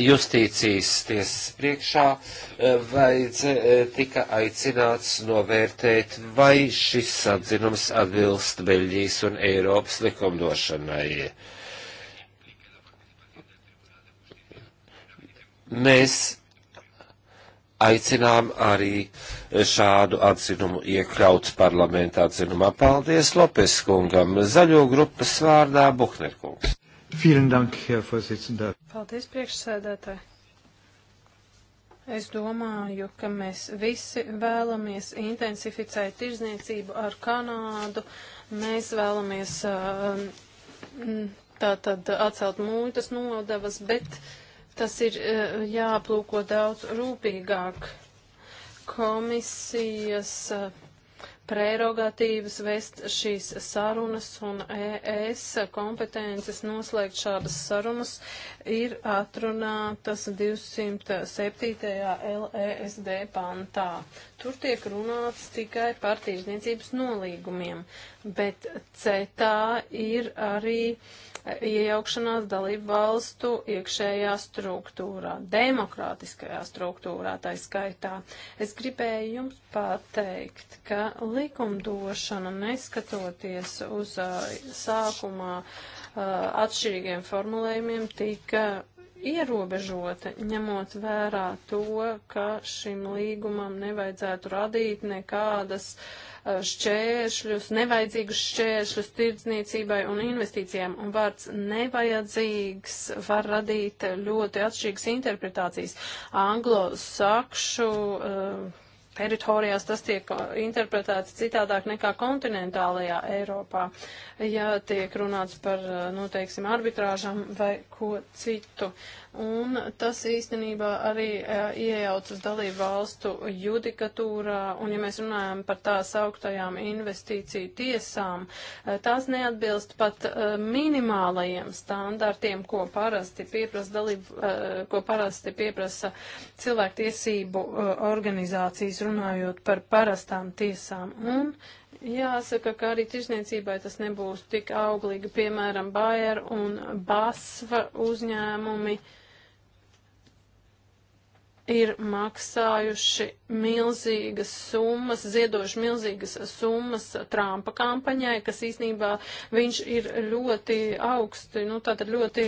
justīcijas tiesas priekšā e, vajadze, e, tika aicināts novērtēt, vai šis atzinums atbilst Beļģijas un Eiropas likumdošanai. Mēs aicinām arī šādu atzinumu iekļaut parlamentā atzinumā. Paldies Lopes kungam, zaļo grupas vārdā Buhner kungs. Vielen Dank, Herr Vorsitzender. Paldies, priekšsēdētāji. Es domāju, ka mēs visi vēlamies intensificēt tirzniecību ar Kanādu. Mēs vēlamies uh, tātad atcelt mūjtas nodevas, bet tas ir uh, jāaplūko daudz rūpīgāk. Komisijas uh, prerogatīvas vest šīs sarunas un ES kompetences noslēgt šādas sarunas ir atrunātas 207. LESD pantā. Tur tiek runāts tikai par tirzniecības nolīgumiem, bet CETA ir arī uh, iejaukšanās dalību valstu iekšējā struktūrā, demokrātiskajā struktūrā tā skaitā. Es gribēju jums pateikt, ka likumdošana neskatoties uz uh, sākumā uh, atšķirīgiem formulējumiem tika ierobežota, ņemot vērā to, ka šim līgumam nevajadzētu radīt nekādas uh, šķēršļus, nevajadzīgus šķēršļus tirdzniecībai un investīcijām, un vārds nevajadzīgs var radīt ļoti atšķirīgas interpretācijas. Anglo sakšu uh, teritorijās tas tiek uh, interpretēts citādāk nekā kontinentālajā Eiropā, ja tiek runāts par, uh, nu, teiksim, arbitrāžām vai ko citu. Un tas īstenībā arī uh, iejaucas dalību valstu judikatūrā, un ja mēs runājam par tā sauktajām investīciju tiesām, tās neatbilst pat minimālajiem standartiem, ko parasti pieprasa, dalību, ko parasti pieprasa cilvēktiesību organizācijas runājot par parastām tiesām. Un jāsaka, ka arī tirzniecībai tas nebūs tik auglīgi, piemēram, Bayer un Basva uzņēmumi. Uh, ir maksājuši milzīgas summas, ziedojuši milzīgas summas Trumpa kampaņai, kas īsnībā viņš ir ļoti augsti, nu tātad ļoti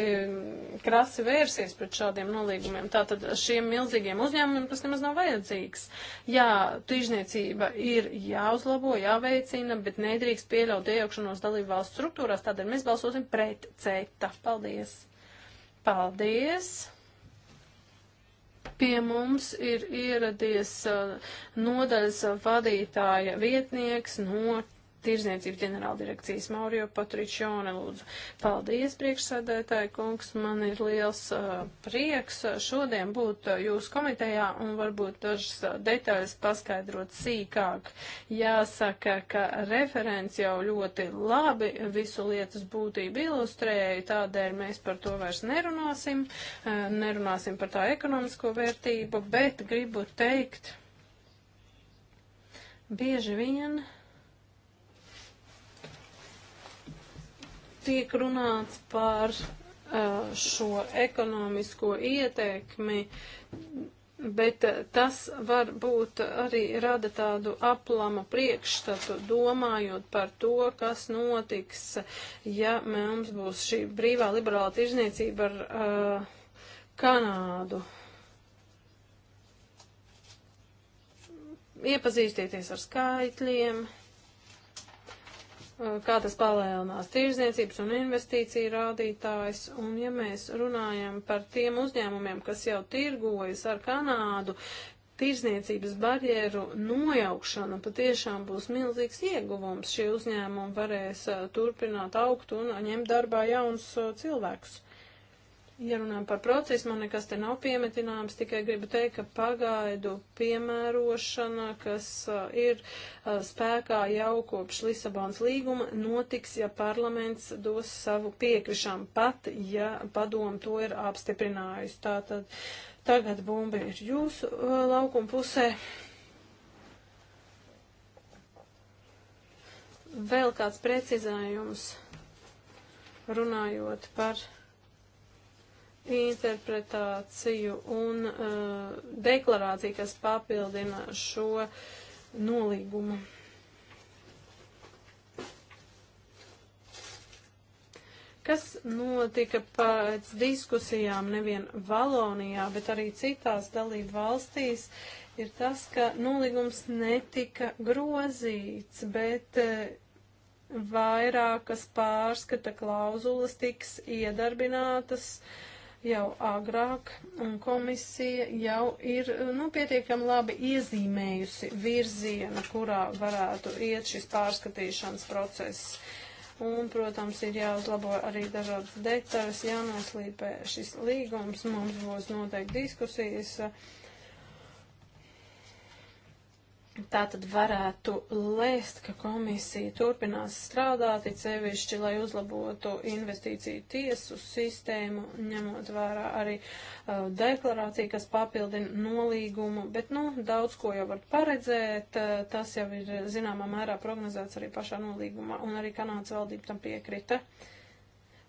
krasi vērsies pret šādiem nolīgumiem. Tātad šiem milzīgiem uzņēmumiem tas nemaz nav vajadzīgs. Jā, tīžniecība ir jāuzlabo, jāveicina, bet nedrīkst pieļaut iejaukšanos dalību valsts struktūrās, tādēļ mēs balsosim pret CETA. Paldies! Paldies! Pie mums ir ieradies uh, nodaļas uh, vadītāja vietnieks no tirzniecības ģenerāldirekcijas Maurijo Patričone lūdzu. Paldies, priekšsēdētāji kungs, man ir liels uh, prieks uh, šodien būt uh, jūsu komitejā un varbūt dažas uh, detaļas paskaidrot sīkāk. Jāsaka, ka referents jau ļoti labi visu lietas būtību ilustrēja, tādēļ mēs par to vairs nerunāsim, uh, nerunāsim par tā ekonomisko vērtību, bet gribu teikt, bieži vien tiek runāts par šo ekonomisko ietekmi, bet tas varbūt arī rada tādu aplama priekšstatu, domājot par to, kas notiks, ja mums būs šī brīvā liberāla tirzniecība ar uh, Kanādu. Iepazīstieties ar skaitļiem. Uh, kā tas palielinās tirzniecības un investīciju rādītājs. Un ja mēs runājam par tiem uzņēmumiem, kas jau tirgojas ar Kanādu, tirzniecības barjeru nojaukšana patiešām būs milzīgs ieguvums. Šie uzņēmumi varēs turpināt augt un ņemt darbā jaunus cilvēkus. Ja runājam par procesu, man nekas te nav piemetināms, tikai gribu teikt, ka pagaidu piemērošana, kas ir spēkā jau kopš Lisabonas līguma, notiks, ja parlaments dos savu piekrišanu pat, ja padomu to ir apstiprinājusi. Tātad tagad bumba ir jūsu laukuma pusē. Vēl kāds precizējums runājot par interpretāciju un uh, deklarāciju, kas papildina šo nolīgumu. Kas notika pēc diskusijām nevien Valonijā, bet arī citās dalību valstīs, ir tas, ka nolīgums netika grozīts, bet uh, vairākas pārskata klauzulas tiks iedarbinātas uh, jau agrāk, un komisija jau ir nu, pietiekami labi iezīmējusi virzienu, kurā varētu iet šis pārskatīšanas process. Un, protams, ir jāuzlabo arī dažādas detaļas, jānoslīpē šis līgums, mums būs noteikti diskusijas. Uh, Tā tad varētu lēst, ka komisija turpinās strādāt, it sevišķi, lai uzlabotu investīciju tiesu sistēmu, ņemot vērā arī uh, deklarāciju, kas papildina nolīgumu, bet, nu, daudz ko jau var paredzēt, uh, tas jau ir zināmā mērā prognozēts arī pašā nolīgumā, un arī Kanādas valdība tam piekrita. Uh,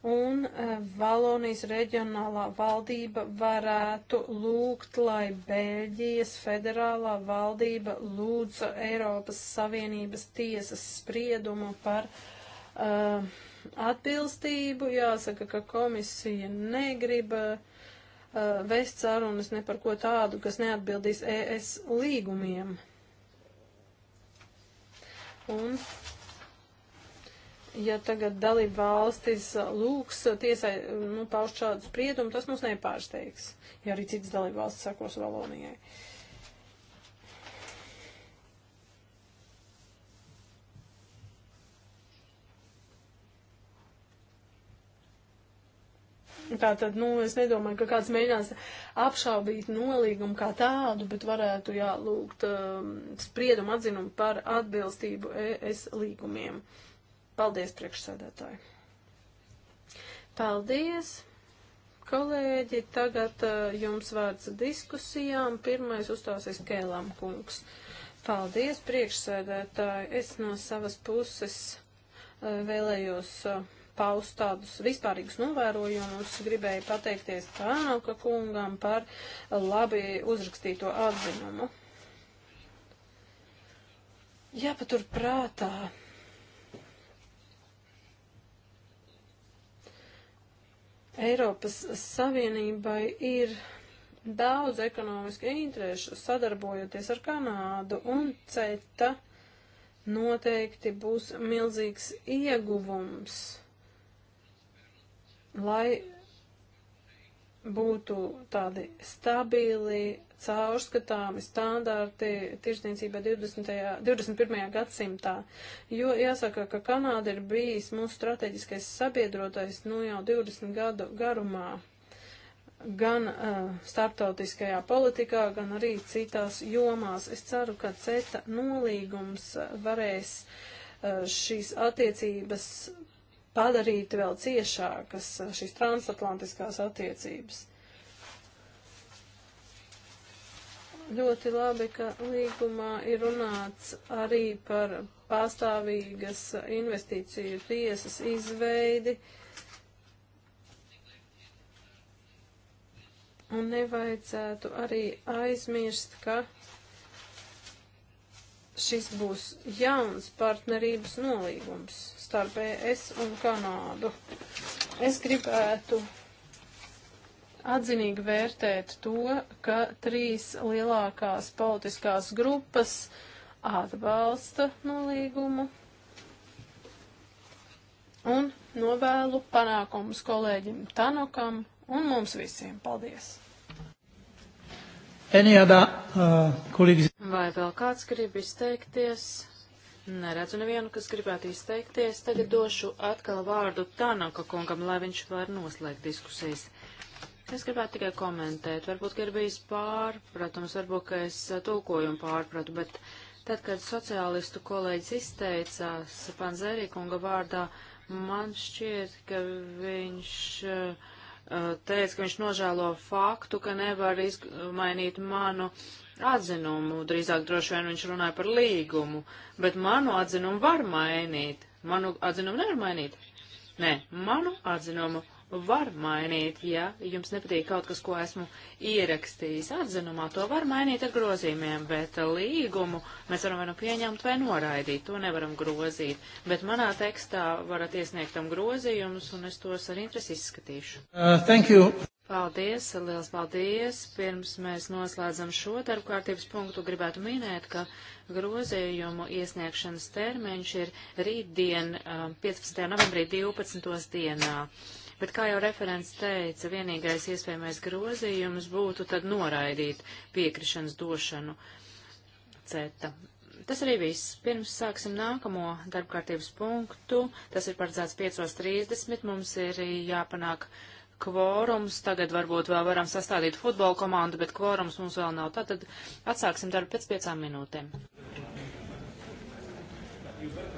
un eh, Valonijas reģionālā valdība varētu lūgt, lai Bēļģijas federālā valdība lūdza Eiropas Savienības tiesas spriedumu par uh, atbilstību. Jāsaka, ka komisija negrib uh, vest sarunas ne par ko tādu, kas neatbildīs ES līgumiem. Un ja tagad dalība valstis uh, lūgs uh, tiesai uh, nu, paušt šādu spriedumu, tas mums nepārsteigs, ja arī citas dalība valstis sakos Valonijai. Tātad, nu, es nedomāju, ka kāds mēģinās apšaubīt nolīgumu kā tādu, bet varētu, jā, lūgt um, spriedumu atzinumu par atbilstību ES līgumiem. Uh, Paldies, priekšsēdētāji. Paldies, kolēģi. Tagad uh, jums vārds diskusijām. Pirmais uzstāsies Kēlām kungs. Paldies, priekšsēdētāji. Es no savas puses uh, vēlējos uh, paust tādus vispārīgus novērojumus. Gribēju pateikties Tānoka kungam par labi uzrakstīto atzinumu. Jāpatur prātā Eiropas Savienībai ir daudz ekonomiski interešu sadarbojoties ar Kanādu un CETA noteikti būs milzīgs ieguvums, lai būtu tādi stabili caurskatāmi standarti tirsniecībā 20. 21. gadsimtā. Jo jāsaka, ka Kanāda ir bijis mūsu strateģiskais sabiedrotais nu jau 20 gadu garumā gan uh, starptautiskajā politikā, gan arī citās jomās. Es ceru, ka CETA nolīgums eh, varēs uh, šīs attiecības padarīt vēl ciešākas, šīs transatlantiskās attiecības. Ļoti labi, ka līgumā ir runāts arī par pastāvīgas investīciju tiesas izveidi. Un nevajadzētu arī aizmirst, ka šis būs jauns partnerības nolīgums starp ES un Kanādu. Es gribētu atzinīgi vērtēt to, ka trīs lielākās politiskās grupas atbalsta nolīgumu un novēlu panākumus kolēģim Tanokam un mums visiem. Paldies! Eniādā, uh, kolīgs. Vai vēl kāds grib izteikties? Neredzu nevienu, kas gribētu izteikties. Tagad došu atkal vārdu Tanaka kungam, lai viņš var noslēgt diskusijas. Es gribētu tikai komentēt. Varbūt, ka ir bijis pārpratums, varbūt, ka es uh, tulkojumu pārpratu, bet tad, kad sociālistu kolēģis izteicās Panzerīkunga vārdā, man šķiet, ka viņš uh, uh, teica, ka viņš nožēlo faktu, ka nevar izmainīt manu atzinumu. Drīzāk droši vien viņš runāja par līgumu, bet manu atzinumu var mainīt. Manu atzinumu nevar mainīt. Nē, manu atzinumu var mainīt, ja jums nepatīk kaut kas, ko esmu ierakstījis atzinumā, to var mainīt ar grozījumiem, bet līgumu mēs varam vai nu pieņemt vai noraidīt, to nevaram grozīt. Bet manā tekstā varat iesniegt tam grozījumus, un es tos ar interesi izskatīšu. Uh, thank you. Paldies, liels paldies. Pirms mēs noslēdzam šo darbu kārtības punktu, gribētu minēt, ka grozījumu iesniegšanas termiņš ir rītdien, 15. Uh, novembrī 12. dienā. Bet, kā jau referents teica, vienīgais iespējamais grozījums būtu tad noraidīt piekrišanas došanu CETA. Tas arī viss. Pirms sāksim nākamo darbkārtības punktu. Tas ir paredzēts 5.30. Mums ir jāpanāk kvorums. Tagad varbūt vēl varam sastādīt futbola komandu, bet kvorums mums vēl nav. Tātad atsāksim darbu pēc piecām minūtēm. Thank you.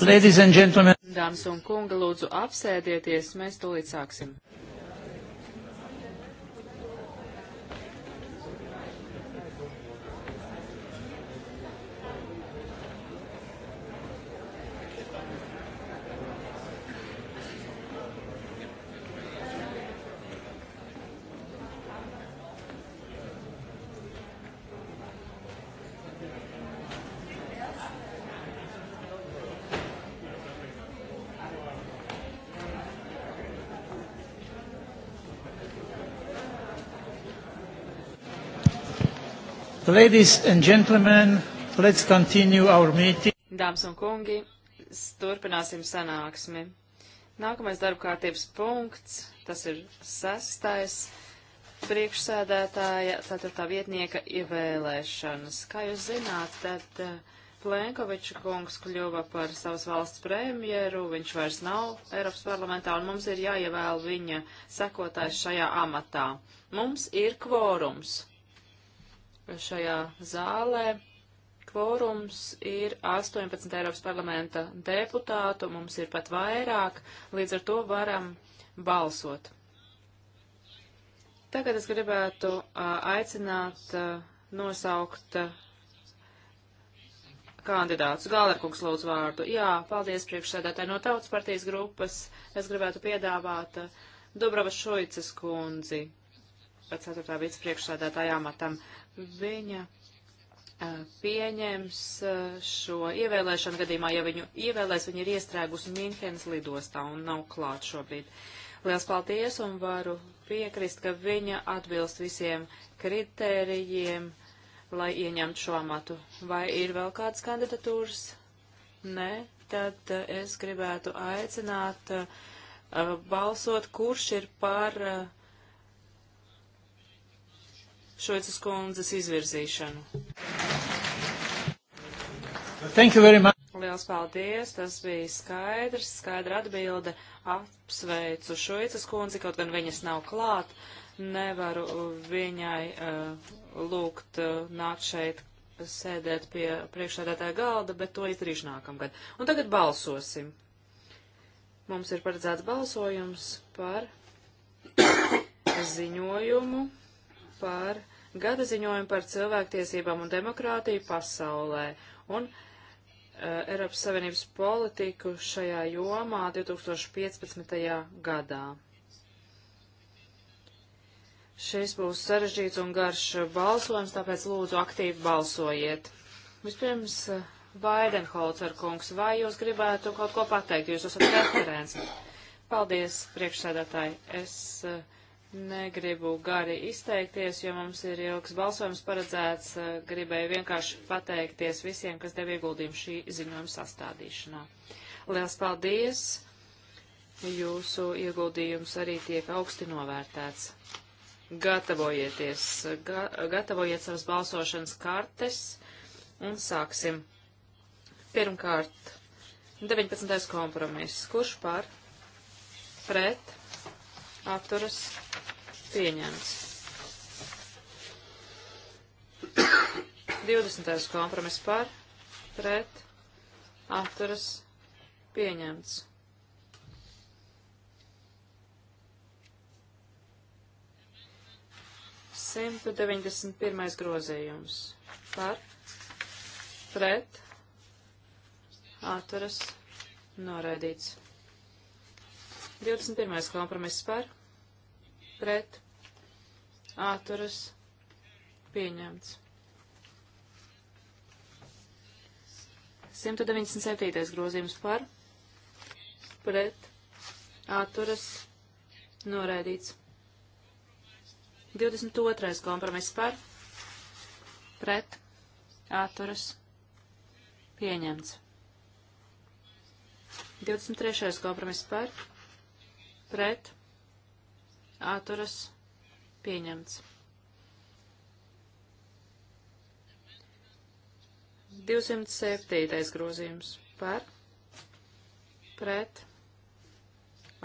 Ladies and gentlemen. Dāmas un kunga, lūdzu apsēdieties, mēs tūlīt sāksim. Ladies and gentlemen, let's continue our meeting. Dāmas un kungi, turpināsim sanāksmi. Nākamais darba kārtības punkts, tas ir sestais priekšsēdētāja, ceturtā vietnieka ievēlēšanas. Kā jūs zināt, tad eh, Plenkoviča kungs kļuva par savas valsts premjeru, viņš vairs nav Eiropas parlamentā, un mums ir jāievēl viņa sekotājs šajā amatā. Mums ir kvorums šajā zālē. Kvorums ir 18 Eiropas parlamenta deputātu, mums ir pat vairāk, līdz ar to varam balsot. Tagad es gribētu aicināt nosaukt kandidātus. Galerkungs lūdzu vārdu. Jā, paldies priekšsēdētāji no Tautas partijas grupas. Es gribētu piedāvāt Dobravas Šoicas kundzi pēc 4. vicepriekšsēdētāja amatam viņa pieņems šo ievēlēšanu gadījumā, ja viņu ievēlēs, viņa ir iestrēgusi Minhenes lidostā un nav klāt šobrīd. Liels paldies un varu piekrist, ka viņa atbilst visiem kritērijiem, lai ieņemtu šo amatu. Vai ir vēl kādas kandidatūras? Nē, tad es gribētu aicināt uh, balsot, kurš ir par uh, Šoicas kundzes izvirzīšanu. Thank you very much. Liels paldies, tas bija skaidrs, skaidra atbilde. Apsveicu Šoicas kundzi, kaut gan viņas nav klāt. Nevaru viņai uh, lūgt uh, nākt šeit sēdēt pie priekšsēdētāja galda, bet to izdarīšu nākamgad. Un tagad balsosim. Mums ir paredzēts balsojums par ziņojumu par gada ziņojumu par cilvēktiesībām un demokrātiju pasaulē un uh, Eiropas Savienības politiku šajā jomā 2015. gadā. Šis būs sarežģīts un garš balsojums, tāpēc lūdzu aktīvi balsojiet. Vispirms, eh, Vaidenholzer kungs, vai jūs gribētu kaut ko pateikt? Jūs esat referents. Paldies, priekšsēdētāji. Es uh, Negribu gari izteikties, jo mums ir ilgs balsojums paredzēts. Eh, Gribēju vienkārši pateikties visiem, kas deva ieguldījumu šī ziņojuma sastādīšanā. Liels paldies! Jūsu ieguldījums arī tiek augsti novērtēts. Gatavojieties, ga gatavojiet savas balsošanas kartes un sāksim. Pirmkārt, 19. kompromiss. Kurš par? Pret? atturas pieņemts. 20. kompromiss par, pret, atturas pieņemts. Simtu deviņdesmit pirmais grozījums par, pret, atturas noraidīts. 21. kompromiss par, pret, āturas, pieņemts. 197. grozījums par, pret, atturas, noraidīts. 22. kompromiss par, pret, atturas, pieņemts. 23. kompromiss par, pret atturas pieņemts. 207. grozījums par pret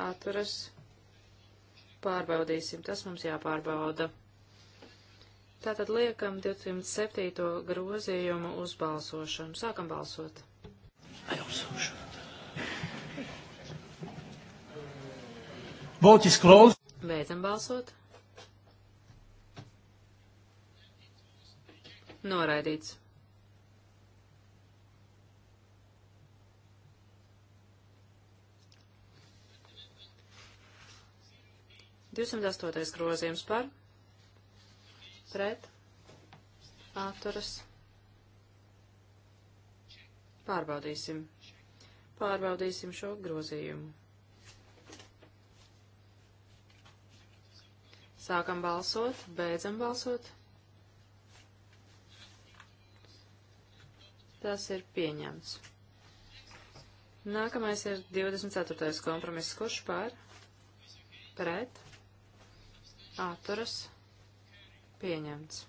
atturas pārbaudīsim. Tas mums jāpārbauda. Tātad liekam 207. grozījumu uz balsošanu. Sākam balsot. Ai, balsošanu. Vote is closed. Beidzam balsot. Noraidīts. Divsimt astotais grozījums par, pret, atturas. Pārbaudīsim. Pārbaudīsim šo grozījumu. Sākam balsot, beidzam balsot. Tas ir pieņemts. Nākamais ir 24. kompromiss. Kurš pār? Pret? Atturas? Pieņemts.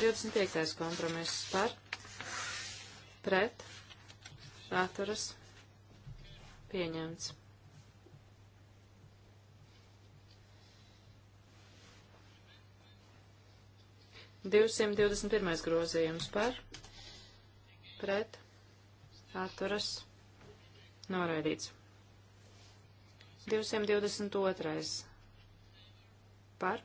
25. kompromiss par? Pret? Atturas? Pieņemts. 221. grozījums par, pret, atturas, noraidīts. 222. par.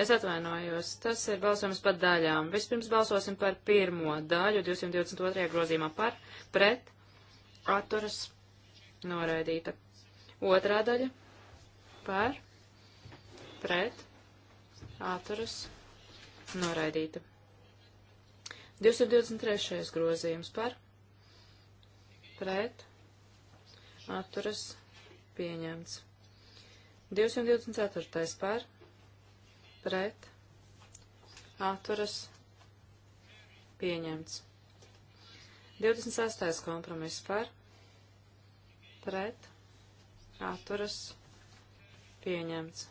Es atvainojos, tas ir balsojums par daļām. Vispirms balsosim par pirmo daļu 222. grozījumā par, pret, atturas, noraidīta. Otrā daļa par, pret, atturas noraidīta. 223. grozījums par pret atturas pieņemts. 224. par pret atturas pieņemts. 26. kompromiss par pret atturas pieņemts.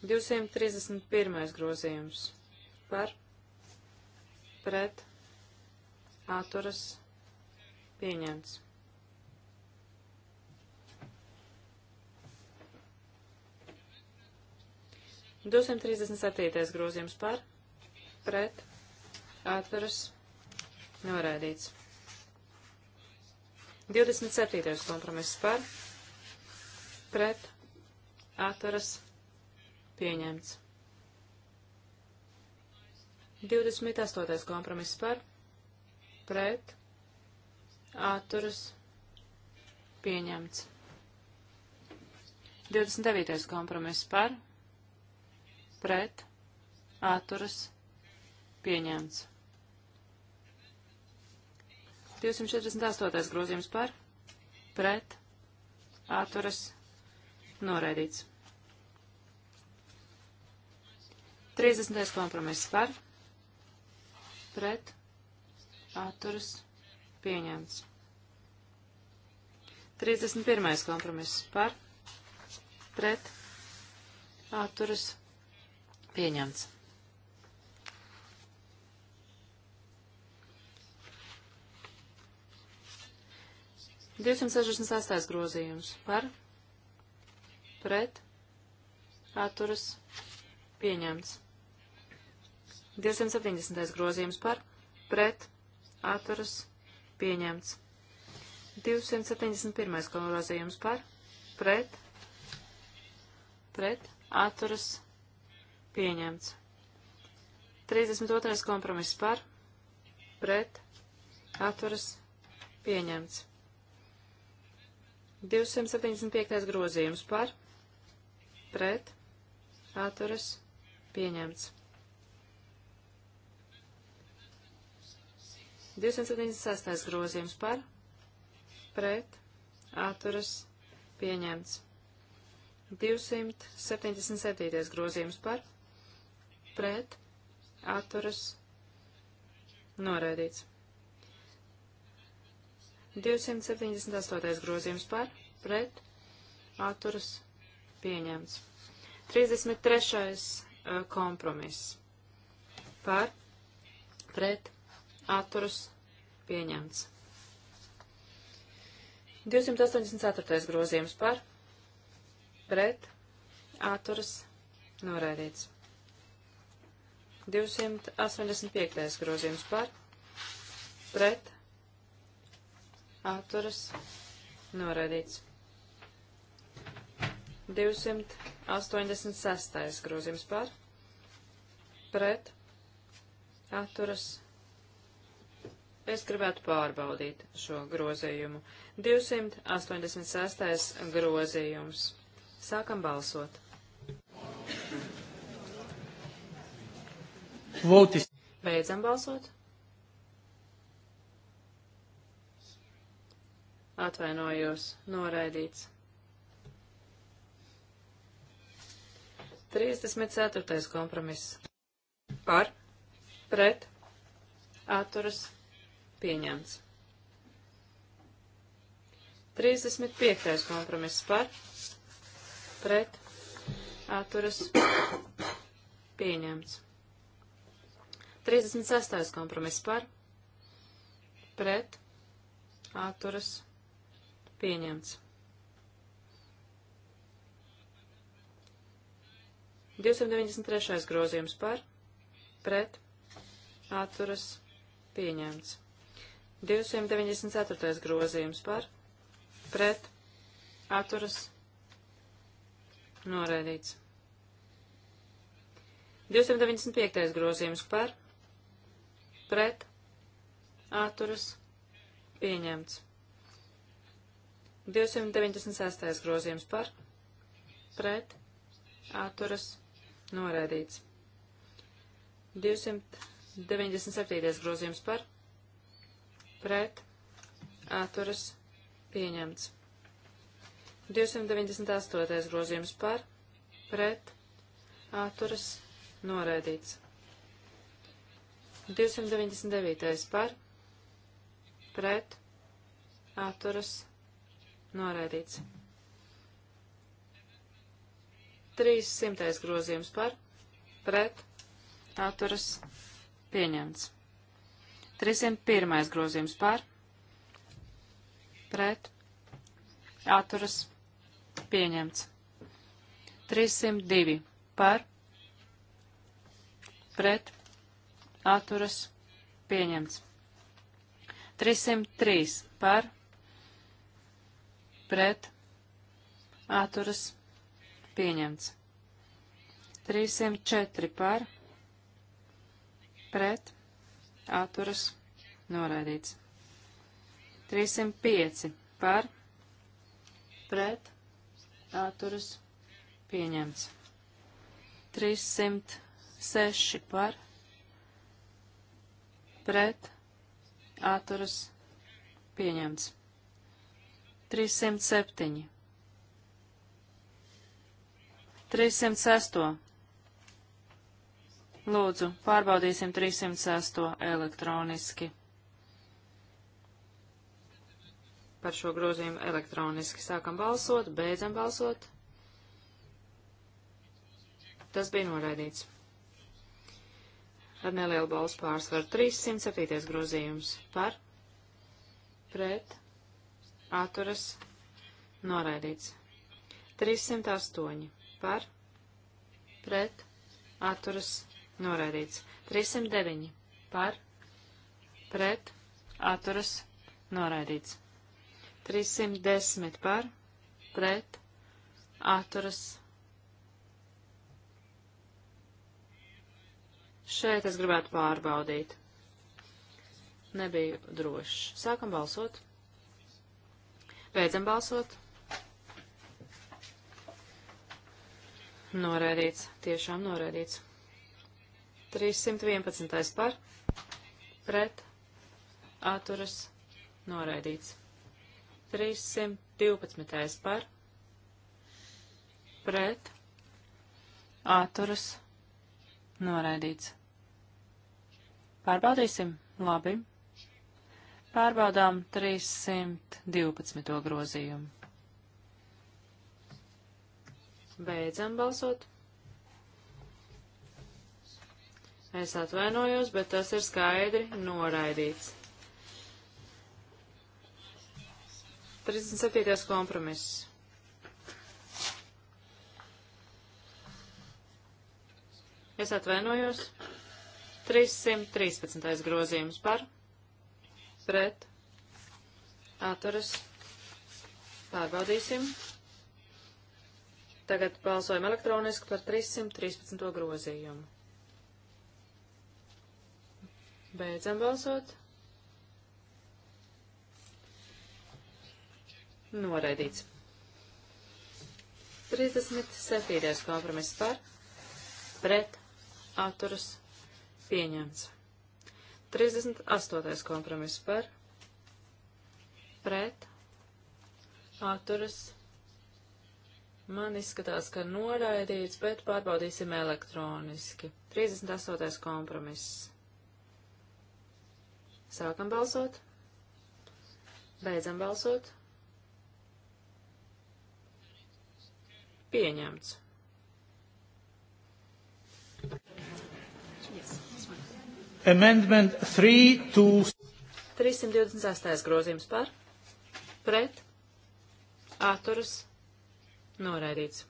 231. grozījums par pret āturas pieņemts. Divsimt trīsdesmit septītais grozījums par, pret, atveras, norēdīts. Divdesmit septītais kompromiss par, pret, atveras, norēdīts Pieņemts. 28. kompromiss par, pret, atturas, pieņemts. 29. kompromiss par, pret, atturas, pieņemts. 248. grozījums par, pret, atturas, noraidīts. 30. kompromiss par, pret, atturas, pieņemts. 31. kompromiss par, pret, atturas, pieņemts. Divsimt sešdesmit sastais grozījums par, pret, atturas, pieņemts. 270. grozījums par pret atturas pieņemts. 271. grozījums par pret pret atturas pieņemts. 32. kompromiss par pret atturas pieņemts. 275. grozījums par pret atturas pieņemts. 276. grozījums par, pret, atturas, pieņemts. 277. grozījums par, pret, atturas, noraidīts. 278. grozījums par, pret, atturas, pieņemts. 33. Eh, kompromiss par, pret, atturas pieņemts. 284. grozījums par pret atturas noraidīts. 285. grozījums par pret atturas noraidīts. 286. grozījums par pret atturas noraidīts Es gribētu pārbaudīt šo grozījumu. 286. grozījums. Sākam balsot. Votis. Beidzam balsot. Atvainojos, noraidīts. 34. kompromiss. Par, pret, atturas, pieņemts. 35. kompromiss par, pret, atturas, pieņemts. 36. kompromiss par, pret, atturas, pieņemts. 293. grozījums par, pret, atturas, pieņemts. 294. grozījums par pret atturas noraidīts. 295. grozījums par pret atturas pieņemts. 296. grozījums par pret atturas noraidīts. 297. grozījums par pret atturas pieņemts. 298. grozījums par pret atturas noraidīts. 299. par pret atturas noraidīts. 300. grozījums par pret atturas pieņemts. 301. grozījums par, pret, atturas, pieņemts. 302 par, pret, atturas, pieņemts. 303 par, pret, atturas, pieņemts. 304 par, pret, atturas, pieņemts. 304 par, pret, atturas noraidīts. 305 par pret atturas pieņemts. 306 par pret atturas pieņemts. 307 306 Lūdzu, pārbaudīsim 306. elektroniski. Par šo grozījumu elektroniski sākam balsot, beidzam balsot. Tas bija noraidīts. Ar nelielu balsu pārsvaru 307. grozījums par, pret, atturas, noraidīts. 308 par, pret, atturas, noraidīts noraidīts. 309 par, pret, atturas, noraidīts. 310 par, pret, atturas. Šeit es gribētu pārbaudīt. Nebiju drošs. Sākam balsot. Beidzam balsot. Norēdīts, tiešām norēdīts. 311. par pret atturas noraidīts. 312. par pret atturas noraidīts. Pārbaudīsim. Labi. Pārbaudām 312. grozījumu. Beidzam balsot. Es atvainojos, bet tas ir skaidri noraidīts. 37. kompromiss. Es atvainojos. 313. grozījums par, pret, atturas, pārbaudīsim. Tagad balsojam elektroniski par 313. grozījumu. Beidzam balsot. Noraidīts. 37. kompromiss par, pret, atturas, pieņemts. 38. kompromiss par, pret, atturas, man izskatās, ka noraidīts, bet pārbaudīsim elektroniski. 38. kompromiss. Sākam balsot. Beidzam balsot. Pieņemts. Amendment 3 to 328. grozījums par, pret, atturas, noraidīts.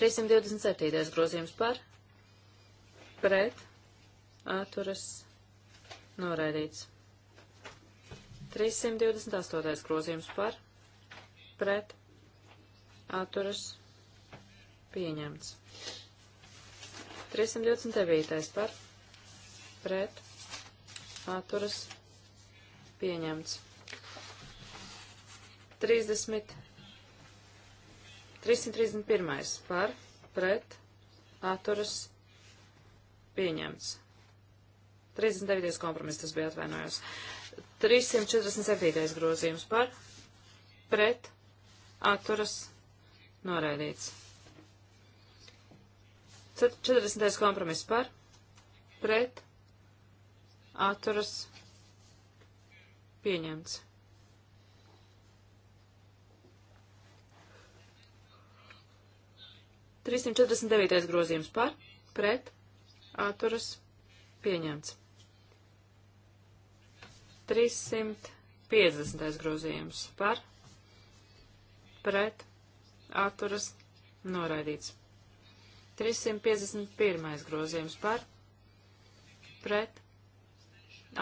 327. grozījums par, pret, atturas noraidīts. 328. grozījums par, pret, atturas pieņemts. 329. par, pret, atturas pieņemts. 30, 331. par, pret, atturas pieņemts. 39. kompromiss tas bija atvainojos. 347. grozījums par pret atturas noraidīts. 40. kompromiss par pret atturas pieņemts. Trīsimt četrdesmit devītais grozījums par, pret, atturas, pieņemts. 350. grozījums par pret atturas noraidīts. 351. grozījums par pret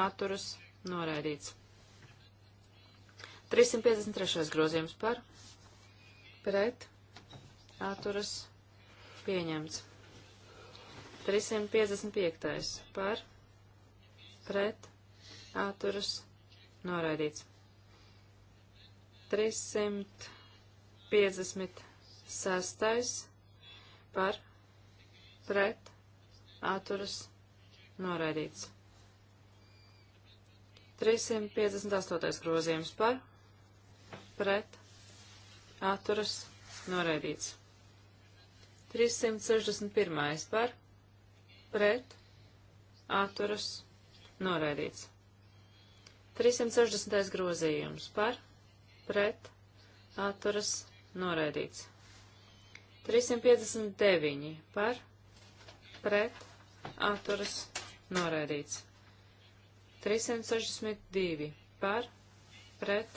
atturas noraidīts. 353. grozījums par pret atturas pieņemts. 355. par pret atturas noraidīts. 356. par pret atturas noraidīts. 358. grozījums par pret atturas noraidīts. 361. par pret atturas noraidīts. 360. grozījums par, pret, atturas, noraidīts. 359 par, pret, atturas, noraidīts. 362 par, pret,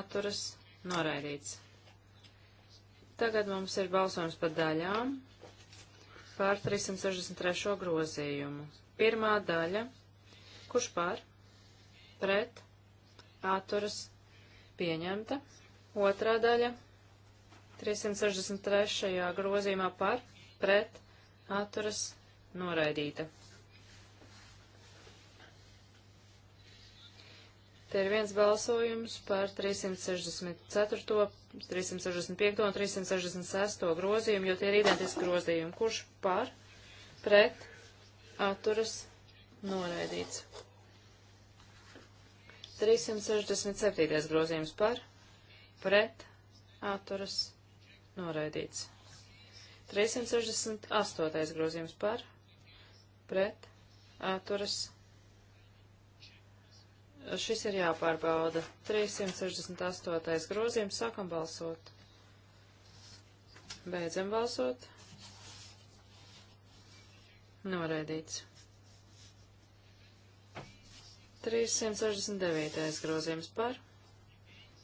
atturas, noraidīts. Tagad mums ir balsojums par daļām par 363. grozījumu. Pirmā daļa, kurš par, pret atturas pieņemta. Otrā daļa 363. grozījumā par pret atturas noraidīta. Te ir viens balsojums par 364, 365 un 366 grozījumu, jo tie ir identiski grozījumi. Kurš par, pret, atturas, noraidīts? 367. grozījums par, pret, atturas, noraidīts. 368. grozījums par, pret, atturas. Šis ir jāpārbauda. 368. grozījums sākam balsot. Beidzam balsot. Noraidīts. 369. grozījums par,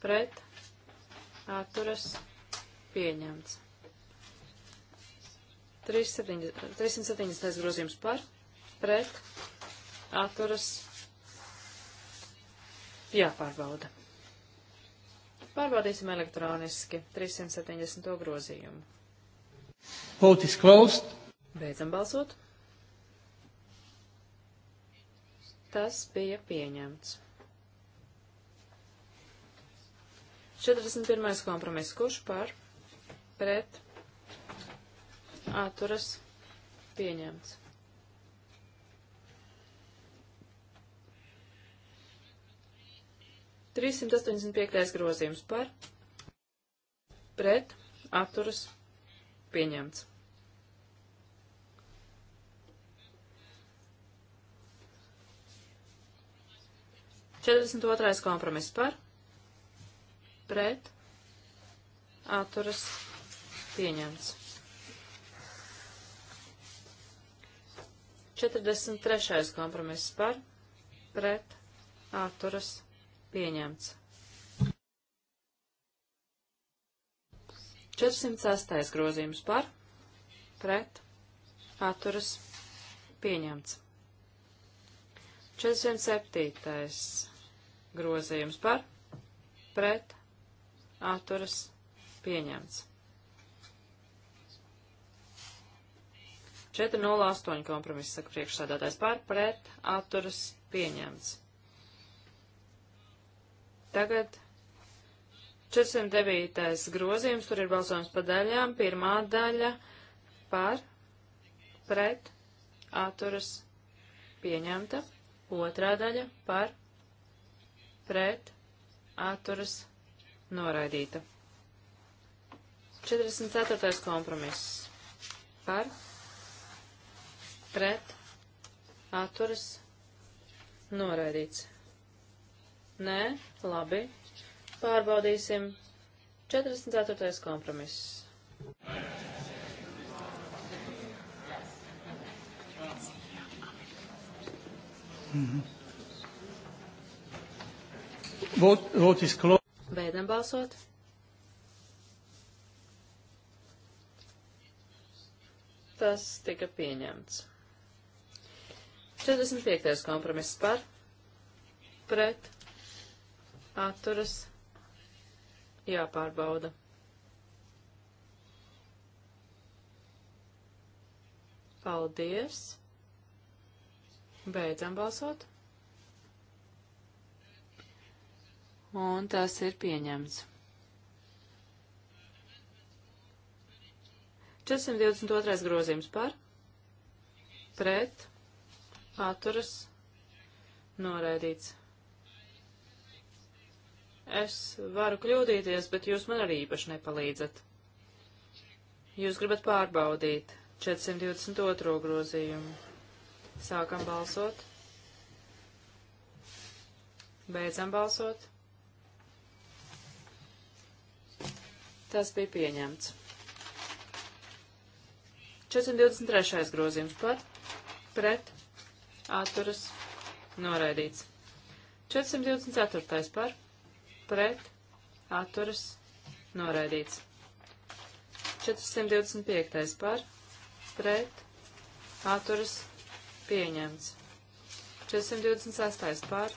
pret, atturas, pieņemts. 370. grozījums par, pret, atturas, jāpārbauda. Pārbaudīsim elektroniski 370. grozījumu. Vote is closed. Beidzam balsot. Tas bija pieņemts. 41. kompromiss. Kurš par? Pret? Atturas? Pieņemts. 385. grozījums par pret atturas pieņemts. 42. kompromiss par, pret, atturas, pieņemts. 43. kompromiss par, pret, atturas, pieņemts. 406. grozījums par, pret, atturas, pieņemts. 407 grozījums par, pret, atturas, pieņemts. 408 kompromiss, saka priekšsādātājs par, pret, atturas, pieņemts. Tagad 409. grozījums, tur ir balsojums pa daļām. Pirmā daļa par, pret, atturas, pieņemta. Otrā daļa par, pret atturas noraidīta. 44. kompromiss par pret atturas noraidīts. Nē, labi, pārbaudīsim 44. kompromiss. Mm-hmm. Vote, vote is closed. Beidzam balsot. Tas tika pieņemts. 45. kompromiss par, pret, atturas, jāpārbauda. Paldies! Beidzam balsot! un tas ir pieņemts. 422. grozījums par, pret, atturas, noraidīts. Es varu kļūdīties, bet jūs man arī īpaši nepalīdzat. Jūs gribat pārbaudīt 422. grozījumu. Sākam balsot. Beidzam balsot. Tas bija pieņemts. 423. grozījums par, pret, atturas, noraidīts. 424. par, pret, atturas, noraidīts. 425. par, pret, atturas, pieņemts. 426. par,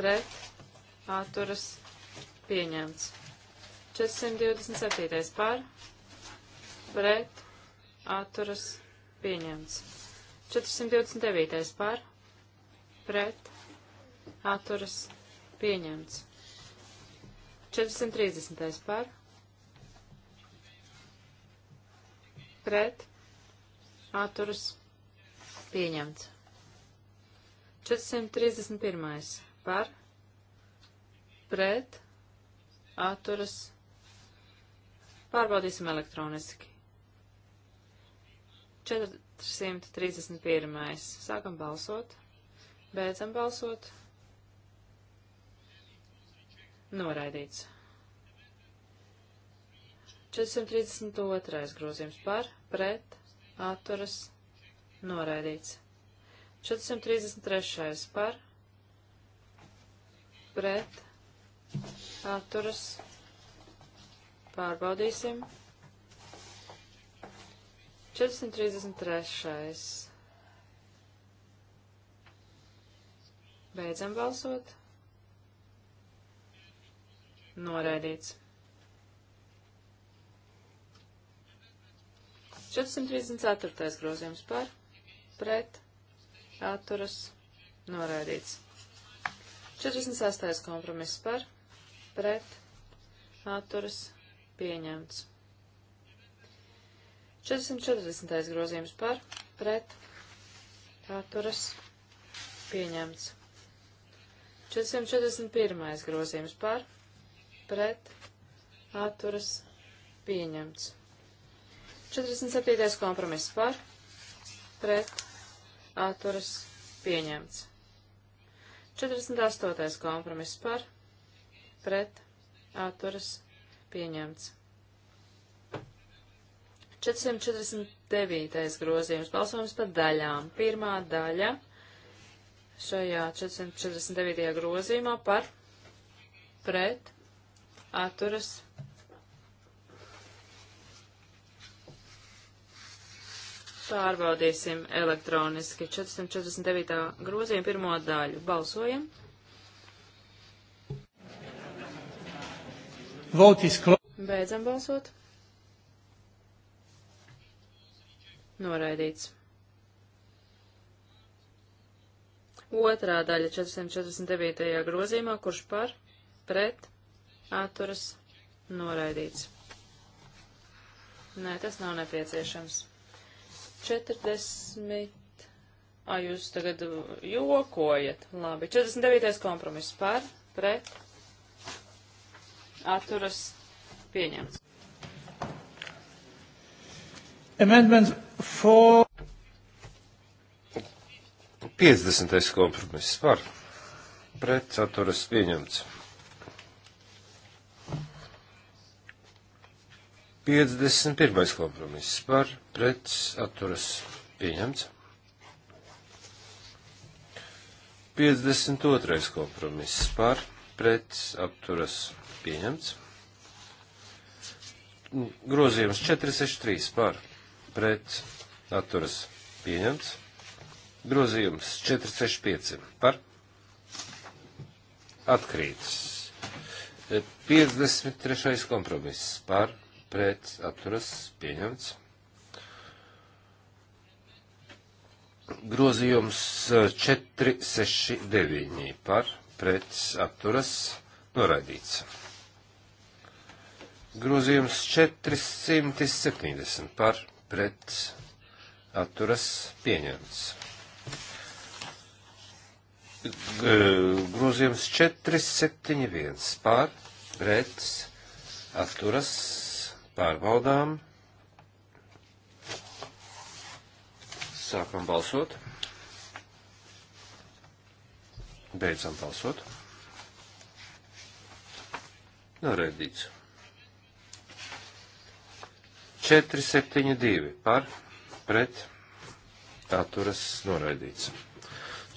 pret, atturas, pieņemts. 427. par, pret, atturas, pieņemts. 429. par, pret, atturas, pieņemts. 430. par, pret, atturas, pieņemts. 431. par, pret, atturas, pieņemts Pārbaudīsim elektroniski. 431. Sākam balsot. Beidzam balsot. Noraidīts. 432. grozījums par, pret, atturas, noraidīts. 433. par, pret, atturas, noraidīts Pārbaudīsim. 433. Beidzam balsot. Noraidīts. 434. grozījums par, pret, atturas, noraidīts. 46. kompromiss par, pret, atturas, pieņemts. 440. grozījums par, pret, atturas, pieņemts. 441. grozījums par, pret, atturas, pieņemts. 47. kompromiss par, pret, atturas, pieņemts. 48. kompromiss par, pret, atturas, Pieņemts. 449. grozījums. Balsojums par daļām. Pirmā daļa šajā 449. grozījumā par pret atturas Pārbaudīsim elektroniski 449. grozījuma pirmo daļu. Balsojam! Vote is closed. Beidzam balsot. Noraidīts. Otrā daļa 449. grozīmā, kurš par, pret, atturas, noraidīts. Nē, tas nav nepieciešams. 40. A, jūs tagad jokojat. Labi. 49. kompromiss par, pret, atturas pieņemts. Amendment 4. 50. kompromiss par pret atturas pieņemts. 51. kompromiss par pret atturas pieņemts. 52. kompromiss par pret atturas pieņemts pieņemts. Grozījums 463 par pret atturas pieņemts. Grozījums 465 par atkrītas. 53. kompromiss par pret atturas pieņemts. grozījums 469 par pret apturas noraidīts. Grozījums 470 par pret atturas pieņemts. Grozījums 471 par pret atturas pārbaudām. Sākam balsot. Beidzam balsot. Noraidīts. 472 par pret atturas noraidīts.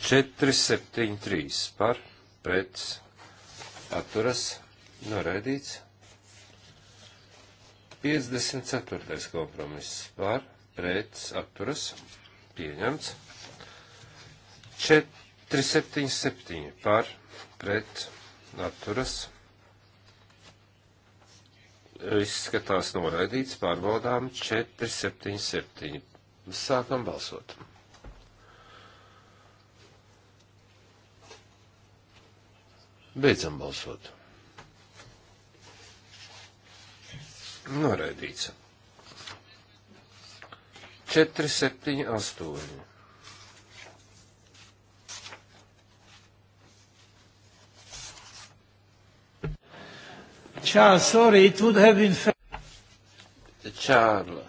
473 par pret atturas noraidīts. 54. kompromiss par pret atturas pieņemts. 477 par pret atturas noraidīts. Izskatās noraidīts, pārbaudām 477. Sākam balsot. Beidzam balsot. Noraidīts. 478. Čārl, sorry, it would have been fair. Čārl,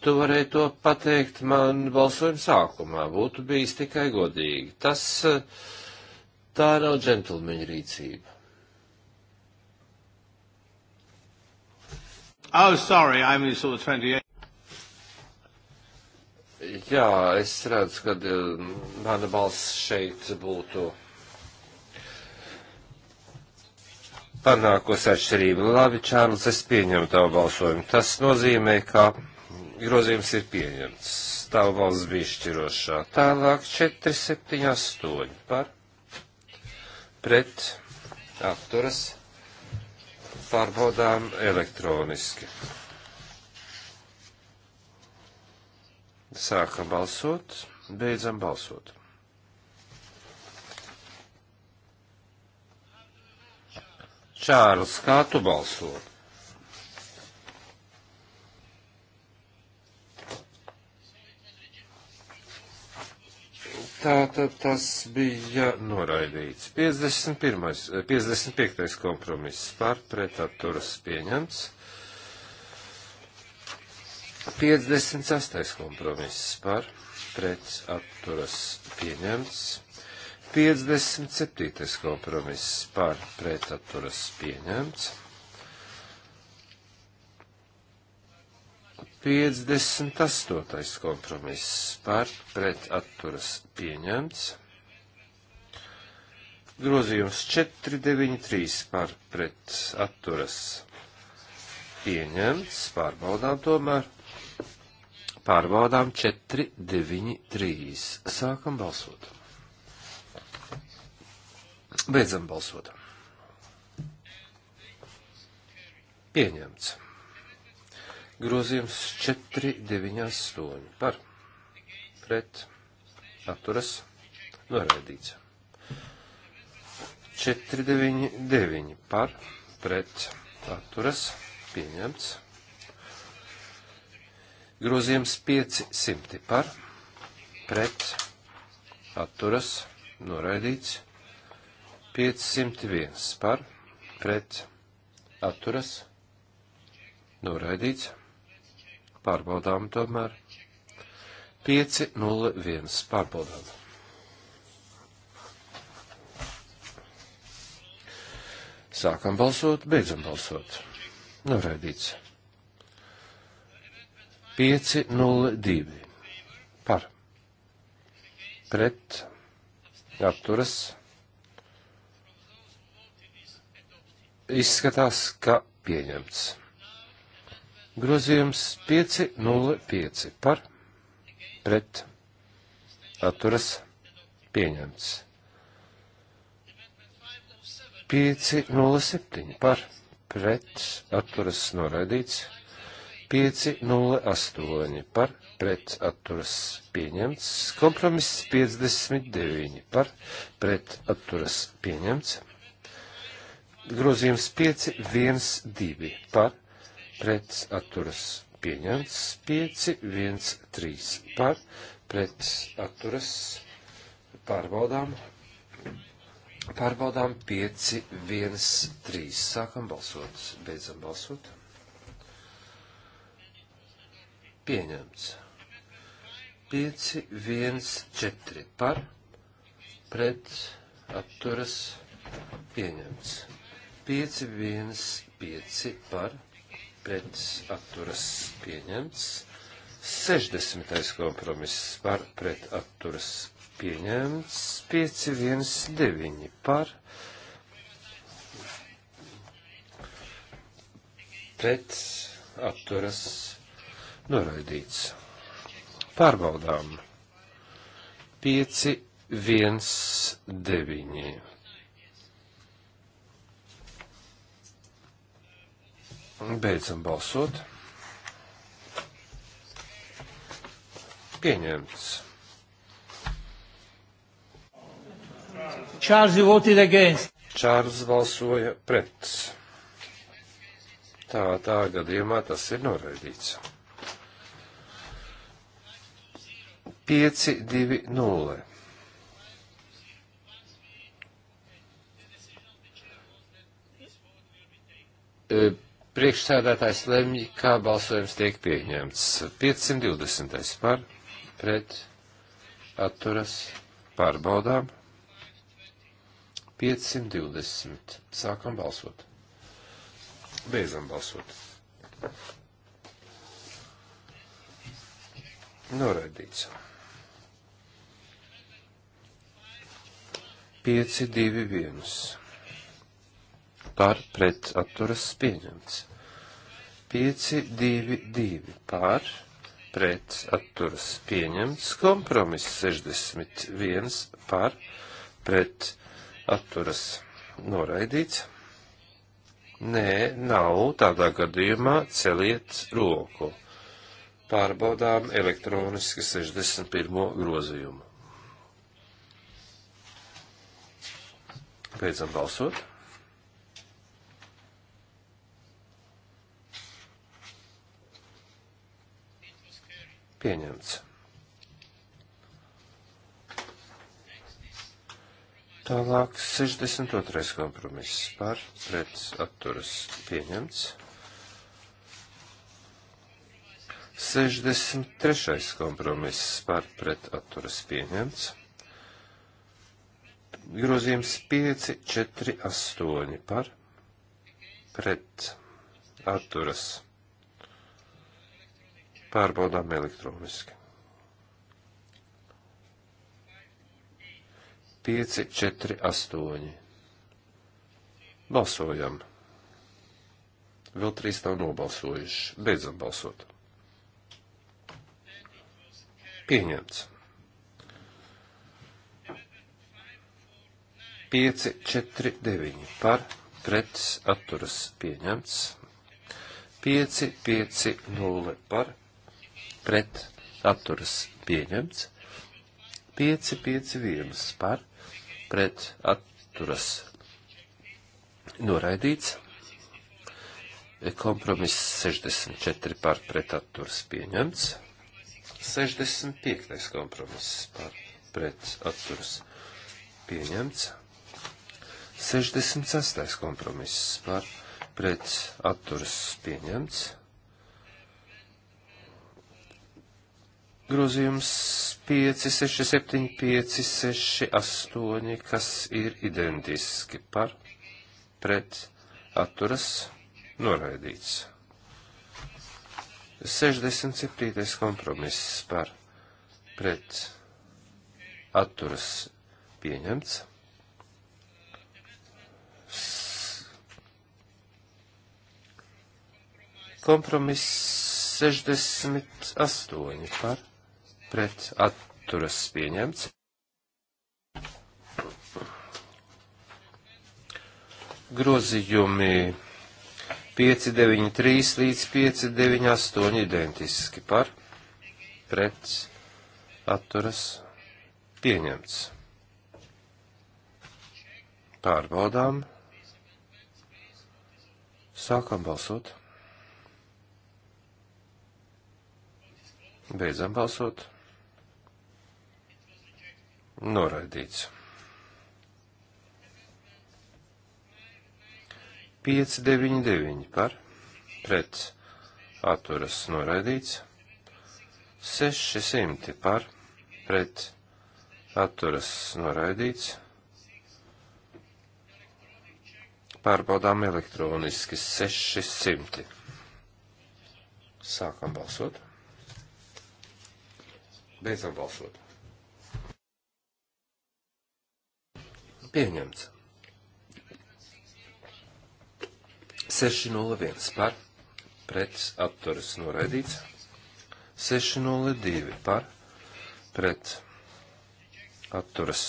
tu varēji to pateikt man balsojuma sākumā, būtu bijis tikai godīgi. Tas, tā nav džentlmeņa rīcība. Oh, sorry, I only saw the 28. Jā, es redzu, ka eh, mana balss šeit būtu panākos atšķirību. Labi, Čārlis, es pieņemu tavu balsojumu. Tas nozīmē, ka grozījums ir pieņemts. Tavu balss bija šķirošā. Tālāk 4, 7, 8 par pret apturas pārbaudām elektroniski. Sākam balsot, beidzam balsot. Čārls, kā tu balso? Tātad tas bija noraidīts. 51. 55. Eh, kompromiss par pretaturas pieņemts. 56. kompromiss par pretaturas pieņemts. 57. kompromiss par pretaturas pieņemts. 58. kompromiss par pretaturas pieņemts. Grozījums 493 par pretaturas pieņemts. Pārbaudām tomēr. Pārbaudām 493. Sākam balsot. Beidzam balsot. Pieņemts. Grozījums 4, 9, 8 par pret atturas noraidīts. 4, 9, 9 par pret atturas pieņemts. Grozījums 500 par pret atturas noraidīts. 501 par pret atturas noraidīts. Pārbaudām tomēr. 501 pārbaudām. Sākam balsot, beidzam balsot. Noraidīts. 502 par pret atturas noraidīts Izskatās, ka pieņemts. Grozījums 505 par pret atturas pieņemts. 507 par pret atturas noraidīts. 508 par pret atturas pieņemts. Kompromiss 59 par pret atturas pieņemts. Grozījums 5, 1, 2 par pret atturas pieņemts 5, 1, 3 par pret atturas pārbaudām. Pārbaudām 5, 1, 3. Sākam balsot, beidzam balsot. Pieņemts. 5, 1, 4 par pret atturas pieņemts. 5, 1, 5 par pret atturas pieņemts. 60. kompromiss par pret atturas pieņemts. 5, 1, 9 par pret atturas noraidīts. Pārbaudām. 5, 1, 9. Beidzam balsot. Pieņemts. Čārlis balsoja pret. Tā, tā gadījumā tas ir noraidīts. 5, 2, 0. E, Priekšsēdētājs lemj, kā balsojums tiek pieņemts. 520. par, pret, atturas, pārbaudām. 520. Sākam balsot. Beidzam balsot. Noraidīts. 5, 2, 1 pār pret atturas pieņemts. 5, 2, 2 pār pret atturas pieņemts. Kompromiss 61 pār pret atturas noraidīts. Nē, nav tādā gadījumā celiet roku. Pārbaudām elektroniski 61. grozījumu. Beidzam balsot. pieņemts. Tālāk 62. kompromiss par pret atturas pieņemts. 63. kompromiss par pret atturas pieņemts. Grozījums 5, 4, 8 par pret atturas Pārbaudām elektroniski. 5, 4, 8. Balsojam. Vēl trīs nav nobalsojuši. Beidzam balsot. Pieņemts. 5, 4, 9 par pretis atturas pieņemts. 5, 5, 0 par pret atturas pieņemts. 5, 5, 1 par pret atturas noraidīts. Kompromiss 64 par pret atturas pieņemts. 65. kompromiss par pret atturas pieņemts. 66. kompromiss par pret atturas pieņemts. Grozījums 5, 6, 7, 5, 6, 8, kas ir identiski par pret atturas noraidīts. 67. kompromiss par pret atturas pieņemts. Kompromiss 68 par pret atturas pieņemts. Grozījumi 593 līdz 598 identiski par pret atturas pieņemts. Pārbaudām. Sākam balsot. Beidzam balsot. Noraidīts. 599 par pret atturas noraidīts, 600 par pret atturas noraidīts, pārbaudām elektroniski 600. Sākam balsot. Beidzam balsot. pieņemts. 601 par, pret atturas noraidīts. 602 par, pret atturas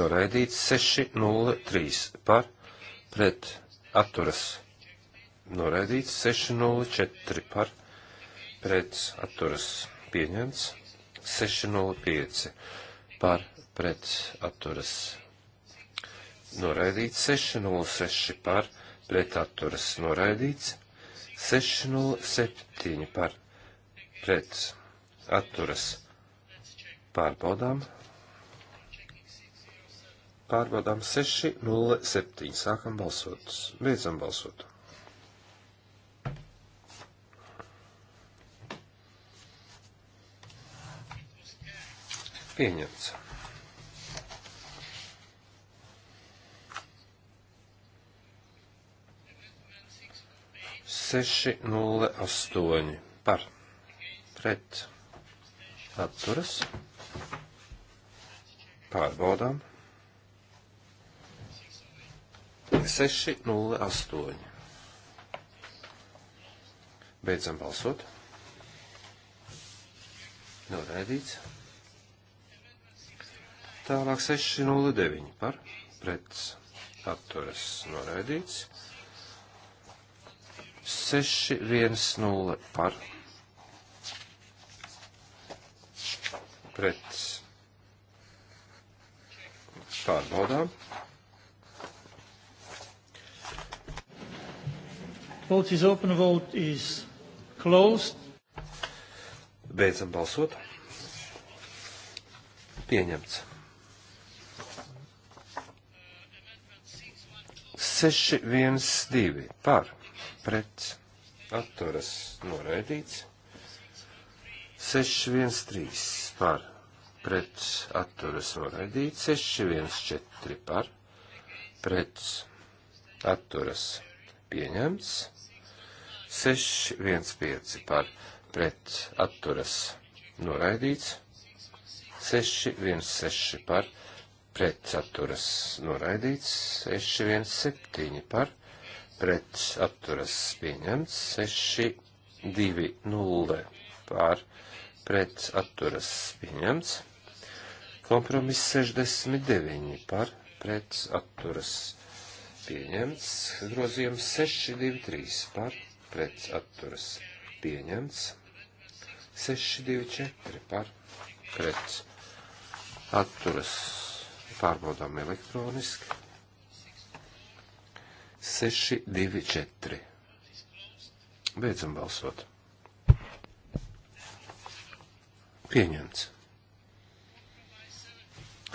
noraidīts. 603 par, pret atturas noraidīts. 604 par, pret atturas pieņemts. 605 par, pret atturas noraidīts noraidīts, 606 par pretaturas noraidīts, 607 par pretaturas pārbaudām. Pārbaudām 607, sākam balsot, beidzam balsot. Pieņemts. 608 par pret atturas pārbaudām 608. Beidzam balsot. Noraidīts. Tālāk 609 par pret atturas noraidīts. 610 par pret pārbaudām. Vote is open, vote is closed. Beidzam balsot. Pieņemts. 612 par pret atturas noraidīts. 613 par pret atturas noraidīts. 614 par pret atturas pieņemts. 615 par pret atturas noraidīts. 616 par pret atturas noraidīts. 617 par pret pret atturas pieņemts, 6, 2, 0 pār pret atturas pieņemts, kompromiss 69 par pret atturas pieņemts, grozījums 6, 2, 3 par pret atturas pieņemts, 6, 2, 4 par pret atturas pārbaudām elektroniski. 624. Beidzam balsot. Pieņemts.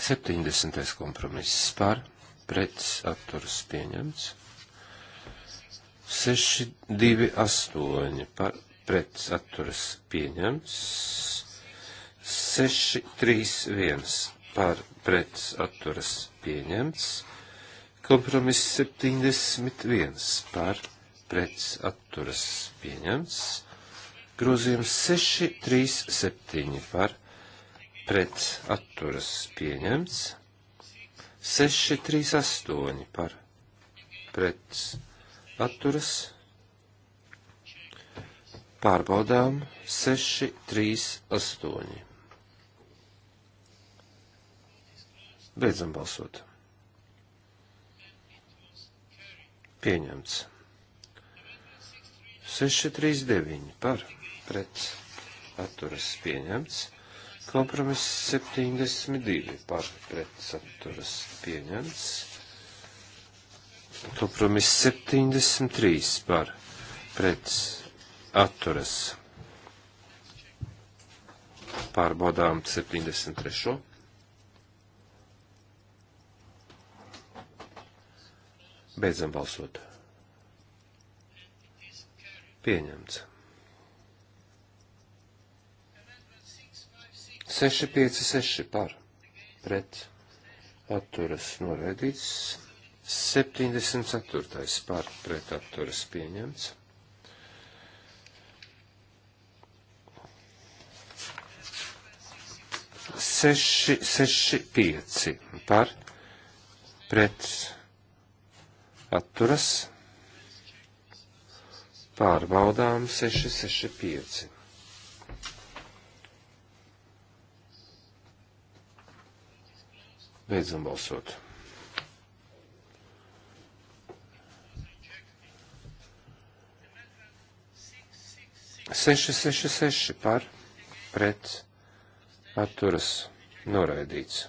70. kompromiss par, pret atturas pieņemts. 628 par, pret atturas pieņemts. 631 par, pret atturas pieņemts. Kompromiss 71 par pretsaturas pieņemts. Grozījums 637 par pretaturas pieņemts. 638 par pretaturas pārbaudām 638. Beidzam balsot. pieņemts. 639 par pret atturas pieņemts. Kompromiss 72 par pret atturas pieņemts. Kompromiss 73 par pret atturas. Pārbaudām 73. Beidzam balsot. Pieņemts. 6, 5, 6 par, pret, atturas noraidīts, 74. par, pret, atturas pieņemts. Seši, seši, pieci par, pret, atturas pārbaudām 665. Beidzam balsot. Seši, seši, seši par pret atturas noraidīts.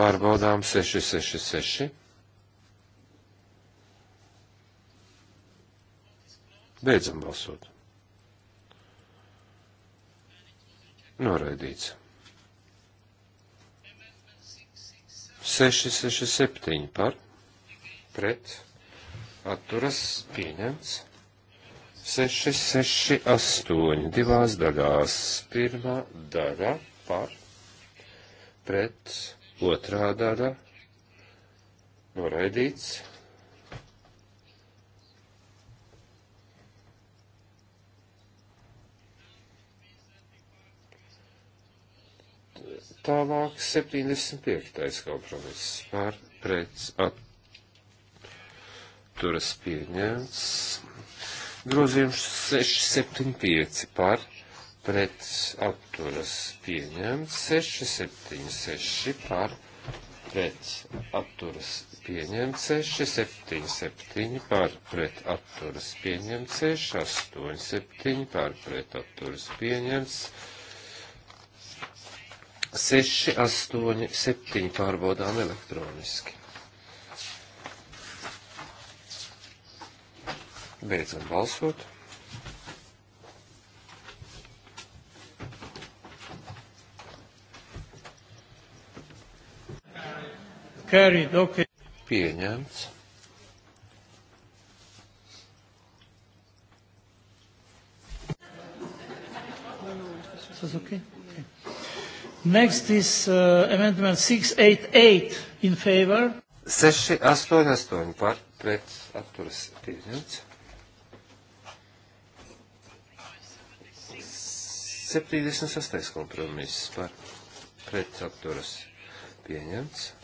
pārbaudām 666. Beidzam balsot. Noraidīts. 667 par, pret, atturas, pieņemts. 668 divās daļās. Pirmā daļa par, pret, atturas Otrā daļa noraidīts. Tālāk 75. kompromiss par pret atturas pieņemts. Grozījums 675 par pret pret atturas pieņemts 676 par pret atturas pieņemts 677 par pret atturas pieņemts 687 par pret atturas pieņemts 687 pārbaudām elektroniski. Beidzam balsot. Carried, ok. Pieņemts. This was okay? okay. Next is uh, amendment 688 in favor. 688 par pret atturas pieņemts. 76. kompromiss par pret atturas pieņemts.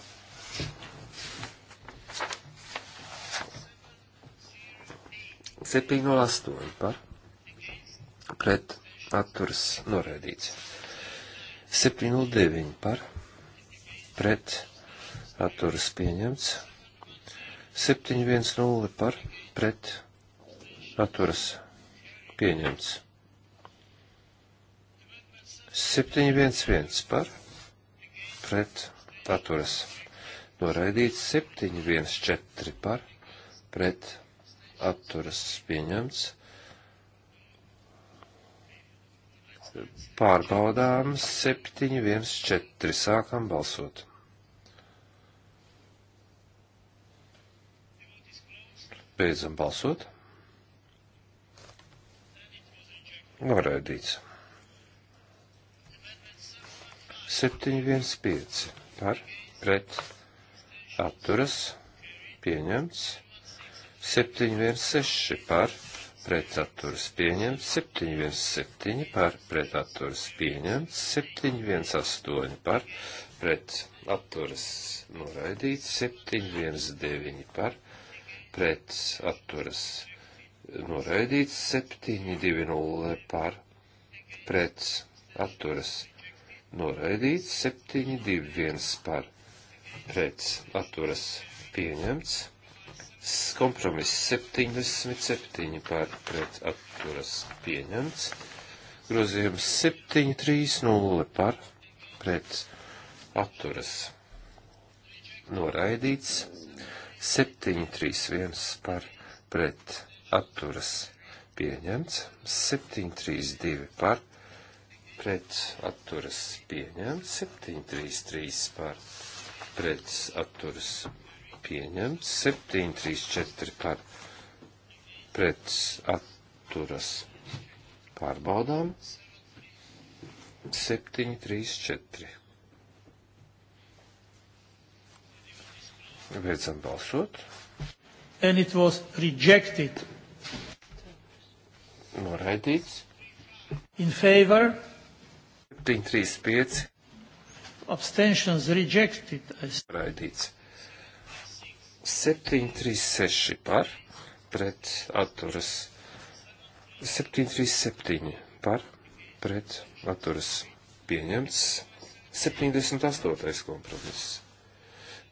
Septiņi no astoņi par pret atturas noraidīts. 709 par pret atturas pieņemts. 710 par pret atturas pieņemts. 711 par pret atturas noraidīts 714 par pret atturas pieņemts. Pārbaudām 714, sākam balsot. Beidzam balsot. Noraidīts. 715 par pret atturas pieņemts. 716 par pretaturas pieņemts, 717 par pretaturas pieņemts, 718 par pretaturas noraidīts, 719 par pretaturas noraidīts, 720 par pretaturas noraidīts, 721 par pret atturas pieņemts. Kompromiss 77 par pret atturas pieņemts. Grozījums 730 par pret atturas noraidīts. 731 par pret atturas pieņemts. 732 par pret atturas pieņemts. 733 par pret pret atturas pieņemts, 734 par pret atturas pārbaudām, 734. Beidzam balsot. And it was rejected. Noraidīts. In favor. 735 abstentions rejected. Raidīts. 736 par, pret atturas. 737 par, pret atturas. Pieņemts. 78. kompromiss.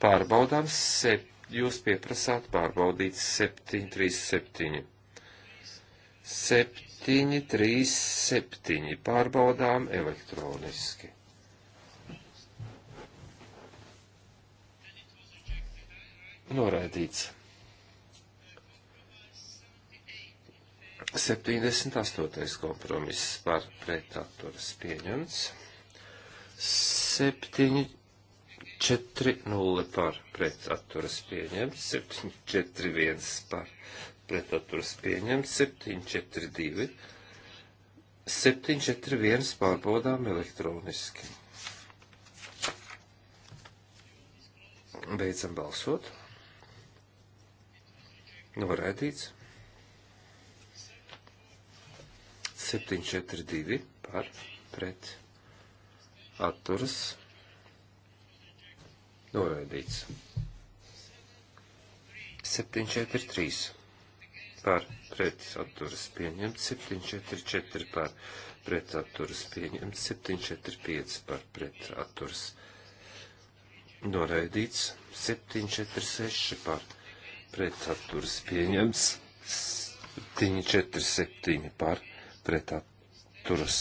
Pārbaudām, sep, jūs pieprasāt pārbaudīt 737. 737 pārbaudām elektroniski. Noraidīts. 78. kompromiss par pretaturas pieņemts. 7. 4-0 par pretaturas pieņemts, 7-4-1 par pretaturas pieņemts, 7-4-2, 7-4-1 pārbaudām elektroniski. Beidzam balsot. Noraidīts. Nu, 742 par pret atturas. Noraidīts. Nu, 743 par pret atturas pieņemts. 744 par pret atturas pieņemts. 745 par pret atturas noraidīts. Nu, 746 par pret atturas pretaturs pieņems. 7, 4, 7 par pretaturs.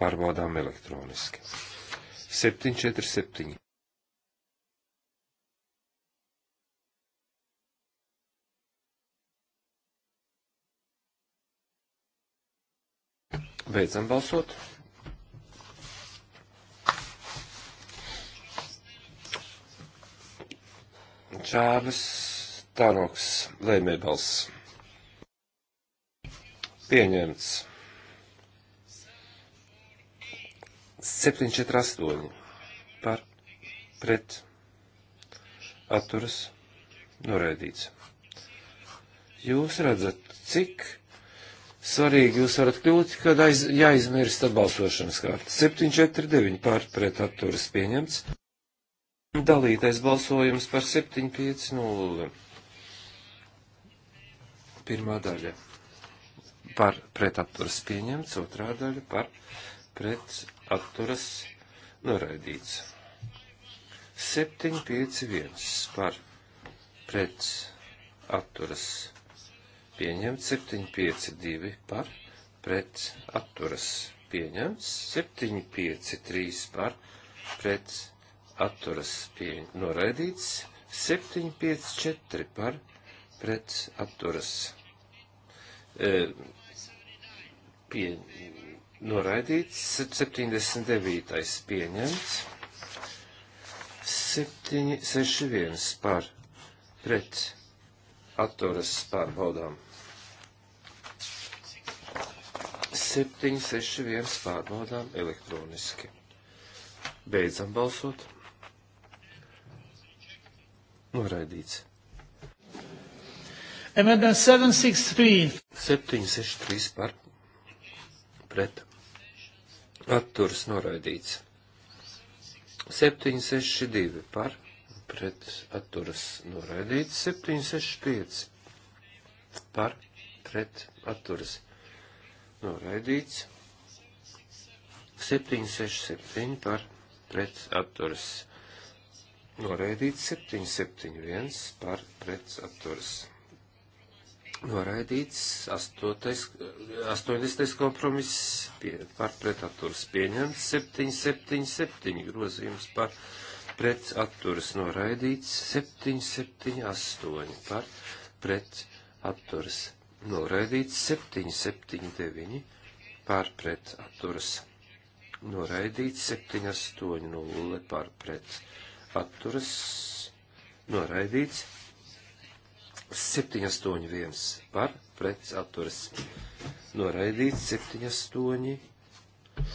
Pārbaudām elektroniski. 7, 4, 7. Beidzam balsot. Čārlis Tanoks, Lēmēbals. Pieņemts. 748 par pret atturas noraidīts. Jūs redzat, cik svarīgi jūs varat kļūt, kad aiz, jāizmirst atbalsošanas kārtas. 749 par pret atturas pieņemts. Dalītais balsojums par 750. Pirmā daļa par pretapturas pieņemts, otrā daļa par pretapturas noraidīts. 751 par pretapturas pieņemts, 752 par pretapturas pieņemts, 753 par pretapturas atturas pie noraidīts, 754 par pret atturas e, pie noraidīts, 79. pieņemts, 761 par pret atturas pārbaudām. 761 pārbaudām elektroniski. Beidzam balsot. Noraidīts. Amendment 763. 763 par pret. Atturs noraidīts. 762 par pret atturas noraidīts. 765 par pret atturas noraidīts. 767 par pret atturas noraidīts. Noraidīts 771 par pretsaturs. Noraidīts 8, 80. kompromiss pie, par pretaturs. Pieņemts 777 grozījums par pretaturs. Noraidīts 778 par pretaturs. Noraidīts 779 par pretaturs. Noraidīts 780 par pretaturs atturas noraidīts. 7, 8, 1 par pret atturas noraidīts. 7, 8.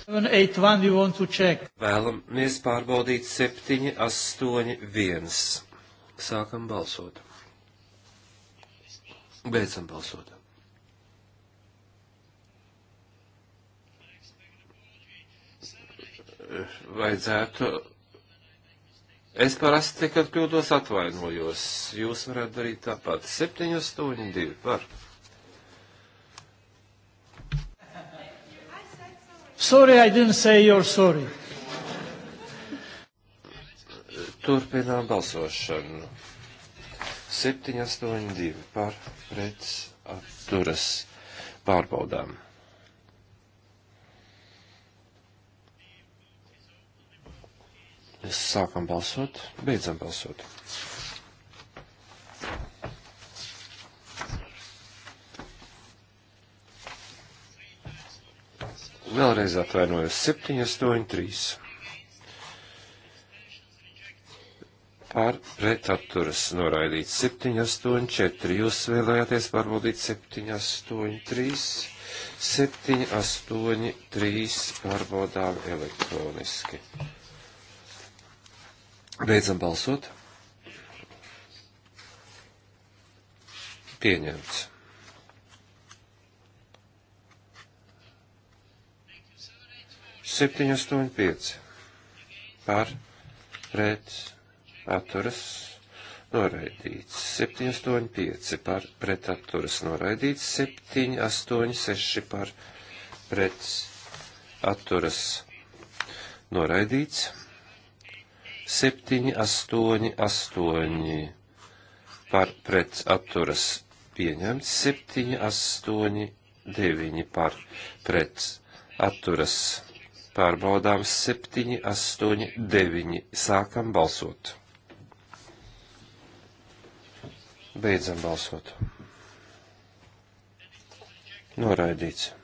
781 you want to check. Vēlamies pārbaudīt 7, 8, 1. Sākam balsot. Beidzam balsot. Vajadzētu Es parasti, kad kļūdos, atvainojos. Jūs varat darīt tāpat. 7, 8, 2 par. Sorry, I didn't say you're sorry. Turpinām balsošanu. 7, 8, 2 par pret atturas pārbaudām. Sākam balsot, beidzam balsot. Vēlreiz atvainojos 7, 8, 3. Pār pretaturas noraidīt 7, 8, 4. Jūs vēlējāties pārbaudīt 7, 8, 3. 7, 8, 3 pārbaudām elektroniski. Beidzam balsot. Pieņemts. Septiņi, astoņi, pieci. Par, pret, atturas, noraidīts. Septiņi, astoņi, pieci. Par, pret, atturas, noraidīts. Septiņi, astoņi, seši. Par, pret, atturas, noraidīts. 7, 8, 8 par pret atturas pieņemts, 7, 8, 9 par pret atturas pārbaudām, 7, 8, 9 sākam balsot. Beidzam balsot. Noraidīts.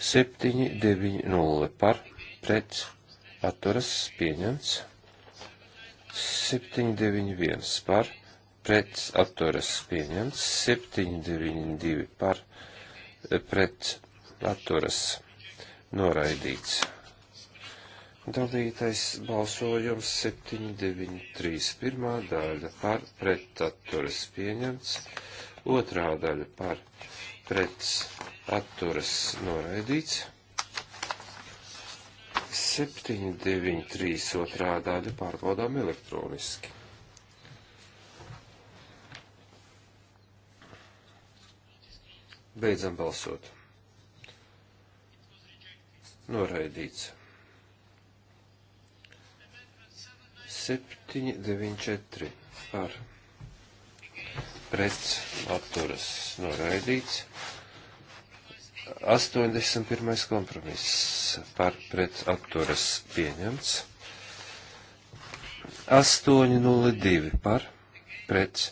790 par pret atturas pieņemts. 791 par pret atturas pieņemts. 792 par pret atturas noraidīts. Dalītais balsojums 793. Pirmā daļa par pretaturas pieņemts, otrā daļa par pretaturas pieņemts pret atturas noraidīts. 793 otrā daļa pārbaudām elektroniski. Beidzam balsot. Noraidīts. 794 par pret atturas noraidīts. 81. kompromiss par pret atturas pieņemts. 802 par pret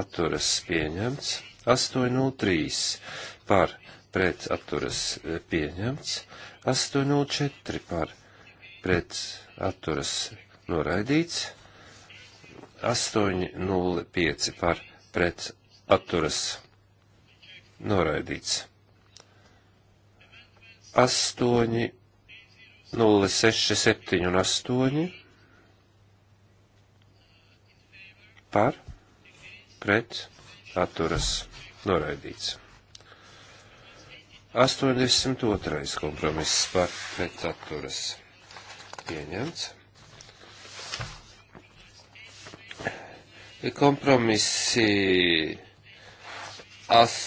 atturas pieņemts. 803 par pret atturas pieņemts. 804 par pret atturas noraidīts. 805 par pret pret atturas noraidīts. 8, 0, 6, 7 un 8 par pret atturas noraidīts. 82. kompromiss par pret atturas pieņemts. kompromisi astoņi,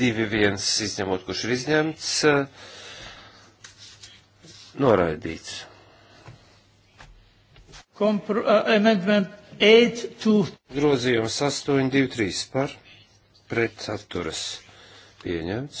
divi viens izņemot, kurš ir izņemts, noraidīts. Kompro, uh, amendment 8 to... Grozījums 8, 2, 3 par pret atturas pieņemts.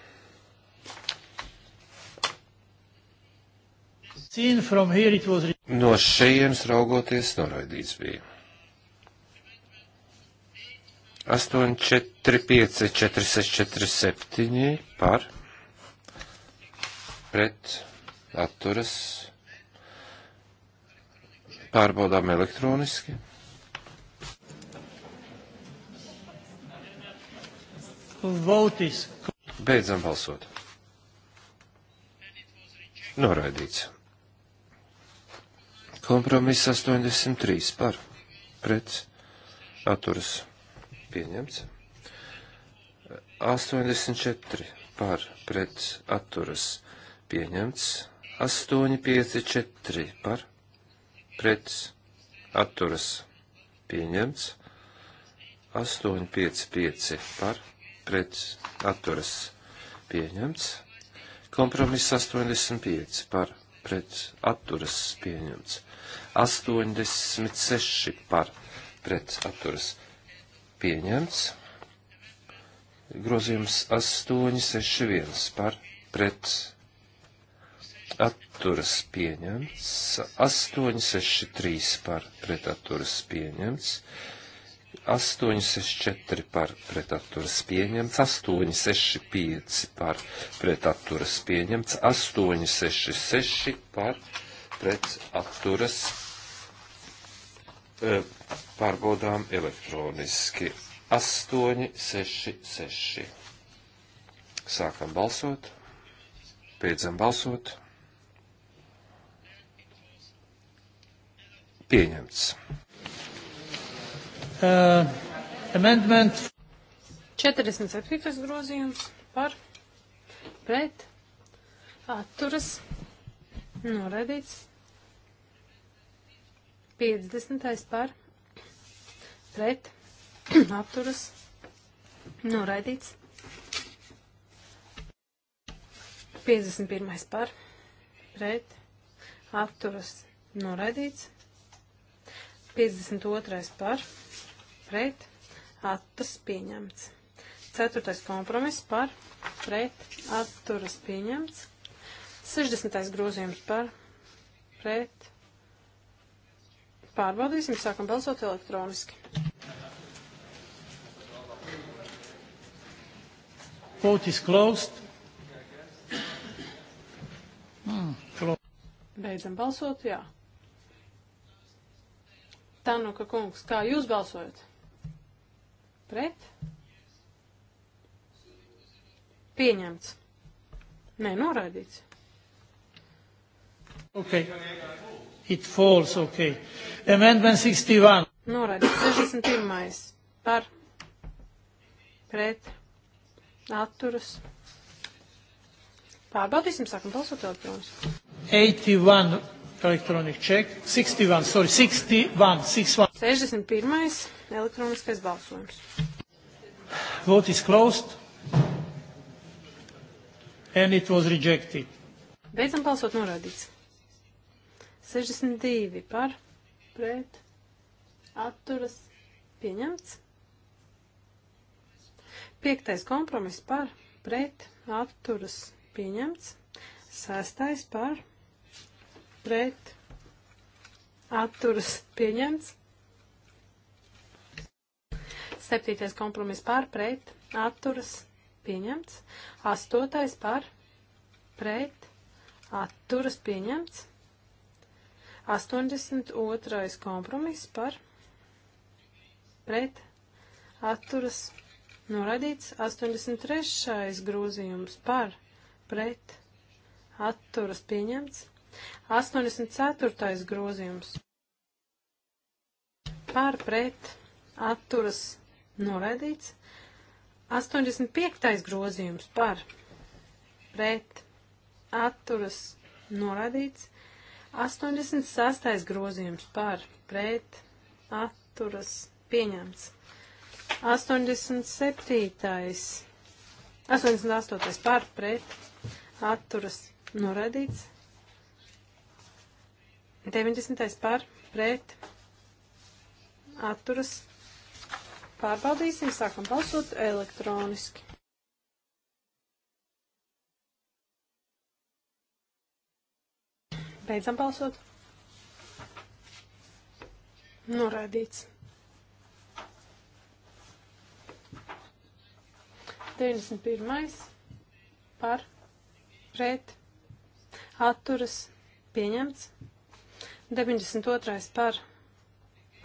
Was... No šejienes raugoties noraidīts bija. 8, 4, 5, 4, 6, 4, 7 par pret atturas pārbaudām elektroniski. Votis. Beidzam balsot. Noraidīts. Kompromiss 83 par pret atturas pieņemts. 84 par pret atturas pieņemts. 854 par pret atturas pieņemts. 855 par pret atturas pieņemts. Kompromiss 85 par pret atturas pieņemts. 86 par pret atturas pieņemts. Grozījums 861 par pret atturas pieņemts. 863 par pret atturas pieņemts. 864 par pretaturas pieņemts, 865 par pretaturas pieņemts, 866 par pret atturas e, pārbaudām elektroniski. 8, 6, 6. Sākam balsot, beidzam balsot. Pieņemts. Uh, amendment. 47. grozījums par pret atturas noraidīts. 50. par pret apturas noraidīts. 51. par pret apturas noraidīts. 52. par pret atturas pieņemts. 4. kompromiss par pret atturas pieņemts. 60. grozījums par pret Pārbaudīsim, sākam balsot elektroniski. Vote is closed. Mm, closed. Beidzam balsot, jā. Tanuka kungs, kā jūs balsojat? Pret? Pieņemts. Nē, noraidīts. Okay. It falls, ok. Amendment 61. Noraidīts. 61. Par. Pret. Atturas. Pārbaudīsim, sākam balsot elektroniski. 81 electronic check. 61, sorry, 61, 61. 61. elektroniskais balsojums. Vote is closed. And it was rejected. Beidzam balsot noraidīts. 62 par pret atturas pieņemts. Piektais kompromiss par pret atturas pieņemts. Sestais par pret atturas pieņemts. Septītais kompromiss par pret atturas pieņemts. Astotais par pret atturas pieņemts. 82. kompromiss par pret atturas noraidīts. 83. grozījums par pret atturas pieņemts. 84. grozījums par pret atturas noraidīts. 85. grozījums par pret atturas noraidīts. 86. grozījums par pret atturas pieņemts. 87. 88. par pret atturas noradīts. 90. par pret atturas pārbaudīsim, sākam balsot elektroniski. Beidzam balsot. Noraidīts. 91. par pret atturas pieņemts. 92. par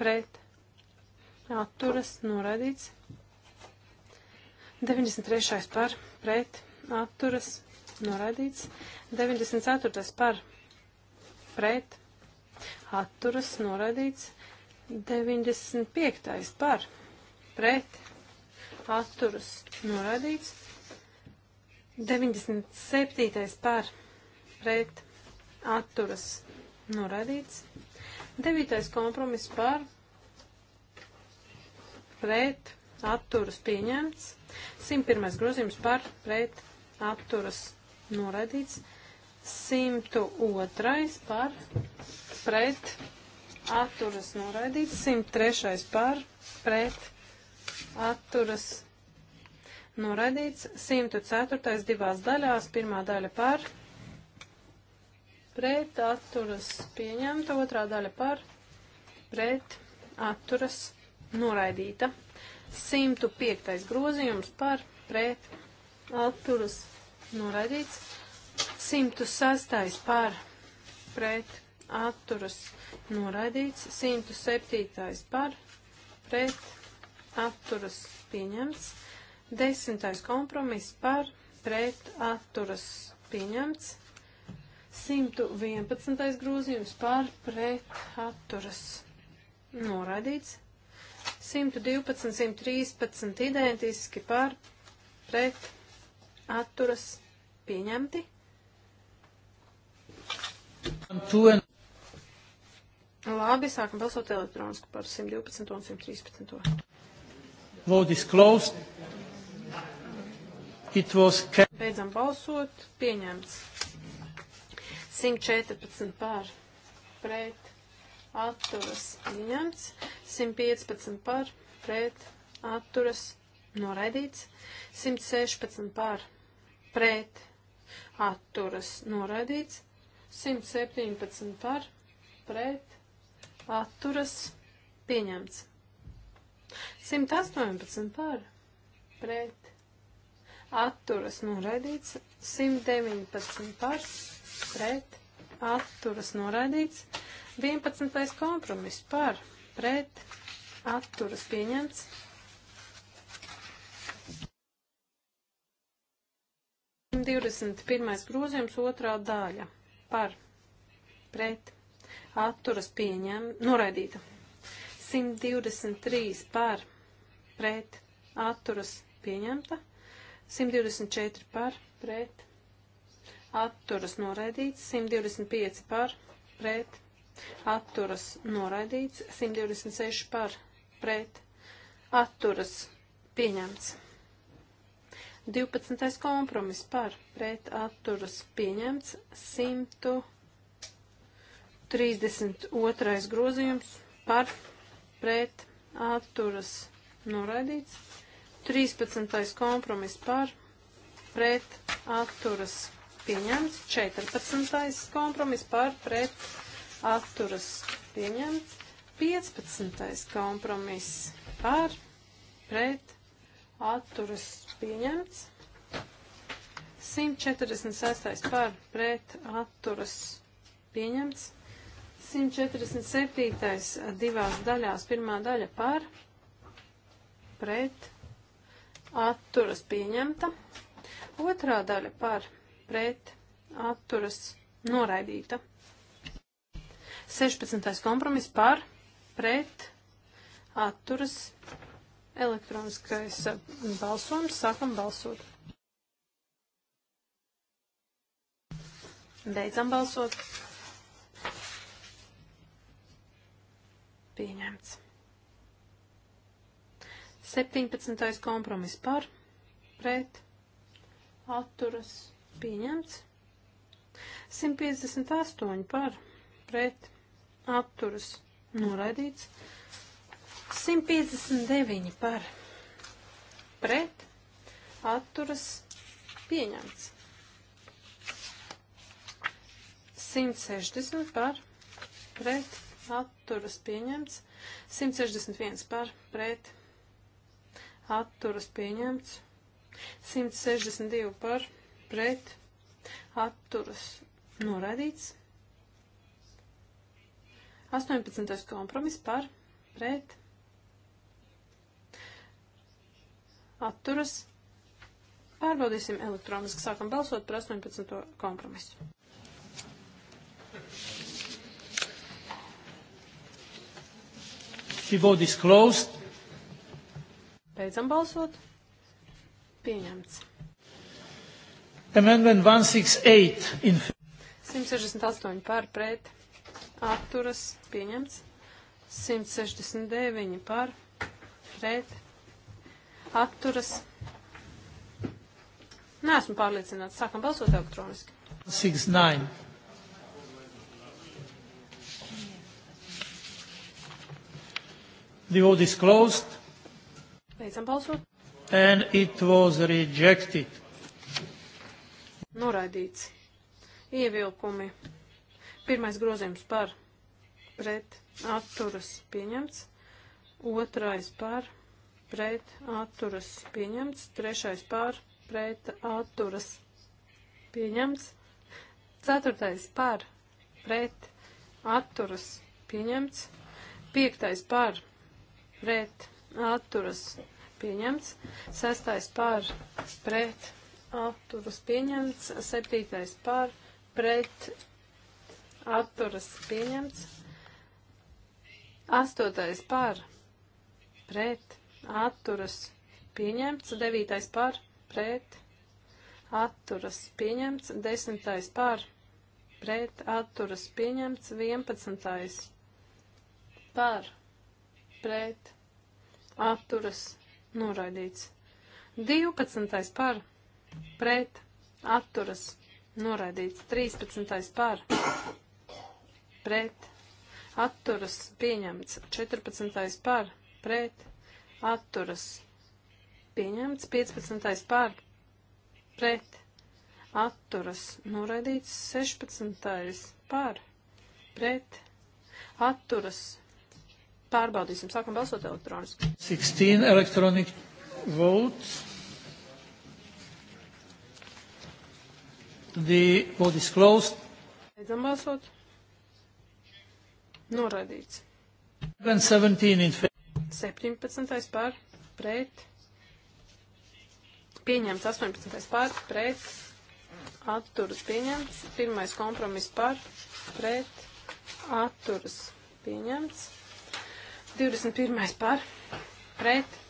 pret atturas noraidīts. 93. par pret atturas noraidīts. 94. par pret pret atturas noraidīts 95. par pret atturas noraidīts 97. par pret atturas noraidīts 9. kompromiss par pret atturas pieņemts 101. grozījums par pret atturas noraidīts 102 par pret atturas noraidīts, 103 par pret atturas noraidīts, 104 divās daļās, pirmā daļa par pret atturas pieņemta, otrā daļa par pret atturas noraidīta. 105. grozījums par pret atturas noraidīts. 106. par pret atturas noraidīts, 107. par pret atturas pieņemts, 10. kompromiss par pret atturas pieņemts, 111. grozījums par pret atturas noraidīts, 112, 113 identiski par pret atturas pieņemti. Labi, sākam balsot elektroniski par 112 un 113. Vote is closed. It was Beidzam balsot. Pieņemts. 114 par pret atturas pieņemts. 115 par pret atturas noraidīts. 116 par pret atturas noraidīts. 117 par, pret, atturas, pieņemts. 118 par, pret, atturas, noraidīts. 119 par, pret, atturas, noraidīts. 11. kompromiss par, pret, atturas, pieņemts. 21. grozījums, otrā daļa par pret atturas pieņem, noraidīta. 123 par pret atturas pieņemta. 124 par pret atturas noraidīts. 125 par pret atturas noraidīts. 126 par pret atturas pieņemts. 12. kompromis par pret atturas pieņemts 132. grozījums par pret atturas noraidīts 13. kompromis par pret atturas pieņemts 14. kompromis par pret atturas pieņemts 15. kompromis par pret atturas pieņemts. 146. par pret atturas pieņemts. 147. divās daļās pirmā daļa par pret atturas pieņemta. Otrā daļa par pret atturas noraidīta. 16. kompromiss par pret atturas pieņemta Elektroniskais uh, balsojums. Sākam balsot. Beidzam balsot. Pieņemts. 17. kompromis par, pret, atturas, pieņemts. 158 par, pret, atturas, noraidīts. Mm. 159 par pret atturas pieņemts. 160 par pret atturas pieņemts. 161 par pret atturas pieņemts. 162 par pret atturas noradīts. 18. kompromis par pret atturas atturas. Pārbaudīsim elektroniski. Sākam balsot par 18. kompromisu. The vote is closed. Beidzam balsot. Pieņemts. Amendment 168 in 168 par pret atturas pieņemts. 169 par pret atturas. Neesmu pārliecināts. Sākam balsot elektroniski. 69. The vote is closed. Beidzam balsot. And it was rejected. Noraidīts. Ievilkumi. Pirmais grozījums par pret atturas pieņemts. Otrais par pret pret atturas pieņemts, trešais par pret atturas pieņemts, ceturtais par pret atturas pieņemts, piektais par pret atturas pieņemts, sestais par pret atturas pieņemts, septītais par pret atturas pieņemts, astotais par pret atturas pieņemts, atturas pieņemts, 9. par pret atturas pieņemts, 10. par pret atturas pieņemts, 11. par pret atturas noraidīts, 12. par pret atturas noraidīts, 13. par pret atturas pieņemts, 14. par pret atturas atturas pieņemts, 15. par pret atturas noraidīts, 16. par pret atturas pārbaudīsim, sākam balsot elektroniski. 16 electronic votes. The vote is closed. Beidzam balsot. Noraidīts. 17 in favor. 17. par pret. Pieņemts 18. par pret. Atturas pieņemts. Pirmais kompromiss par pret. Atturas pieņemts. 21. par pret.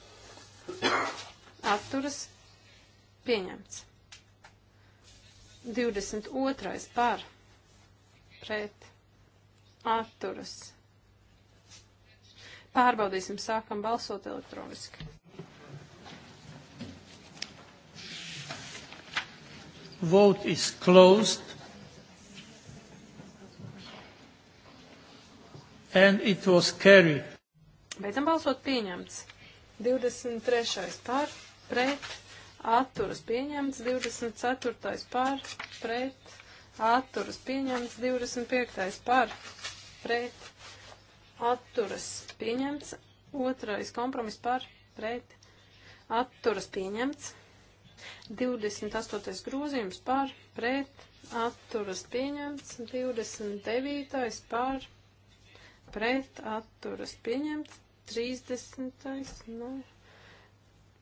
Atturas pieņemts. 22. par pret. Atturas pieņemts Pārbaudīsim, sākam balsot elektroniski. Vote is closed. And it was carried. Beidzam balsot pieņemts. 23. par, pret, atturas pieņemts. 24. par, pret, atturas pieņemts. 25. par, pret, atturas pieņemts, otrais kompromiss par pret atturas pieņemts, 28. grozījums par pret atturas pieņemts, 29. par pret atturas pieņemts, 30. No, nu,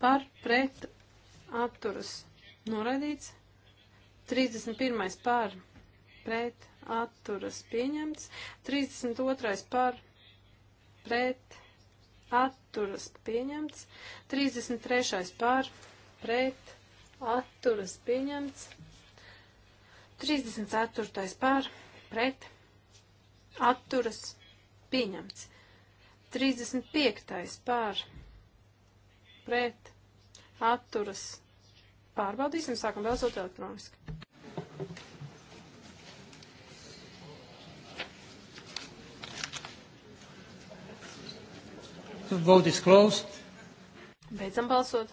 par pret atturas noraidīts, 31. par pret atturas pieņemts, 32. par pret pret, atturas pieņemts. 33. par, pret, atturas pieņemts. 34. par, pret, atturas pieņemts. 35. par, pret, atturas pārbaudīsim, sākam balsot elektroniski. Vote is closed. Beidzam balsot.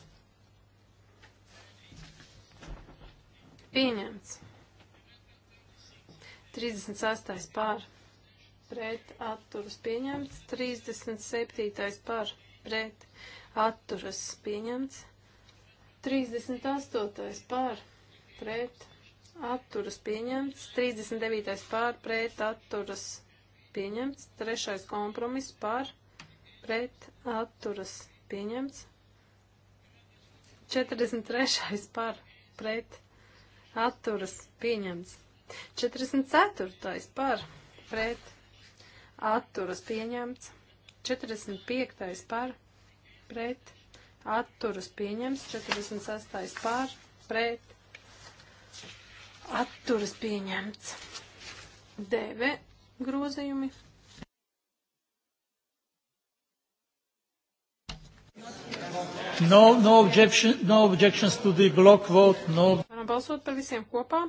Pieņemts. 36. pār. Pret atturas pieņemts. 37. pār. Pret atturas pieņemts. 38. pār. Pret atturas pieņemts. 39. pār. Pret atturas pieņemts. 3. kompromiss pār pret atturas pieņemts. 43. par pret atturas pieņemts. 44. par pret atturas pieņemts. 45. par pret atturas pieņemts. 46. par pret atturas pieņemts. 9 grozījumi. No, no, objection, no objections to the block vote. No. Varam balsot par visiem kopā.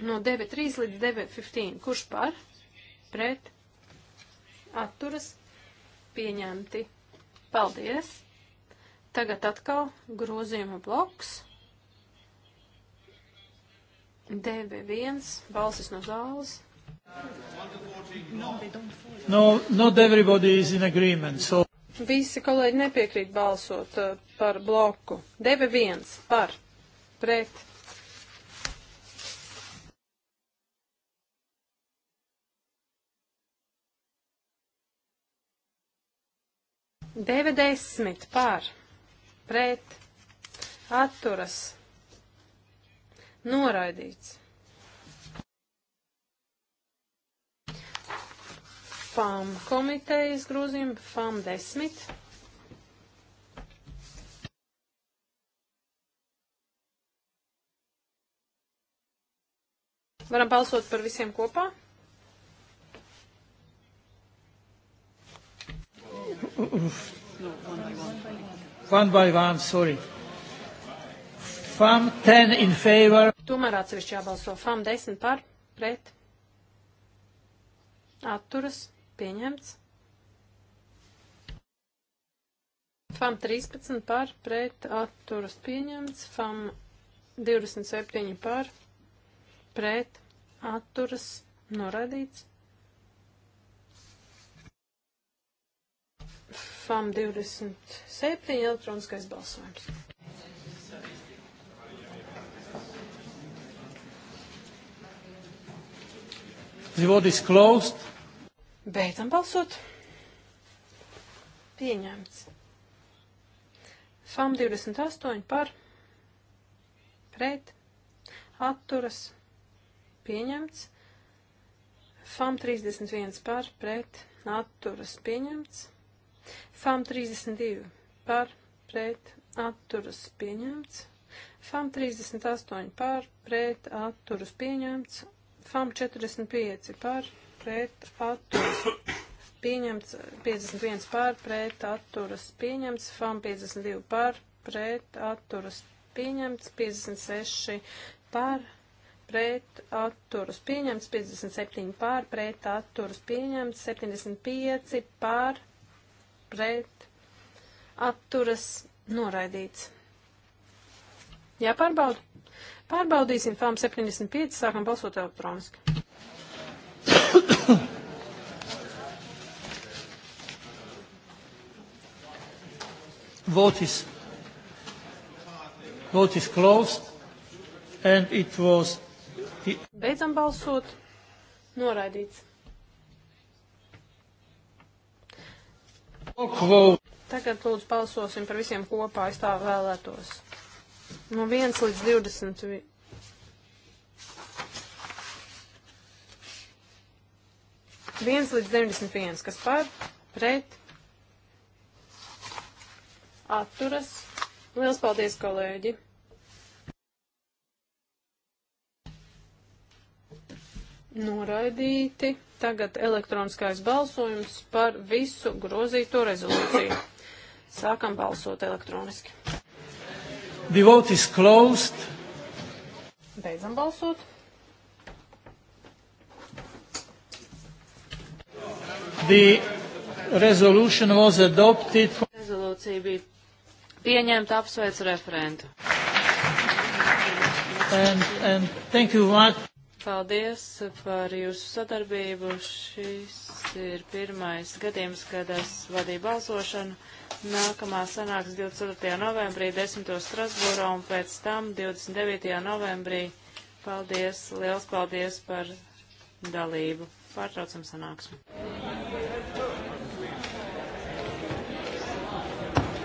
No 9.3 līdz 9.15. Kurš par? Pret? Atturas? Pieņemti. Paldies. Tagad atkal grozījuma bloks. DB1, balsis no zāles. No, not everybody is in agreement, so. Visi kolēģi nepiekrīt balsot uh, par bloku. DB1 par, pret. DB10 par, pret, atturas noraidīts. FAM komitejas grozījumi, FAM 10. Varam balsot par visiem kopā? One by one, sorry. FAM 10 in favor. Tomēr atsevišķi jābalso FAM 10 par, pret, atturas, pieņemts. FAM 13 par, pret, atturas, pieņemts. FAM 27 par, pret, atturas, noradīts. FAM 27 elektroniskais balsojums. The vote is closed. Beidzam balsot. Pieņemts. FAM 28 par, pret, atturas, pieņemts. FAM 31 par, pret, atturas, pieņemts. FAM 32 par, pret, atturas, pieņemts. FAM 38 par, pret, atturas, pieņemts. FAM 45 par pret atturas pieņemts, 51 par pret atturas pieņemts, FAM 52 par pret atturas pieņemts, 56 par pret atturas pieņemts, 57 par pret atturas pieņemts, 75 par pret atturas noraidīts. Jāpārbauda. Pārbaudīsim FAM 75, sākam balsot elektroniski. Vote is, vote is closed and it was... It... Beidzam balsot. Noraidīts. Tagad lūdzu balsosim par visiem kopā, es tā vēlētos. No 1 līdz 20. Viens līdz 91, kas par, pret, atturas. Liels paldies, kolēģi! Noraidīti. Tagad elektroniskais balsojums par visu grozīto rezolūciju. Sākam balsot elektroniski. The vote is closed. Beidzam balsot. The resolution was adopted. Rezolūcija bija pieņemta, apsveic referentu. And, and thank you, Vat. Paldies par jūsu sadarbību. Šis ir pirmais gadījums, kad es vadīju balsošanu. Nākamā sanāks 24. novembrī 10. Strasbūrā un pēc tam 29. novembrī. Paldies, liels paldies par dalību. Pārtraucam sanāksmi.